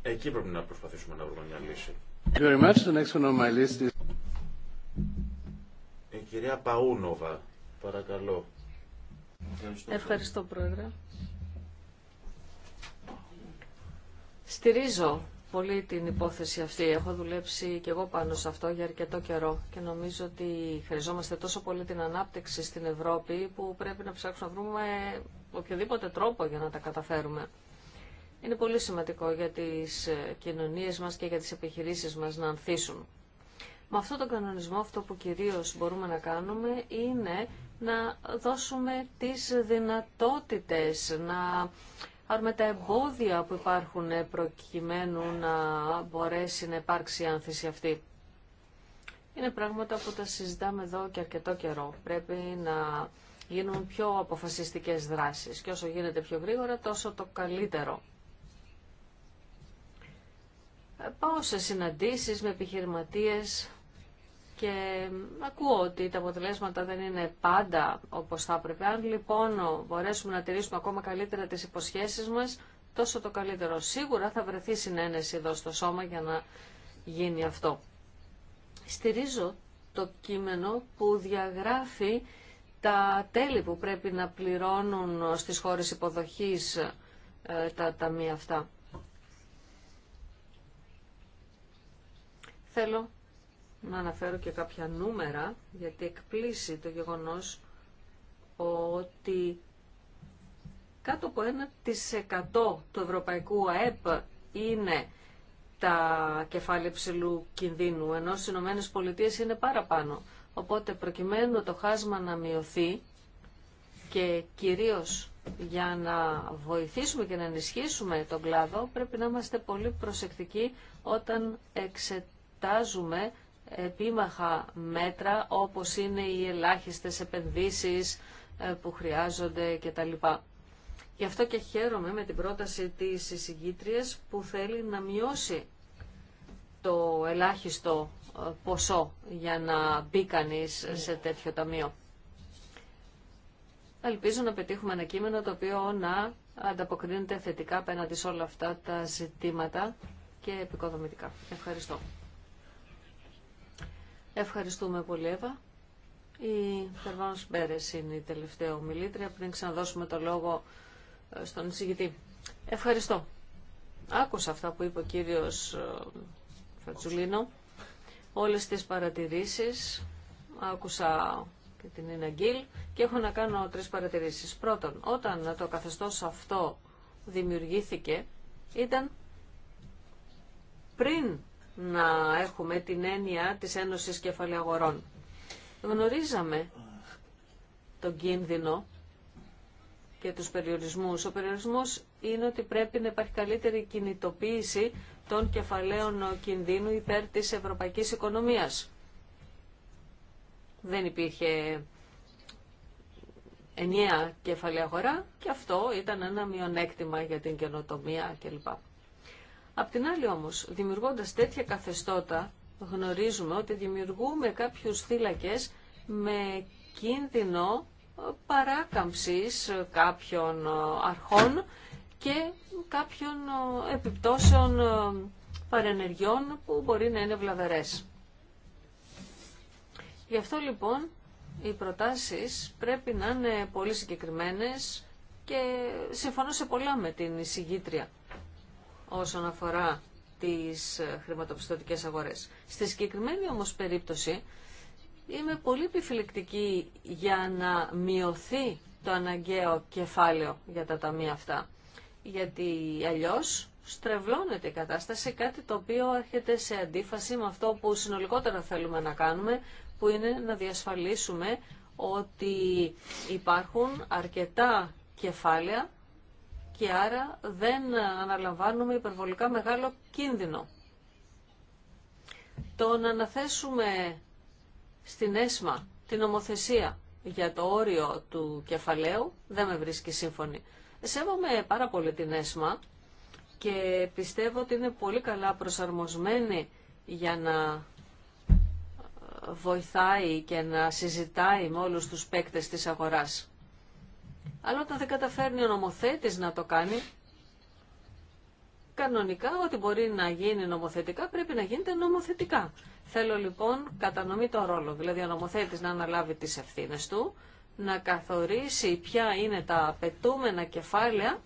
Εκεί πρέπει να προσπαθήσουμε να βρούμε μια λύση. Very much. The next one on my list is... Η κυρία Παούνοβα, παρακαλώ. Ευχαριστώ, Πρόεδρε. Στηρίζω πολύ την υπόθεση αυτή. Έχω δουλέψει και εγώ πάνω σε αυτό για αρκετό καιρό και νομίζω ότι χρειαζόμαστε τόσο πολύ την ανάπτυξη στην Ευρώπη που πρέπει να ψάξουμε να βρούμε οποιοδήποτε τρόπο για να τα καταφέρουμε. Είναι πολύ σημαντικό για τις ε, κοινωνίες μας και για τις επιχειρήσεις μας να ανθίσουν. Με αυτόν τον κανονισμό αυτό που κυρίως μπορούμε να κάνουμε είναι να δώσουμε τις δυνατότητες, να πάρουμε τα εμπόδια που υπάρχουν προκειμένου να μπορέσει να υπάρξει η άνθηση αυτή. Είναι πράγματα που τα συζητάμε εδώ και αρκετό καιρό. Πρέπει να γίνουν πιο αποφασιστικές δράσεις και όσο γίνεται πιο γρήγορα τόσο το καλύτερο πάω σε συναντήσεις με επιχειρηματίες και ακούω ότι τα αποτελέσματα δεν είναι πάντα όπως θα έπρεπε. Αν λοιπόν μπορέσουμε να τηρήσουμε ακόμα καλύτερα τις υποσχέσεις μας, τόσο το καλύτερο. Σίγουρα θα βρεθεί συνένεση εδώ στο σώμα για να γίνει αυτό. Στηρίζω το κείμενο που διαγράφει τα τέλη που πρέπει να πληρώνουν στις χώρες υποδοχής ε, τα ταμεία αυτά. Θέλω να αναφέρω και κάποια νούμερα, γιατί εκπλήσει το γεγονός ότι κάτω από 1% του ευρωπαϊκού ΑΕΠ είναι τα κεφάλαια ψηλού κινδύνου, ενώ στι Ηνωμένε είναι παραπάνω. Οπότε προκειμένου το χάσμα να μειωθεί και κυρίως για να βοηθήσουμε και να ενισχύσουμε τον κλάδο πρέπει να είμαστε πολύ προσεκτικοί όταν εξετάζουμε τάζουμε επίμαχα μέτρα όπως είναι οι ελάχιστες επενδύσεις ε, που χρειάζονται κτλ. Γι' αυτό και χαίρομαι με την πρόταση της εισηγήτριας που θέλει να μειώσει το ελάχιστο ε, ποσό για να μπει κανεί σε τέτοιο ταμείο. Ελπίζω να πετύχουμε ένα κείμενο το οποίο να ανταποκρίνεται θετικά απέναντι σε όλα αυτά τα ζητήματα και επικοδομητικά. Ευχαριστώ. Ευχαριστούμε πολύ, Εύα. Η Θερμάνος Μπέρε είναι η τελευταία ομιλήτρια πριν ξαναδώσουμε το λόγο ε, στον εισηγητή. Ευχαριστώ. Άκουσα αυτά που είπε ο κύριος ε, Φατζουλίνο. όλες τις παρατηρήσεις, άκουσα και την Ινα και έχω να κάνω τρεις παρατηρήσεις. Πρώτον, όταν το καθεστώ αυτό δημιουργήθηκε, ήταν πριν να έχουμε την έννοια της Ένωσης Κεφαλαίου Γνωρίζαμε τον κίνδυνο και τους περιορισμούς. Ο περιορισμός είναι ότι πρέπει να υπάρχει καλύτερη κινητοποίηση των κεφαλαίων κινδύνου υπέρ της ευρωπαϊκής οικονομίας. Δεν υπήρχε ενιαία κεφαλαία αγορά και αυτό ήταν ένα μειονέκτημα για την καινοτομία κλπ. Απ' την άλλη όμως, δημιουργώντας τέτοια καθεστώτα, γνωρίζουμε ότι δημιουργούμε κάποιους θύλακες με κίνδυνο παράκαμψης κάποιων αρχών και κάποιων επιπτώσεων παρενεργειών που μπορεί να είναι βλαβερές. Γι' αυτό λοιπόν οι προτάσεις πρέπει να είναι πολύ συγκεκριμένες και συμφωνώ σε πολλά με την εισηγήτρια όσον αφορά τις ε, χρηματοπιστωτικές αγορές. Στη συγκεκριμένη όμως περίπτωση είμαι πολύ επιφυλεκτική για να μειωθεί το αναγκαίο κεφάλαιο για τα ταμεία αυτά. Γιατί αλλιώς στρεβλώνεται η κατάσταση, κάτι το οποίο έρχεται σε αντίφαση με αυτό που συνολικότερα θέλουμε να κάνουμε, που είναι να διασφαλίσουμε ότι υπάρχουν αρκετά κεφάλαια και άρα δεν αναλαμβάνουμε υπερβολικά μεγάλο κίνδυνο. Το να αναθέσουμε στην ΕΣΜΑ την ομοθεσία για το όριο του κεφαλαίου δεν με βρίσκει σύμφωνη. Σέβομαι πάρα πολύ την ΕΣΜΑ και πιστεύω ότι είναι πολύ καλά προσαρμοσμένη για να ε, βοηθάει και να συζητάει με όλους τους παίκτες της αγοράς. Αλλά όταν δεν καταφέρνει ο νομοθέτης να το κάνει, κανονικά ό,τι μπορεί να γίνει νομοθετικά πρέπει να γίνεται νομοθετικά. Θέλω λοιπόν κατανομή το ρόλο, δηλαδή ο νομοθέτης να αναλάβει τις ευθύνες του, να καθορίσει ποια είναι τα απαιτούμενα κεφάλαια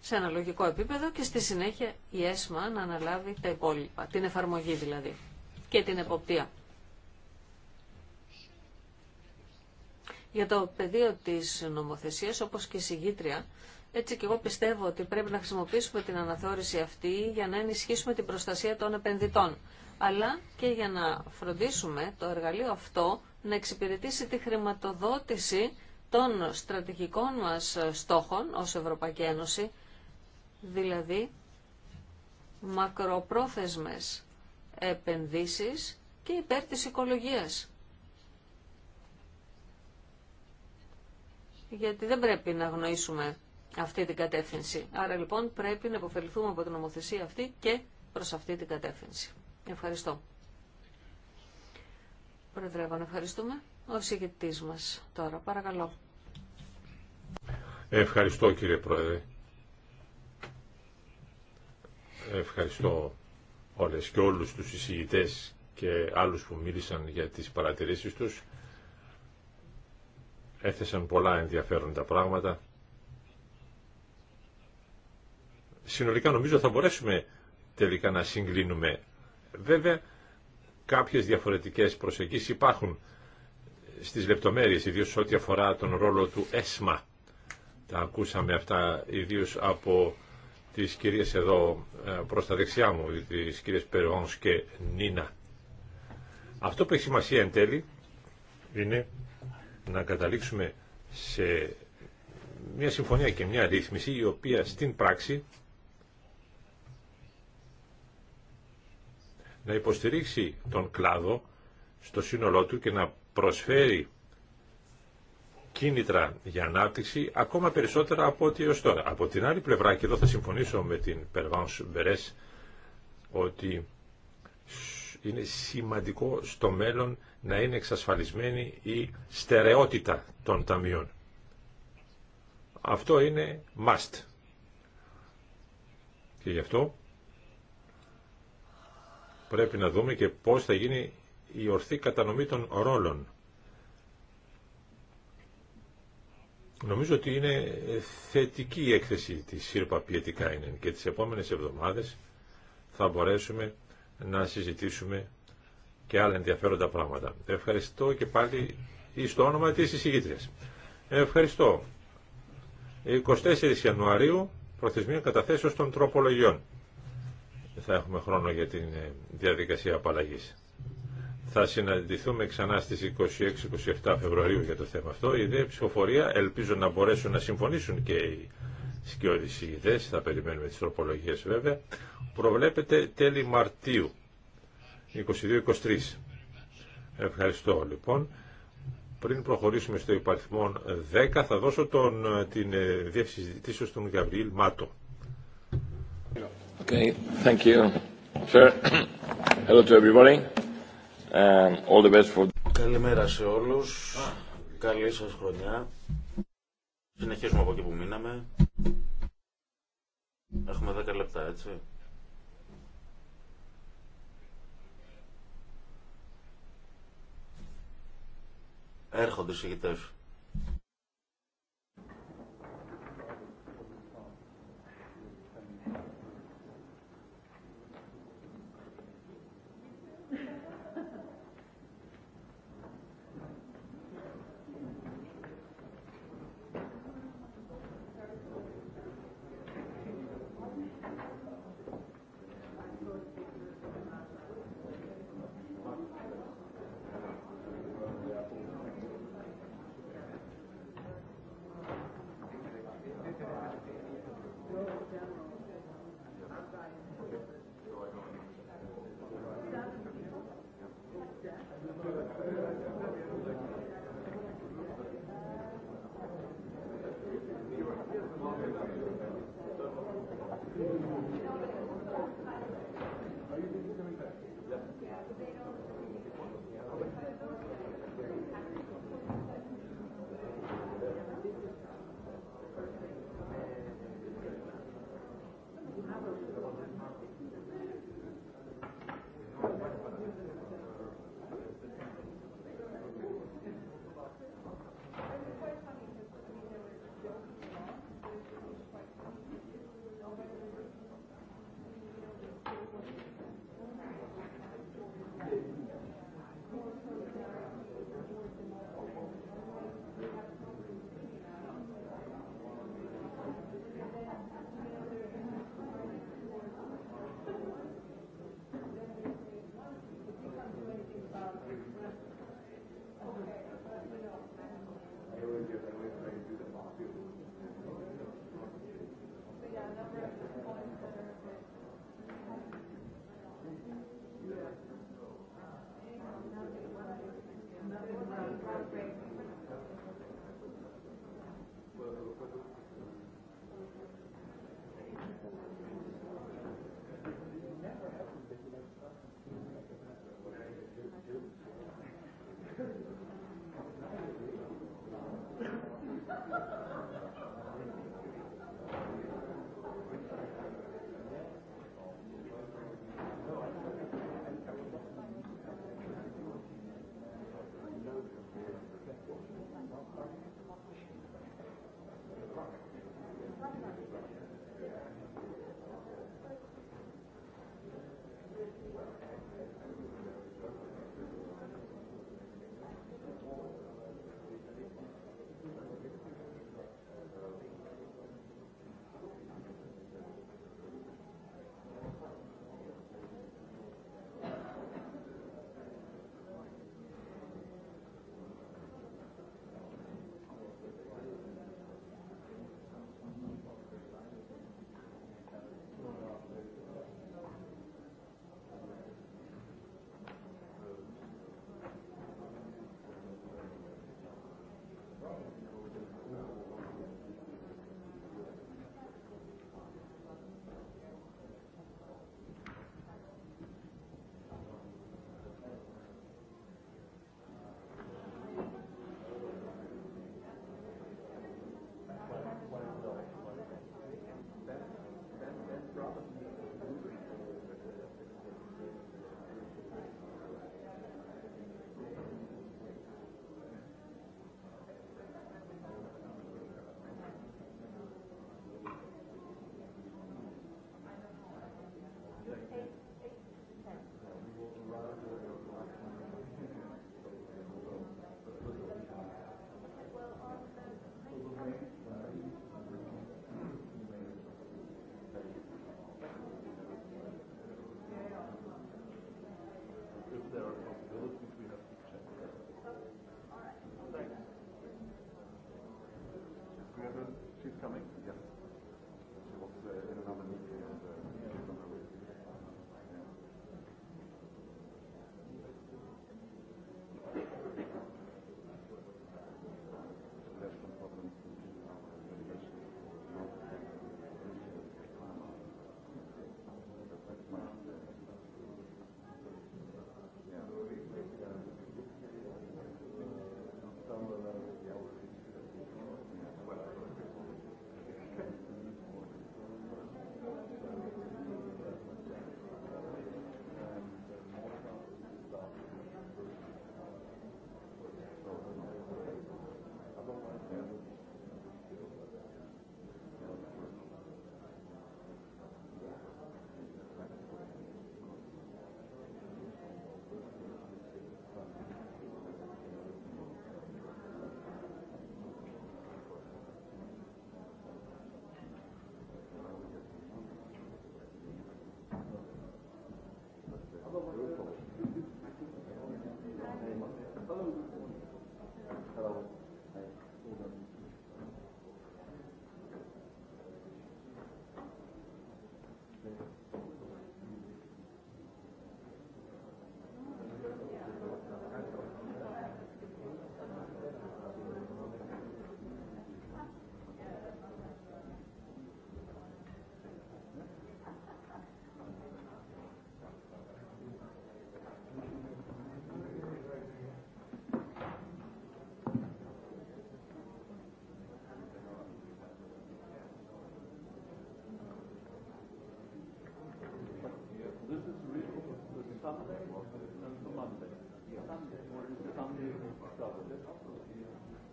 σε αναλογικό επίπεδο και στη συνέχεια η ΕΣΜΑ να αναλάβει τα υπόλοιπα, την εφαρμογή δηλαδή και την εποπτεία. Για το πεδίο της νομοθεσίας, όπως και η συγγήτρια, έτσι και εγώ πιστεύω ότι πρέπει να χρησιμοποιήσουμε την αναθεώρηση αυτή για να ενισχύσουμε την προστασία των επενδυτών, αλλά και για να φροντίσουμε το εργαλείο αυτό να εξυπηρετήσει τη χρηματοδότηση των στρατηγικών μας στόχων ως Ευρωπαϊκή Ένωση, δηλαδή μακροπρόθεσμες επενδύσεις και υπέρ της οικολογίας. γιατί δεν πρέπει να γνωρίσουμε αυτή την κατεύθυνση. Άρα λοιπόν πρέπει να υποφεληθούμε από την νομοθεσία αυτή και προς αυτή την κατεύθυνση. Ευχαριστώ. να ευχαριστούμε. Ο συγκεκριτής μας τώρα, παρακαλώ. Ευχαριστώ κύριε Πρόεδρε. Ευχαριστώ όλες και όλους τους εισηγητές και άλλους που μίλησαν για τις παρατηρήσεις τους έθεσαν πολλά ενδιαφέροντα πράγματα. Συνολικά νομίζω θα μπορέσουμε τελικά να συγκλίνουμε. Βέβαια κάποιες διαφορετικές προσεγγίσεις υπάρχουν στις λεπτομέρειες, ιδίως ό,τι αφορά τον ρόλο του ΕΣΜΑ. Τα ακούσαμε αυτά ιδίως από τις κυρίες εδώ ε, προς τα δεξιά μου, τις κυρίες Περόνς και Νίνα. Αυτό που έχει σημασία εν τέλει είναι να καταλήξουμε σε μια συμφωνία και μια ρύθμιση η οποία στην πράξη να υποστηρίξει τον κλάδο στο σύνολό του και να προσφέρει κίνητρα για ανάπτυξη ακόμα περισσότερα από ό,τι έως τώρα. Από την άλλη πλευρά, και εδώ θα συμφωνήσω με την Περβάνς Μπερές, ότι είναι σημαντικό στο μέλλον να είναι εξασφαλισμένη η στερεότητα των ταμείων. Αυτό είναι must. Και γι' αυτό πρέπει να δούμε και πώς θα γίνει η ορθή κατανομή των ρόλων. Νομίζω ότι είναι θετική η έκθεση της ΣΥΡΠΑ Πιετικά είναι και τις επόμενες εβδομάδες θα μπορέσουμε να συζητήσουμε και άλλα ενδιαφέροντα πράγματα. Ευχαριστώ και πάλι στο όνομα της εισηγήτριας. Ευχαριστώ. 24 Ιανουαρίου προθεσμία καταθέσεως των τροπολογιών. Θα έχουμε χρόνο για την ε, διαδικασία απαλλαγή. Θα συναντηθούμε ξανά στις 26-27 Φεβρουαρίου για το θέμα αυτό. Η δε ψηφοφορία ελπίζω να μπορέσουν να συμφωνήσουν και οι σκιώδεις ιδέες. Θα περιμένουμε τις τροπολογίες βέβαια. Προβλέπεται τέλη Μαρτίου. 22-23. Ευχαριστώ λοιπόν. Πριν προχωρήσουμε στο υπαριθμό 10 θα δώσω τον, ε, την ε, διεύθυνση στον Γαβριήλ Μάτο. Okay, thank you. Sir. Hello to everybody. Um, all the best for... Καλημέρα σε όλους. Καλή σας χρονιά. Συνεχίζουμε από εκεί που μείναμε. Έχουμε 10 λεπτά, έτσι. Έρχονται οι συγκητές.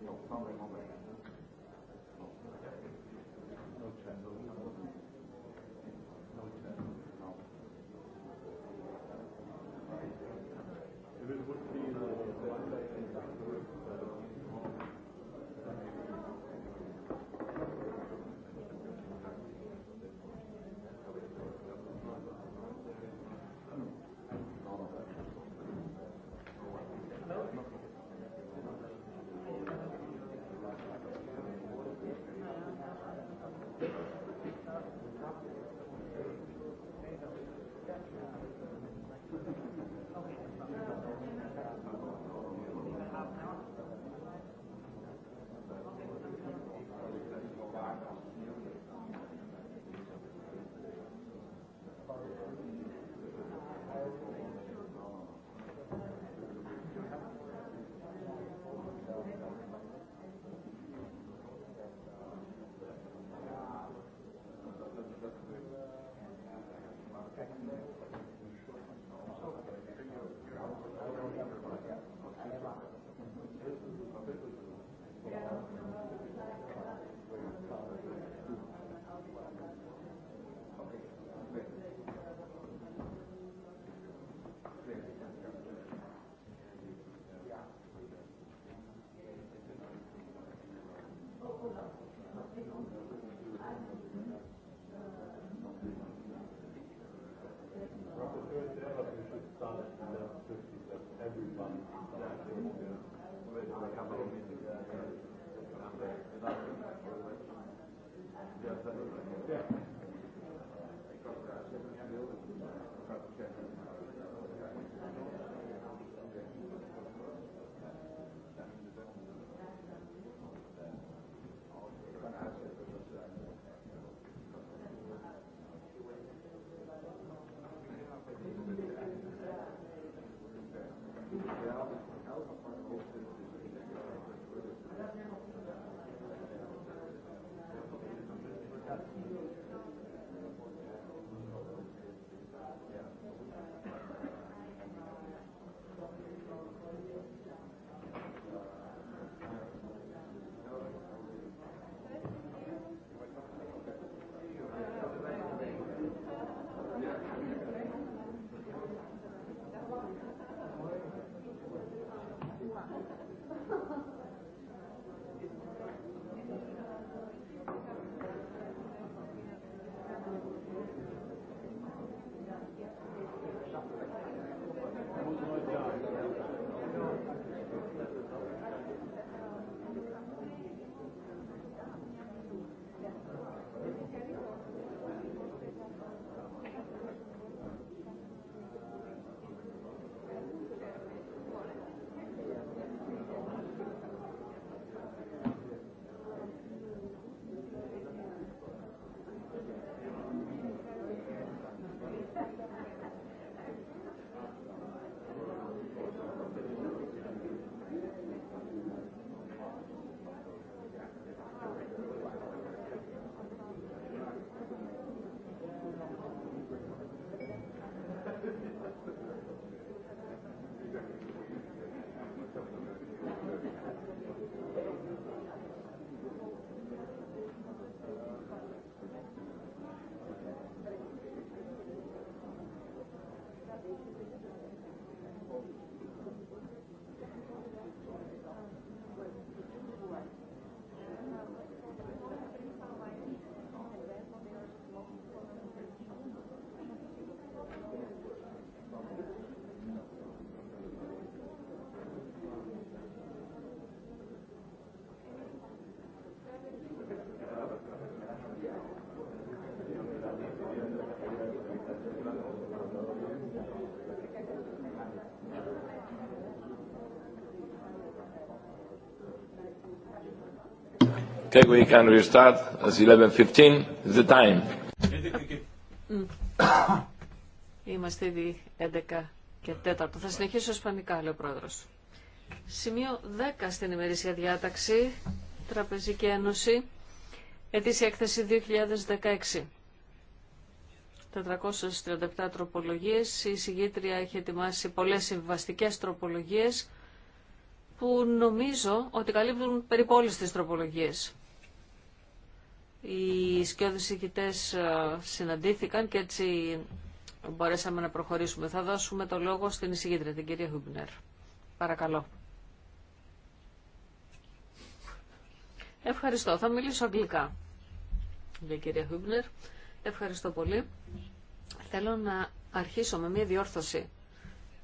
Yok, tam ben Yeah. Okay, we can restart as 11.15 the time. Είμαστε ήδη 11 και 4. Θα συνεχίσω ισπανικά, λέει ο πρόεδρος. Σημείο 10 στην ημερήσια διάταξη Τραπεζική Ένωση, ετήσια έκθεση 2016. 437 τροπολογίες. Η συγγήτρια έχει ετοιμάσει πολλές συμβαστικές τροπολογίες που νομίζω ότι καλύπτουν περίπου όλες τις τροπολογίες. Οι σκιώδες ηγητές ε, συναντήθηκαν και έτσι μπορέσαμε να προχωρήσουμε. Θα δώσουμε το λόγο στην εισηγήτρια, την κυρία Χούμπνερ. Παρακαλώ. Ευχαριστώ. Θα μιλήσω αγγλικά. Λέει κυρία Χούμπνερ. Ευχαριστώ πολύ. Θέλω να αρχίσω με μια διόρθωση.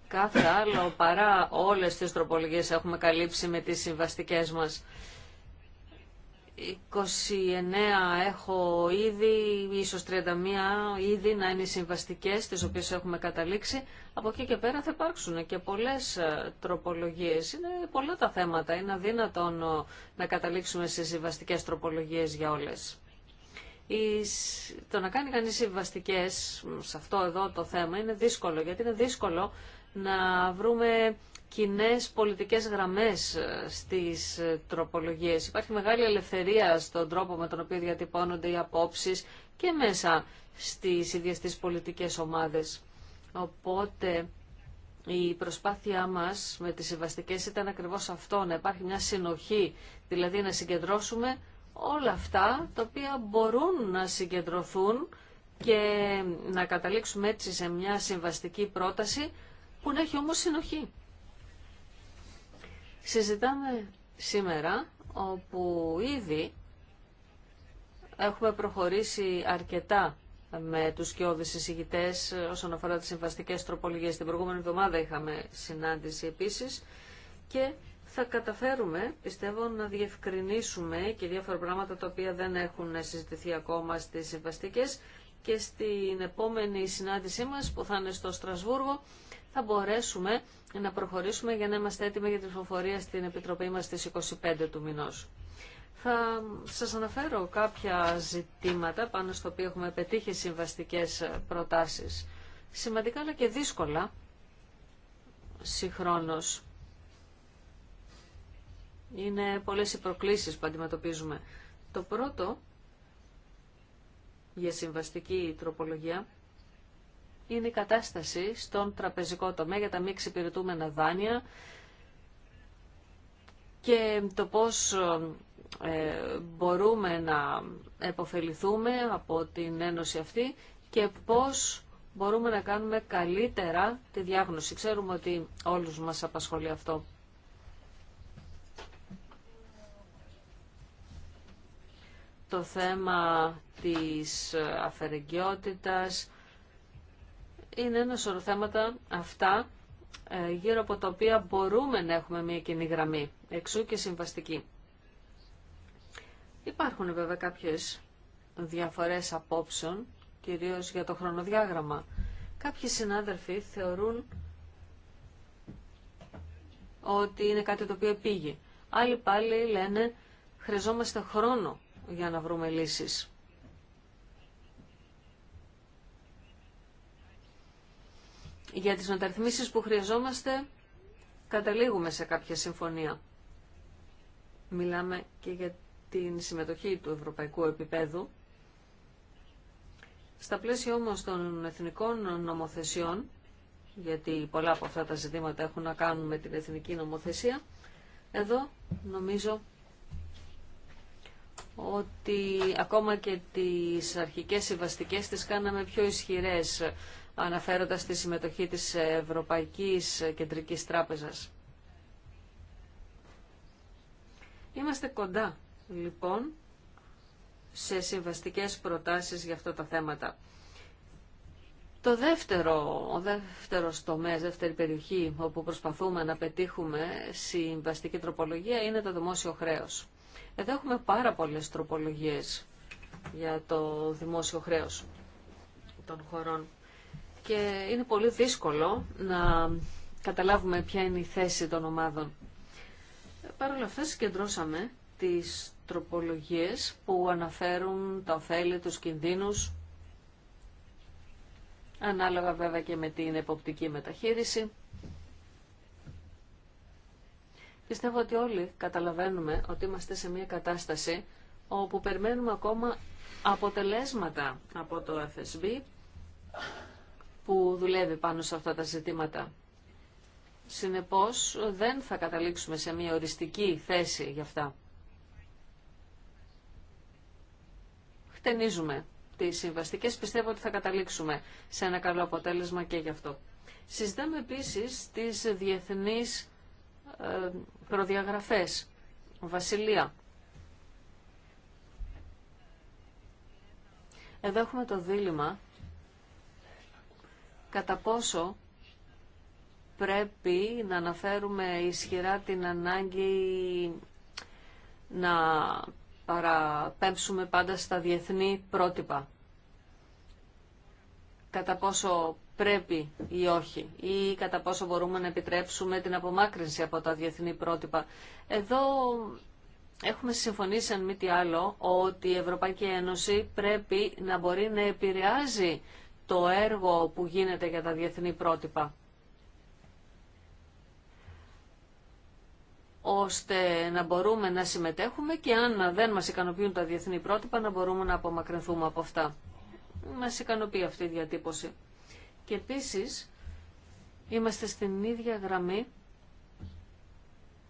Κάθε άλλο παρά όλες τις τροπολογίες έχουμε καλύψει με τις συμβαστικές μας. 29 έχω ήδη, ίσως 31 ήδη να είναι οι συμβαστικές, τις οποίες έχουμε καταλήξει. Από εκεί και πέρα θα υπάρξουν και πολλές ε, τροπολογίες. Είναι πολλά τα θέματα. Είναι αδύνατον ε, να καταλήξουμε σε συμβαστικές τροπολογίες για όλες. Το να κάνει κανείς συμβαστικές σε αυτό εδώ το θέμα είναι δύσκολο, γιατί είναι δύσκολο να βρούμε κοινέ πολιτικές γραμμές ε, στις ε, τροπολογίες. Υπάρχει μεγάλη ελευθερία στον τρόπο με τον οποίο διατυπώνονται οι απόψει και μέσα στις ίδιε τι πολιτικές ομάδες. Οπότε η προσπάθειά μας με τις συμβαστικές ήταν ακριβώς αυτό, να υπάρχει μια συνοχή, δηλαδή να συγκεντρώσουμε όλα αυτά τα οποία μπορούν να συγκεντρωθούν και να καταλήξουμε έτσι σε μια συμβαστική πρόταση που να έχει όμως συνοχή. Συζητάμε σήμερα όπου ήδη έχουμε προχωρήσει αρκετά με τους σκιώδεις εισηγητές όσον αφορά τις συμβαστικές τροπολογίες. Την προηγούμενη εβδομάδα είχαμε συνάντηση επίσης και θα καταφέρουμε, πιστεύω, να διευκρινίσουμε και διάφορα πράγματα τα οποία δεν έχουν συζητηθεί ακόμα στις συμβαστικές και στην επόμενη συνάντησή μας που θα είναι στο Στρασβούργο θα μπορέσουμε να προχωρήσουμε για να είμαστε έτοιμοι για την ψηφοφορία στην Επιτροπή μας στις 25 του μηνός. Θα σας αναφέρω κάποια ζητήματα πάνω στο οποίο έχουμε πετύχει συμβαστικές προτάσεις. Σημαντικά αλλά και δύσκολα συγχρόνως. Είναι πολλές οι προκλήσεις που αντιμετωπίζουμε. Το πρώτο για συμβαστική τροπολογία είναι η κατάσταση στον τραπεζικό τομέα για τα μη εξυπηρετούμενα δάνεια και το πώς ε, μπορούμε να επωφεληθούμε από την ένωση αυτή και πώς μπορούμε να κάνουμε καλύτερα τη διάγνωση. Ξέρουμε ότι όλους μας απασχολεί αυτό. Το θέμα της αφαιρεγγιότητας, είναι ένα σωρό θέματα αυτά ε, γύρω από τα οποία μπορούμε να έχουμε μια κοινή γραμμή, εξού και συμβαστική. Υπάρχουν βέβαια κάποιες διαφορές απόψεων, κυρίως για το χρονοδιάγραμμα. Κάποιοι συνάδελφοι θεωρούν ότι είναι κάτι το οποίο πήγε. Άλλοι πάλι λένε χρειαζόμαστε χρόνο για να βρούμε λύσεις. για τις μεταρρυθμίσεις που χρειαζόμαστε καταλήγουμε σε κάποια συμφωνία. Μιλάμε και για την συμμετοχή του ευρωπαϊκού επίπεδου. Στα πλαίσια όμως των εθνικών νομοθεσιών, γιατί πολλά από αυτά τα ζητήματα έχουν να κάνουν με την εθνική νομοθεσία, εδώ νομίζω ότι ακόμα και τις αρχικές συμβαστικές τις κάναμε πιο ισχυρές αναφέροντας τη συμμετοχή της Ευρωπαϊκής Κεντρικής Τράπεζας. Είμαστε κοντά, λοιπόν, σε συμβαστικές προτάσεις για αυτά τα θέματα. Το δεύτερο, ο δεύτερος τομέας, δεύτερη περιοχή όπου προσπαθούμε να πετύχουμε συμβαστική τροπολογία είναι το δημόσιο χρέος. Εδώ έχουμε πάρα πολλές τροπολογίες για το δημόσιο χρέος των χωρών και είναι πολύ δύσκολο να καταλάβουμε ποια είναι η θέση των ομάδων. Παρ' όλα αυτά συγκεντρώσαμε τις τροπολογίες που αναφέρουν τα ωφέλη, τους κινδύνους, ανάλογα βέβαια και με την εποπτική μεταχείριση. Πιστεύω ότι όλοι καταλαβαίνουμε ότι είμαστε σε μια κατάσταση όπου περιμένουμε ακόμα αποτελέσματα από το FSB που δουλεύει πάνω σε αυτά τα ζητήματα. Συνεπώς δεν θα καταλήξουμε σε μια οριστική θέση γι' αυτά. Χτενίζουμε τις συμβαστικές, πιστεύω ότι θα καταλήξουμε σε ένα καλό αποτέλεσμα και γι' αυτό. Συζητάμε επίσης τις διεθνείς ε, προδιαγραφές. Βασιλεία. Εδώ έχουμε το δίλημα κατά πόσο πρέπει να αναφέρουμε ισχυρά την ανάγκη να παραπέμψουμε πάντα στα διεθνή πρότυπα. Κατά πόσο πρέπει ή όχι, ή κατά πόσο μπορούμε να επιτρέψουμε την απομάκρυνση από τα διεθνή πρότυπα. Εδώ έχουμε συμφωνήσει, αν μη τι άλλο, ότι η Ευρωπαϊκή Ένωση πρέπει να μπορεί να επηρεάζει το έργο που γίνεται για τα διεθνή πρότυπα. ώστε να μπορούμε να συμμετέχουμε και αν δεν μας ικανοποιούν τα διεθνή πρότυπα να μπορούμε να απομακρυνθούμε από αυτά. Μας ικανοποιεί αυτή η διατύπωση. Και επίσης είμαστε στην ίδια γραμμή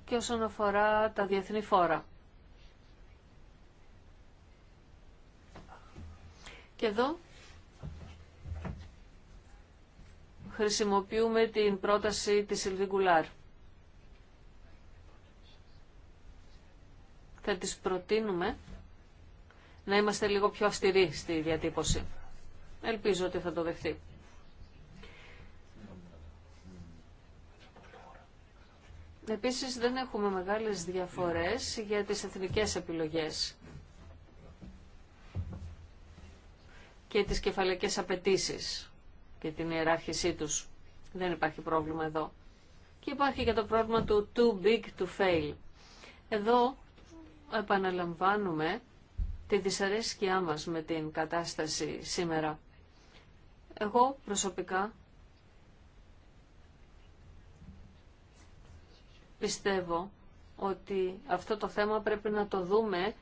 και όσον αφορά τα διεθνή φόρα. Και εδώ χρησιμοποιούμε την πρόταση της Γκουλάρ. Θα τις προτείνουμε να είμαστε λίγο πιο αυστηροί στη διατύπωση. Ελπίζω ότι θα το δεχθεί. Επίσης δεν έχουμε μεγάλες διαφορές για τις εθνικές επιλογές και τις κεφαλαϊκές απαιτήσει και την ιεράρχησή τους. Δεν υπάρχει πρόβλημα εδώ. Και υπάρχει και το πρόβλημα του too big to fail. Εδώ επαναλαμβάνουμε τη δυσαρέσκειά μας με την κατάσταση σήμερα. Εγώ προσωπικά πιστεύω ότι αυτό το θέμα πρέπει να το δούμε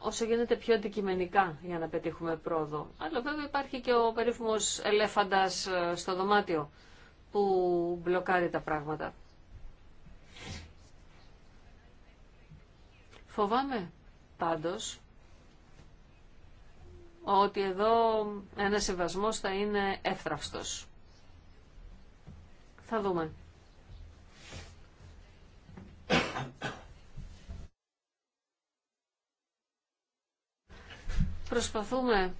όσο γίνεται πιο αντικειμενικά για να πετύχουμε πρόοδο. Αλλά βέβαια υπάρχει και ο περίφημος ελέφαντας ε, στο δωμάτιο που μπλοκάρει τα πράγματα. Φοβάμαι πάντως ότι εδώ ένα σεβασμός θα είναι εύθραυστος. Θα δούμε. Προσπαθούμε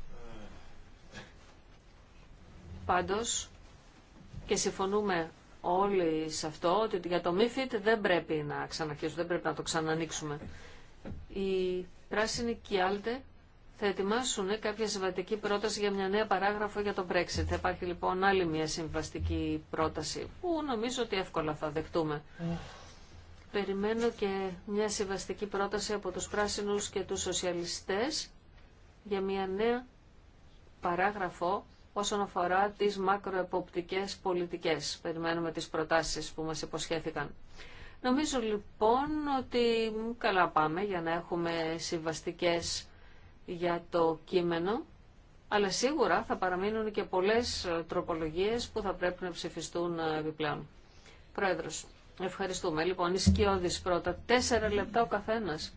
πάντως και συμφωνούμε όλοι σε αυτό ότι για το MIFID δεν πρέπει να ξαναρχίσουμε, δεν πρέπει να το ξανανοίξουμε. Οι πράσινοι και θα ετοιμάσουν κάποια συμβατική πρόταση για μια νέα παράγραφο για το Brexit. Θα υπάρχει λοιπόν άλλη μια συμβαστική πρόταση που νομίζω ότι εύκολα θα δεχτούμε. Περιμένω και μια συμβαστική πρόταση από τους πράσινους και τους σοσιαλιστές για μια νέα παράγραφο όσον αφορά τις μακροεποπτικές πολιτικές. Περιμένουμε τις προτάσεις που μας υποσχέθηκαν. Νομίζω λοιπόν ότι καλά πάμε για να έχουμε συμβαστικές για το κείμενο, αλλά σίγουρα θα παραμείνουν και πολλές τροπολογίες που θα πρέπει να ψηφιστούν επιπλέον. Πρόεδρος, ευχαριστούμε. Λοιπόν, η πρώτα, τέσσερα λεπτά ο καθένας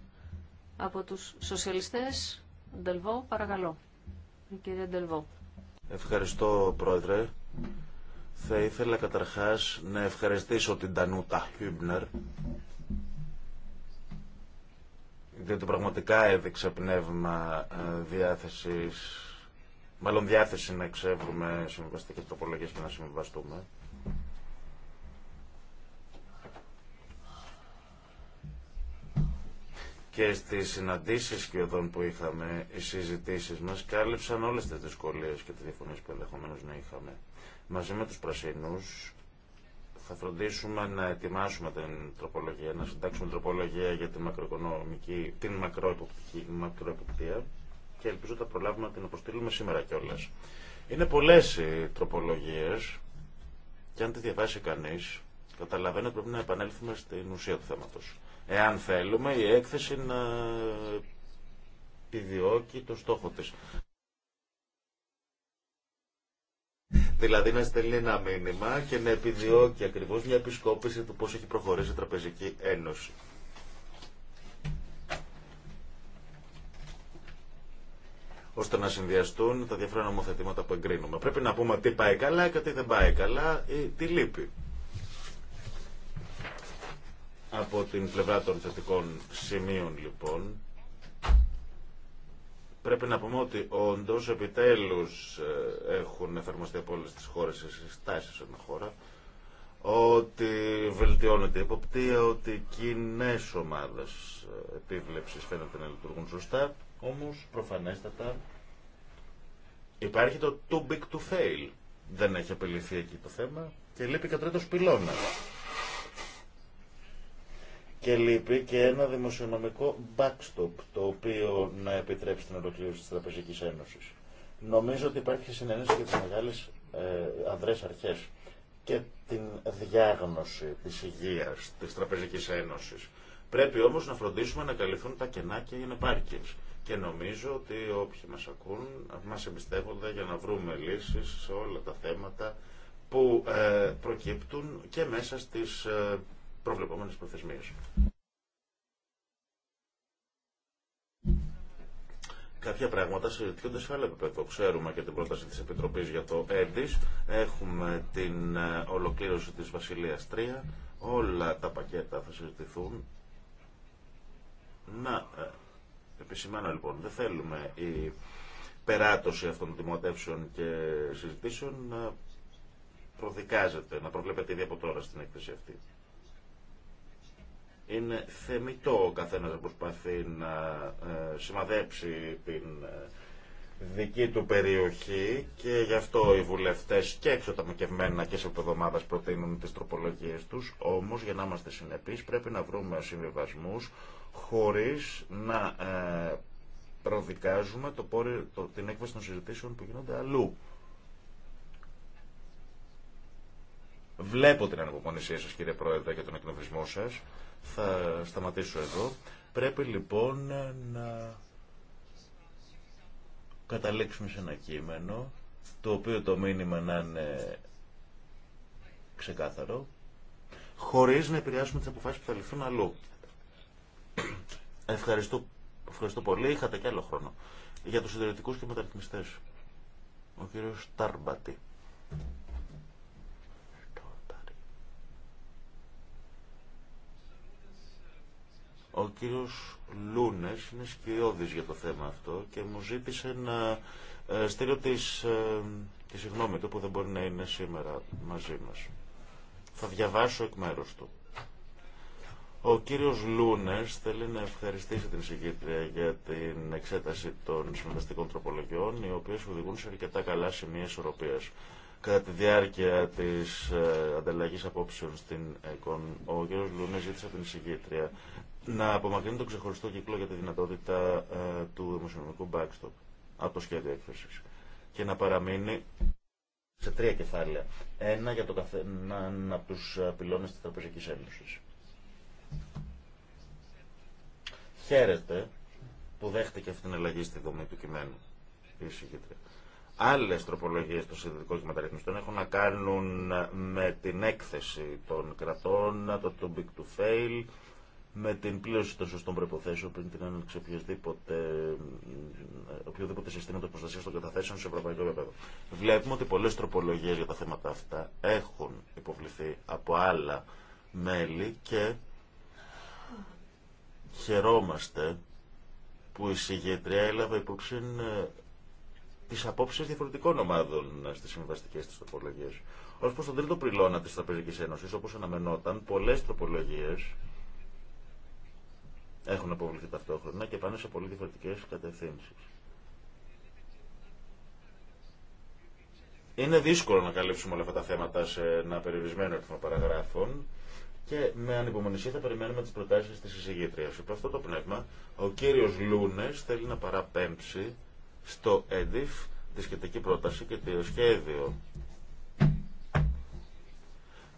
από τους σοσιαλιστές, Ντελβό, παρακαλώ. Ευχαριστώ, Πρόεδρε. Θα ήθελα καταρχάς να ευχαριστήσω την Τανούτα Χιούμπνερ διότι πραγματικά έδειξε πνεύμα ε, διάθεσης μάλλον διάθεση να εξεύρουμε συμβαστικές τοπολογίες και να συμβαστούμε. και στις συναντήσεις σχεδόν που είχαμε, οι συζητήσεις μας κάλυψαν όλες τις δυσκολίες και τις διαφωνίες που ενδεχομένω να είχαμε. Μαζί με τους πρασινούς θα φροντίσουμε να ετοιμάσουμε την τροπολογία, να συντάξουμε την τροπολογία για την μακροοικονομική, την μακροεποπτεία και ελπίζω να προλάβουμε να την αποστείλουμε σήμερα κιόλα. Είναι πολλές οι τροπολογίες και αν τη διαβάσει κανείς, καταλαβαίνει ότι πρέπει να επανέλθουμε στην ουσία του θέματος εάν θέλουμε η έκθεση να επιδιώκει το στόχο της. Δηλαδή να στελεί ένα μήνυμα και να επιδιώκει ακριβώς μια επισκόπηση του πώς έχει προχωρήσει η Τραπεζική Ένωση. ώστε να συνδυαστούν τα διάφορα νομοθετήματα που εγκρίνουμε. Πρέπει να πούμε τι πάει καλά και τι δεν πάει καλά ή τι λείπει. Από την πλευρά των θετικών σημείων λοιπόν, πρέπει να πούμε ότι όντω επιτέλους ε, έχουν εφαρμοστεί από όλες τις χώρες οι συστάσεις σε μια χώρα, ότι βελτιώνεται η υποπτία, ότι κοινέ ομάδε επίβλεψη φαίνεται να λειτουργούν σωστά, όμως προφανέστατα υπάρχει το too big to fail. Δεν έχει απεληθεί εκεί το θέμα και λείπει και ο τρίτος και λείπει και ένα δημοσιονομικό backstop, το οποίο να επιτρέψει την ολοκλήρωση τη Τραπεζική Ένωση. Νομίζω ότι υπάρχει συνένεση για τι μεγάλε ε, αρχέ και την διάγνωση τη υγεία τη Τραπεζική Ένωση. Πρέπει όμω να φροντίσουμε να καλυφθούν τα κενά και οι ανεπάρκειε. Και νομίζω ότι όποιοι μα ακούν μα εμπιστεύονται για να βρούμε λύσει σε όλα τα θέματα που ε, προκύπτουν και μέσα στις ε, προβλεπόμενες προθεσμίες. Κάποια πράγματα συζητιούνται σε άλλο επίπεδο. Ξέρουμε και την πρόταση της Επιτροπής για το ΕΔΙΣ. Έχουμε την ε, ολοκλήρωση της Βασιλείας 3. Όλα τα πακέτα θα συζητηθούν. Να, ε, επισημάνω λοιπόν, δεν θέλουμε η περάτωση αυτών των δημοτεύσεων και συζητήσεων να προδικάζεται, να προβλέπεται ήδη από τώρα στην έκθεση αυτή. Είναι θεμητό ο καθένα να προσπαθεί να ε, σημαδέψει την ε, δική του περιοχή και γι' αυτό οι βουλευτές και εξωταμικευμένα και σε εβδομάδα προτείνουν τις τροπολογίες τους. Όμως για να είμαστε συνεπείς πρέπει να βρούμε συμβιβασμούς χωρίς να ε, προδικάζουμε το, πόρι, το την έκβαση των συζητήσεων που γίνονται αλλού. Βλέπω την ανυπομονησία σας κύριε Πρόεδρε και τον εκνευρισμό σας. Θα σταματήσω εδώ. Πρέπει λοιπόν να καταλήξουμε σε ένα κείμενο το οποίο το μήνυμα να είναι ξεκάθαρο χωρίς να επηρεάσουμε τις αποφάσεις που θα ληφθούν αλλού. Ευχαριστώ, ευχαριστώ πολύ. Είχατε και άλλο χρόνο. Για τους συντηρητικούς και μεταρρυθμιστές. Ο κύριος Τάρμπατη. Ο κύριος Λούνες είναι σκιώδης για το θέμα αυτό και μου ζήτησε να ε, στείλω τις, ε, τη συγγνώμη του που δεν μπορεί να είναι σήμερα μαζί μας. Θα διαβάσω εκ μέρους του. Ο κύριος Λούνες θέλει να ευχαριστήσει την συγκήτρια για την εξέταση των συμμεταστικών τροπολογιών, οι οποίες οδηγούν σε αρκετά καλά σημεία ισορροπίας. Κατά τη διάρκεια της ε, ανταλλαγής απόψεων στην ΕΚΟΝ, ο κύριος Λούνες ζήτησε την συγκήτρια να απομακρύνει τον ξεχωριστό κύκλο για τη δυνατότητα ε, του δημοσιονομικού backstop από το σχέδιο έκθεση. και να παραμείνει σε τρία κεφάλαια. Ένα για το καθένα από τους ε, πυλώνε της Τραπεζική Ένωση. Χαίρεται που δέχτηκε αυτήν την αλλαγή στη δομή του κειμένου η Άλλε τροπολογίε των συνδετικών και μεταρρυθμιστών έχουν να κάνουν ε, με την έκθεση των κρατών, το too big to fail, με την πλήρωση των σωστών προποθέσεων πριν την έναρξη οποιοδήποτε, οποιοδήποτε συστήματο προστασία των καταθέσεων σε ευρωπαϊκό επίπεδο. Βλέπουμε ότι πολλέ τροπολογίε για τα θέματα αυτά έχουν υποβληθεί από άλλα μέλη και χαιρόμαστε που η συγγετρία έλαβε υπόψη ε, τι απόψει διαφορετικών ομάδων ε, στι συμβαστικέ τη τροπολογίε. Ω προ τον τρίτο πυλώνα τη Τραπεζική Ένωση, όπω αναμενόταν, πολλέ τροπολογίε έχουν αποβληθεί ταυτόχρονα και πάνε σε πολύ διαφορετικές κατευθύνσεις. Είναι δύσκολο να καλύψουμε όλα αυτά τα θέματα σε ένα περιορισμένο αριθμό παραγράφων και με ανυπομονησία θα περιμένουμε τις προτάσεις της εισηγήτριας. Υπό αυτό το πνεύμα, ο κύριος Λούνες θέλει να παραπέμψει στο ΕΔΙΦ τη σχετική πρόταση και το σχέδιο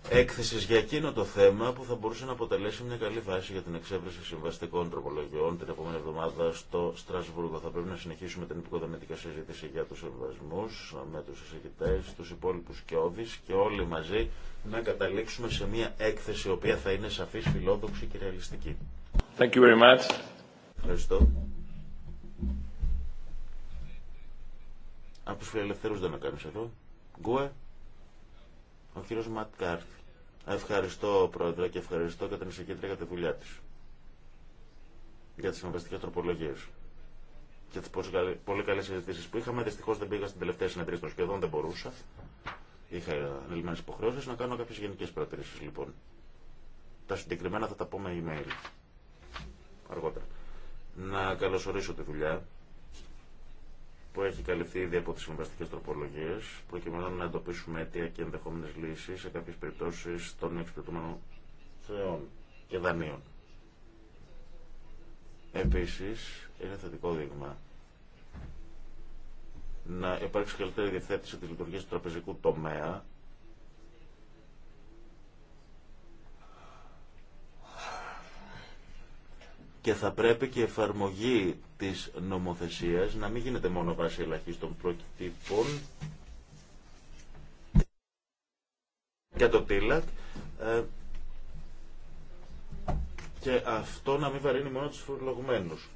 έκθεση για εκείνο το θέμα που θα μπορούσε να αποτελέσει μια καλή βάση για την εξέβρεση συμβαστικών τροπολογιών την επόμενη εβδομάδα στο Στρασβούργο. Θα πρέπει να συνεχίσουμε την υποδομητική συζήτηση για του συμβασμού με του εισηγητέ, του υπόλοιπου κοιόδη και όλοι μαζί να καταλήξουμε σε μια έκθεση η οποία θα είναι σαφή, φιλόδοξη και ρεαλιστική. Thank you very much. Ευχαριστώ. Από του φιλελευθέρου δεν με κάνει εδώ. Γκουε. Ο κύριο Ματ Κάρθ. Ευχαριστώ, Πρόεδρε, και ευχαριστώ και την εισηγήτρια για τη δουλειά τη Για τι συμβαστικέ τροπολογίε Και τι πολύ καλέ συζητήσει που είχαμε. Δυστυχώ δεν πήγα στην τελευταία συνεδρία των σχεδόν, δεν μπορούσα. Είχα ελληνικέ υποχρεώσει να κάνω κάποιε γενικέ παρατηρήσεις, λοιπόν. Τα συγκεκριμένα θα τα πω με email. Αργότερα. Να καλωσορίσω τη δουλειά που έχει καλυφθεί ήδη από τι συμβαστικέ τροπολογίε, προκειμένου να εντοπίσουμε αιτία και ενδεχόμενε λύσει σε κάποιε περιπτώσει των εξυπηρετούμενων θεών και δανείων. Επίση, είναι θετικό δείγμα να υπάρξει καλύτερη διευθέτηση τη λειτουργία του τραπεζικού τομέα και θα πρέπει και η εφαρμογή της νομοθεσίας να μην γίνεται μόνο βάση ελαχίστων προκτήπων για το ε, και αυτό να μην βαρύνει μόνο τους φορολογουμένους.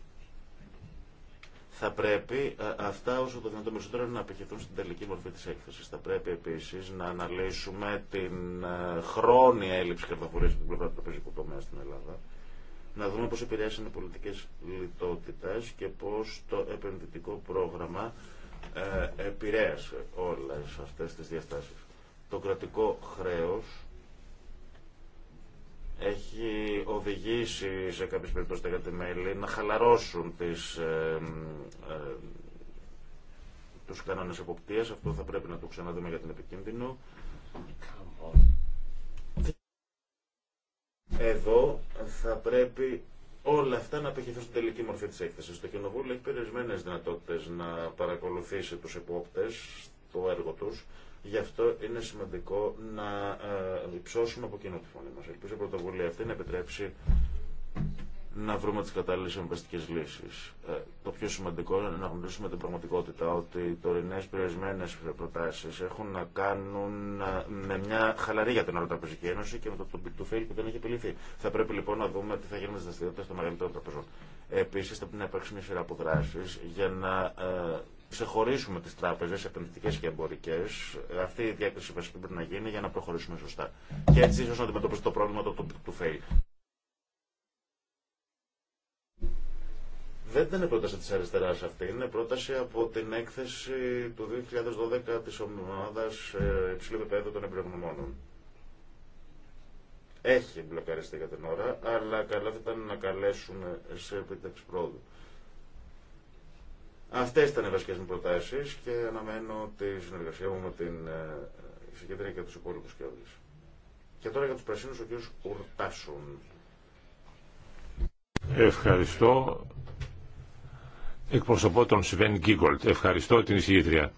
Θα πρέπει ε, αυτά όσο το δυνατόν περισσότερο να απαιτηθούν στην τελική μορφή της έκθεσης. Θα πρέπει επίσης να αναλύσουμε την ε, χρόνια έλλειψη κερδοφορίας στην πλευρά του τομέα στην Ελλάδα να δούμε πώς επηρεάσαν οι πολιτικές λιτότητες και πώς το επενδυτικό πρόγραμμα ε, επηρέασε όλες αυτές τις διαστάσεις. Το κρατικό χρέος έχει οδηγήσει σε κάποιες περιπτώσεις τα να χαλαρώσουν τις, ε, ε, τους κανόνες εποπτείας. Αυτό θα πρέπει να το ξαναδούμε για την επικίνδυνο. Εδώ θα πρέπει όλα αυτά να απεχθούν στην τελική μορφή τη έκθεση. Το Κοινοβούλιο έχει περιορισμένε δυνατότητε να παρακολουθήσει του επόπτε το έργο του. Γι' αυτό είναι σημαντικό να ε, υψώσουμε από κοινό τη φωνή μα. Ελπίζω η πρωτοβουλία αυτή να επιτρέψει να βρούμε τις κατάλληλες εμπαστικές λύσεις. Ε, το πιο σημαντικό είναι να γνωρίσουμε την πραγματικότητα ότι οι τωρινές περιορισμένες προτάσεις έχουν να κάνουν ε, με μια χαλαρή για την Ανατολική Ένωση και με το του fail που δεν έχει επιληθεί. Θα πρέπει λοιπόν να δούμε τι θα γίνει με τις δραστηριότητες των μεγαλύτερων τραπεζών. Επίση, θα πρέπει να υπάρξει μια σειρά αποδράσει για να ε, ξεχωρίσουμε τι τράπεζε επενδυτικέ και εμπορικέ. Αυτή η διάκριση βασικά πρέπει να γίνει για να προχωρήσουμε σωστά. Και έτσι ίσω να αντιμετωπίσουμε το πρόβλημα του fail. Δεν ήταν πρόταση της αριστεράς αυτή, είναι πρόταση από την έκθεση του 2012 της ομάδας ε, υψηλού επίπεδου των εμπνευμόνων. Έχει μπλοκαριστεί για την ώρα, αλλά καλά θα ήταν να καλέσουμε σε επίτευξη πρόοδου. Αυτέ ήταν οι βασικέ μου προτάσει και αναμένω τη συνεργασία μου με την ε, συγκεντρία και του υπόλοιπου και Και τώρα για του πρασίνου, ο κ. Ουρτάσουν. Ευχαριστώ. Εκπροσωπώ τον Σβέν Γκίγκολτ. Ευχαριστώ την εισηγήτρια.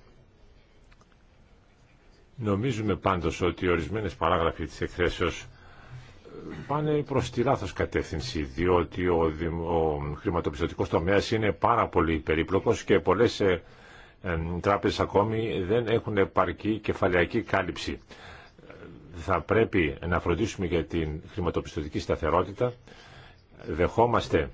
Νομίζουμε πάντως ότι ορισμένες παράγραφοι της εκθέσεως πάνε προς τη λάθος κατεύθυνση, διότι ο, ο χρηματοπιστωτικός τομέας είναι πάρα πολύ περίπλοκος και πολλές ε, ε τράπεζες ακόμη δεν έχουν επαρκή κεφαλαιακή κάλυψη. Θα πρέπει να φροντίσουμε για την χρηματοπιστωτική σταθερότητα. Δεχόμαστε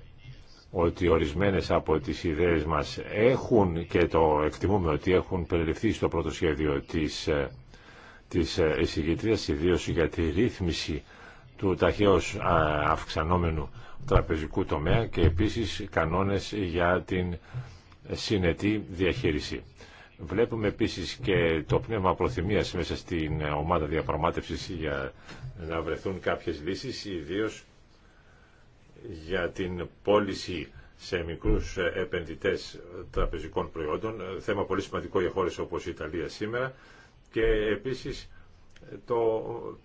ότι ορισμένες από τις ιδέες μας έχουν και το εκτιμούμε ότι έχουν περιληφθεί στο πρώτο σχέδιο της, ε, της ε, εισηγητρίας ιδίως για τη ρύθμιση του ταχαίως ε, αυξανόμενου τραπεζικού τομέα και επίσης κανόνες για την συνετή διαχείριση. Βλέπουμε επίσης και το πνεύμα προθυμίας μέσα στην ομάδα διαπραγμάτευσης για να βρεθούν κάποιες λύσεις, ιδίως για την πώληση σε μικρούς επενδυτές τραπεζικών προϊόντων, θέμα πολύ σημαντικό για χώρες όπως η Ιταλία σήμερα, και επίσης το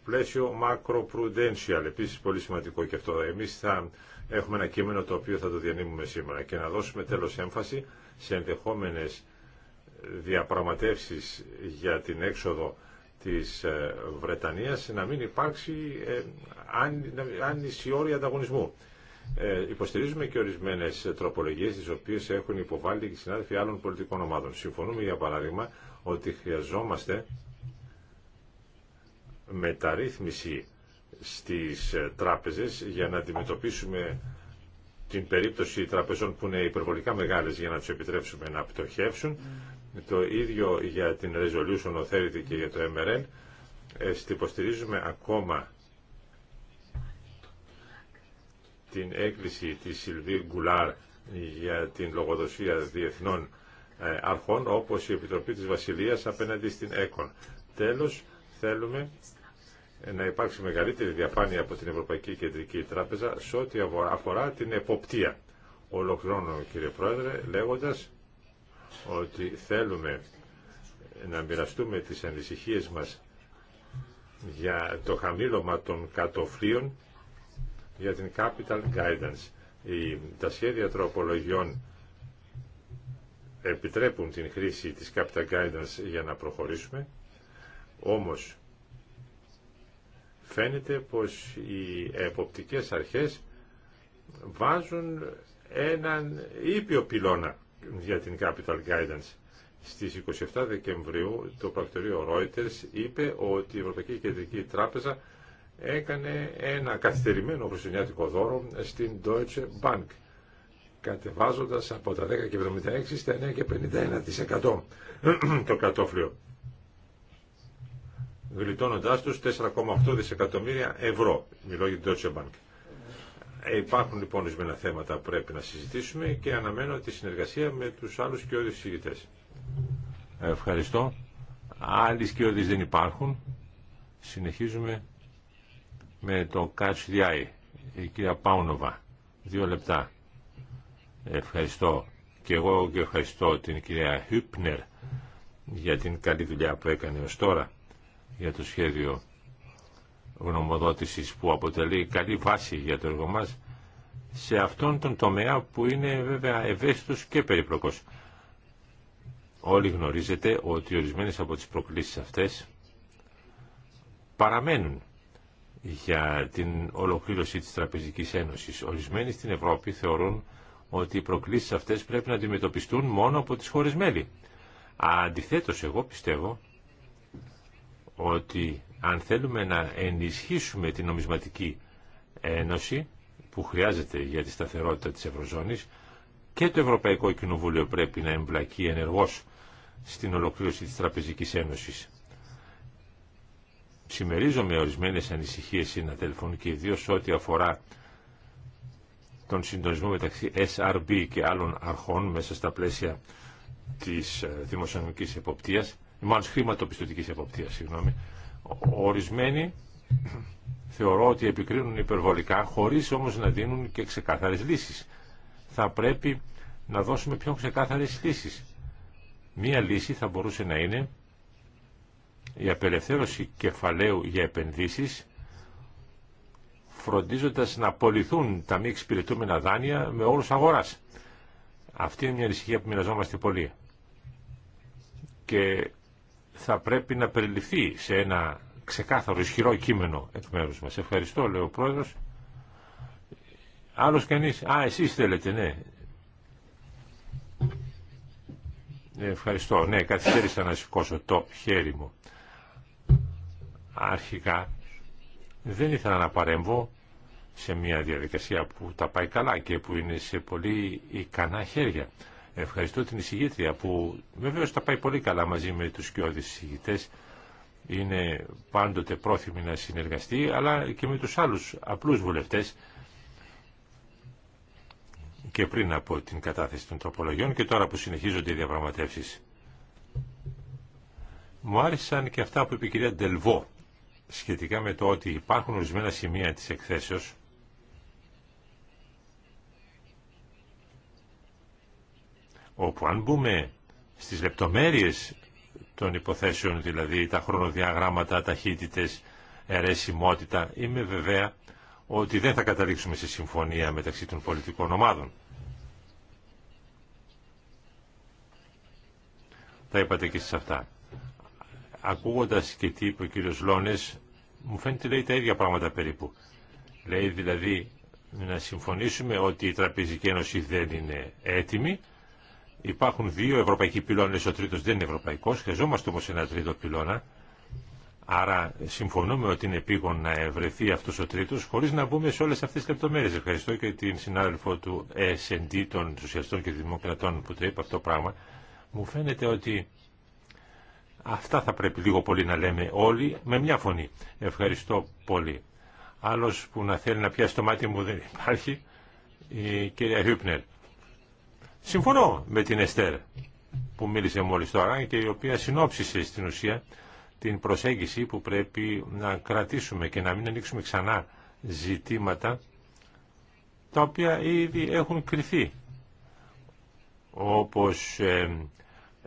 πλαίσιο prudential. επίσης πολύ σημαντικό και αυτό. Εμείς θα έχουμε ένα κείμενο το οποίο θα το διανύμουμε σήμερα και να δώσουμε τέλος έμφαση σε ενδεχόμενες διαπραγματεύσεις για την έξοδο της ε, Βρετανίας να μην υπάρξει ε, όρια ανταγωνισμού. Ε, υποστηρίζουμε και ορισμένε τροπολογίε, τι οποίε έχουν υποβάλει και συνάδελφοι άλλων πολιτικών ομάδων. Συμφωνούμε, για παράδειγμα, ότι χρειαζόμαστε μεταρρύθμιση στις ε, τράπεζες για να αντιμετωπίσουμε την περίπτωση τραπεζών που είναι υπερβολικά μεγάλες για να τους επιτρέψουμε να πτωχεύσουν. Mm. Το ίδιο για την Resolution Authority και για το MRL. Ε, υποστηρίζουμε ακόμα την έκκληση της Σιλβί Γκουλάρ για την λογοδοσία διεθνών ε, αρχών όπως η Επιτροπή της Βασιλείας απέναντι στην ΕΚΟΝ. Τέλος, θέλουμε να υπάρξει μεγαλύτερη διαφάνεια από την Ευρωπαϊκή Κεντρική Τράπεζα σε ό,τι αφορά την εποπτεία. Ολοκληρώνω κύριε Πρόεδρε λέγοντας ότι θέλουμε να μοιραστούμε τις ανησυχίες μας για το χαμήλωμα των κατοφλίων για την Capital Guidance. Η, τα σχέδια τροπολογιών επιτρέπουν την χρήση της Capital Guidance για να προχωρήσουμε, όμως φαίνεται πως οι εποπτικές αρχές βάζουν έναν ήπιο πυλώνα για την Capital Guidance. Στις 27 Δεκεμβρίου το πρακτορείο Reuters είπε ότι η Ευρωπαϊκή Κεντρική Τράπεζα έκανε ένα καθυστερημένο χριστουγεννιάτικο δώρο στην Deutsche Bank κατεβάζοντας από τα 10,76 στα 9,51% το κατόφλιο γλιτώνοντάς τους 4,8 δισεκατομμύρια ευρώ μιλώ για την Deutsche Bank ε, υπάρχουν λοιπόν ορισμένα θέματα που πρέπει να συζητήσουμε και αναμένω τη συνεργασία με τους άλλους και όλους Ευχαριστώ. Άλλοι σκιώδεις δεν υπάρχουν. Συνεχίζουμε με το Catch Η κυρία Πάουνοβα, δύο λεπτά. Ευχαριστώ και εγώ και ευχαριστώ την κυρία Χύπνερ για την καλή δουλειά που έκανε ως τώρα για το σχέδιο γνωμοδότησης που αποτελεί καλή βάση για το έργο μας σε αυτόν τον τομέα που είναι βέβαια ευαίσθητος και περιπλοκός. Όλοι γνωρίζετε ότι ορισμένες από τις προκλήσεις αυτές παραμένουν για την ολοκλήρωση της Τραπεζικής Ένωσης. Ορισμένοι στην Ευρώπη θεωρούν ότι οι προκλήσεις αυτές πρέπει να αντιμετωπιστούν μόνο από τις χώρες μέλη. Αντιθέτως, εγώ πιστεύω ότι αν θέλουμε να ενισχύσουμε την νομισματική ένωση που χρειάζεται για τη σταθερότητα της Ευρωζώνης και το Ευρωπαϊκό Κοινοβούλιο πρέπει να εμπλακεί ενεργώς στην ολοκλήρωση της Τραπεζικής Ένωσης συμμερίζομαι ορισμένες ανησυχίες συναδέλφων και ιδίω ό,τι αφορά τον συντονισμό μεταξύ SRB και άλλων αρχών μέσα στα πλαίσια της ε, δημοσιονομικής εποπτείας, μάλλον χρηματοπιστωτικής εποπτείας, συγγνώμη, ορισμένοι θεωρώ ότι επικρίνουν υπερβολικά, χωρίς όμως να δίνουν και ξεκάθαρες λύσεις. Θα πρέπει να δώσουμε πιο ξεκάθαρες λύσεις. Μία λύση θα μπορούσε να είναι η απελευθέρωση κεφαλαίου για επενδύσεις φροντίζοντας να απολυθούν τα μη εξυπηρετούμενα δάνεια με όρους αγοράς. Αυτή είναι μια ανησυχία που μοιραζόμαστε πολύ. Και θα πρέπει να περιληφθεί σε ένα ξεκάθαρο, ισχυρό κείμενο εκ μέρους μας. Ευχαριστώ, λέει ο Πρόεδρος. Άλλος κανείς. Α, εσείς θέλετε, ναι. Ευχαριστώ. Ναι, καθυστέρησα να σηκώσω το χέρι μου αρχικά δεν ήθελα να παρέμβω σε μια διαδικασία που τα πάει καλά και που είναι σε πολύ ικανά χέρια. Ευχαριστώ την εισηγήτρια που βεβαίω τα πάει πολύ καλά μαζί με τους κοιόδης εισηγητές. Είναι πάντοτε πρόθυμη να συνεργαστεί αλλά και με τους άλλους απλούς βουλευτές και πριν από την κατάθεση των τροπολογιών και τώρα που συνεχίζονται οι διαπραγματεύσεις. Μου άρεσαν και αυτά που είπε η κυρία Ντελβό σχετικά με το ότι υπάρχουν ορισμένα σημεία της εκθέσεως όπου αν μπούμε στις λεπτομέρειες των υποθέσεων, δηλαδή τα χρονοδιαγράμματα, ταχύτητες, αιρεσιμότητα, είμαι βεβαία ότι δεν θα καταλήξουμε σε συμφωνία μεταξύ των πολιτικών ομάδων. Τα είπατε και σε αυτά. Ακούγοντας και τι είπε ο κύριος Λόνες, μου φαίνεται λέει τα ίδια πράγματα περίπου. Λέει δηλαδή να συμφωνήσουμε ότι η Τραπεζική Ένωση δεν είναι έτοιμη. Υπάρχουν δύο ευρωπαϊκοί πυλώνες, ο τρίτο, δεν είναι ευρωπαϊκός, χρειαζόμαστε όμω ένα τρίτο πυλώνα. Άρα συμφωνούμε ότι είναι επίγον να ευρεθεί αυτό ο τρίτο, χωρί να μπούμε σε όλε αυτέ τι λεπτομέρειε. Ευχαριστώ και την συνάδελφο του SND των Σοσιαστών και Δημοκρατών που το είπε αυτό το πράγμα. Μου φαίνεται ότι Αυτά θα πρέπει λίγο πολύ να λέμε όλοι με μια φωνή. Ευχαριστώ πολύ. Άλλος που να θέλει να πιάσει το μάτι μου δεν υπάρχει. Η κυρία Χιούπνερ. Συμφωνώ με την Εστέρ που μίλησε μόλις τώρα και η οποία συνόψισε στην ουσία την προσέγγιση που πρέπει να κρατήσουμε και να μην ανοίξουμε ξανά ζητήματα τα οποία ήδη έχουν κρυθεί όπως ε,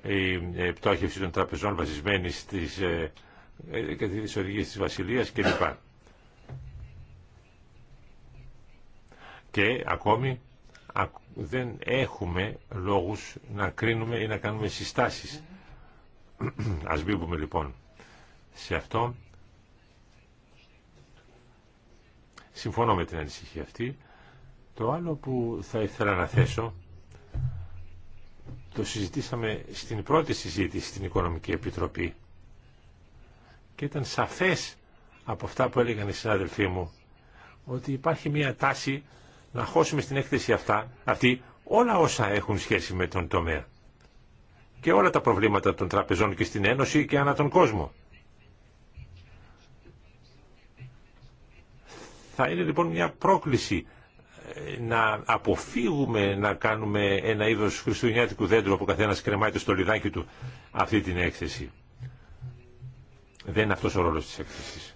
η ε, πτώχευση των τραπεζών βασισμένη στις ε, ε οδηγίες της Βασιλείας κλπ. Και ακόμη δεν έχουμε λόγους να κρίνουμε ή να κάνουμε συστάσεις. Ας μπήμπουμε λοιπόν σε αυτό. Συμφωνώ με την ανησυχία αυτή. Το άλλο που θα ήθελα να θέσω το συζητήσαμε στην πρώτη συζήτηση στην Οικονομική Επιτροπή και ήταν σαφές από αυτά που έλεγαν οι συνάδελφοί μου ότι υπάρχει μια τάση να χώσουμε στην έκθεση αυτά, αυτή όλα όσα έχουν σχέση με τον τομέα και όλα τα προβλήματα των τραπεζών και στην Ένωση και ανά τον κόσμο. Θα είναι λοιπόν μια πρόκληση να αποφύγουμε να κάνουμε ένα είδο χριστουγεννιάτικου δέντρου που καθένα κρεμάει το στολιδάκι του αυτή την έκθεση. Δεν είναι αυτός ο ρόλος της έκθεσης.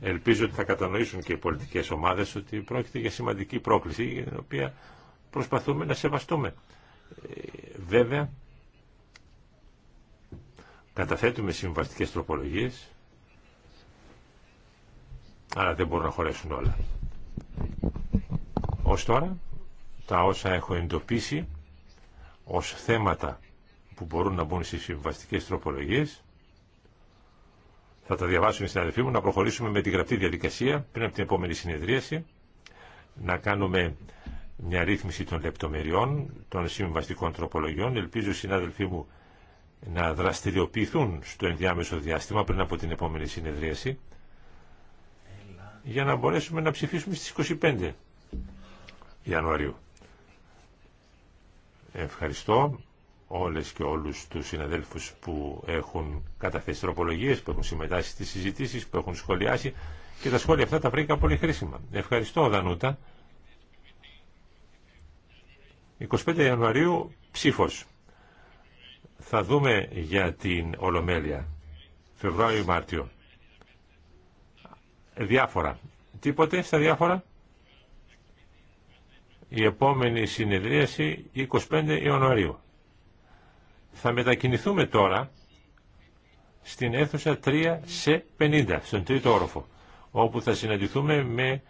Ελπίζω ότι θα κατανοήσουν και οι πολιτικές ομάδες ότι πρόκειται για σημαντική πρόκληση για την οποία προσπαθούμε να σεβαστούμε. Ε, βέβαια, καταθέτουμε συμβαστικές τροπολογίες, αλλά δεν μπορούν να χωρέσουν όλα. Ως τώρα, τα όσα έχω εντοπίσει ως θέματα που μπορούν να μπουν στις συμβαστικές τροπολογίες, θα τα διαβάσουν οι συναδελφοί μου, να προχωρήσουμε με τη γραπτή διαδικασία πριν από την επόμενη συνεδρίαση, να κάνουμε μια ρύθμιση των λεπτομεριών, των συμβαστικών τροπολογιών. Ελπίζω οι συνάδελφοί μου να δραστηριοποιηθούν στο ενδιάμεσο διάστημα πριν από την επόμενη συνεδρίαση για να μπορέσουμε να ψηφίσουμε στις 25 Ιανουαρίου. Ευχαριστώ όλες και όλους τους συναδέλφους που έχουν καταθέσει τροπολογίες, που έχουν συμμετάσχει στις συζητήσεις, που έχουν σχολιάσει και τα σχόλια αυτά τα βρήκα πολύ χρήσιμα. Ευχαριστώ Δανούτα. 25 Ιανουαρίου ψήφος. Θα δούμε για την Ολομέλεια. Φεβρουάριο-Μάρτιο. Διάφορα. Τίποτε στα διάφορα. Η επόμενη συνεδρίαση 25 Ιανουαρίου. Θα μετακινηθούμε τώρα στην αίθουσα 3 σε 50, στον τρίτο όροφο, όπου θα συναντηθούμε με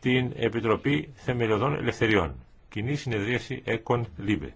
την Επιτροπή Θεμελιωδών Ελευθεριών. Κοινή συνεδρίαση ΕΚΟΝ ΛΥΜΠΕ.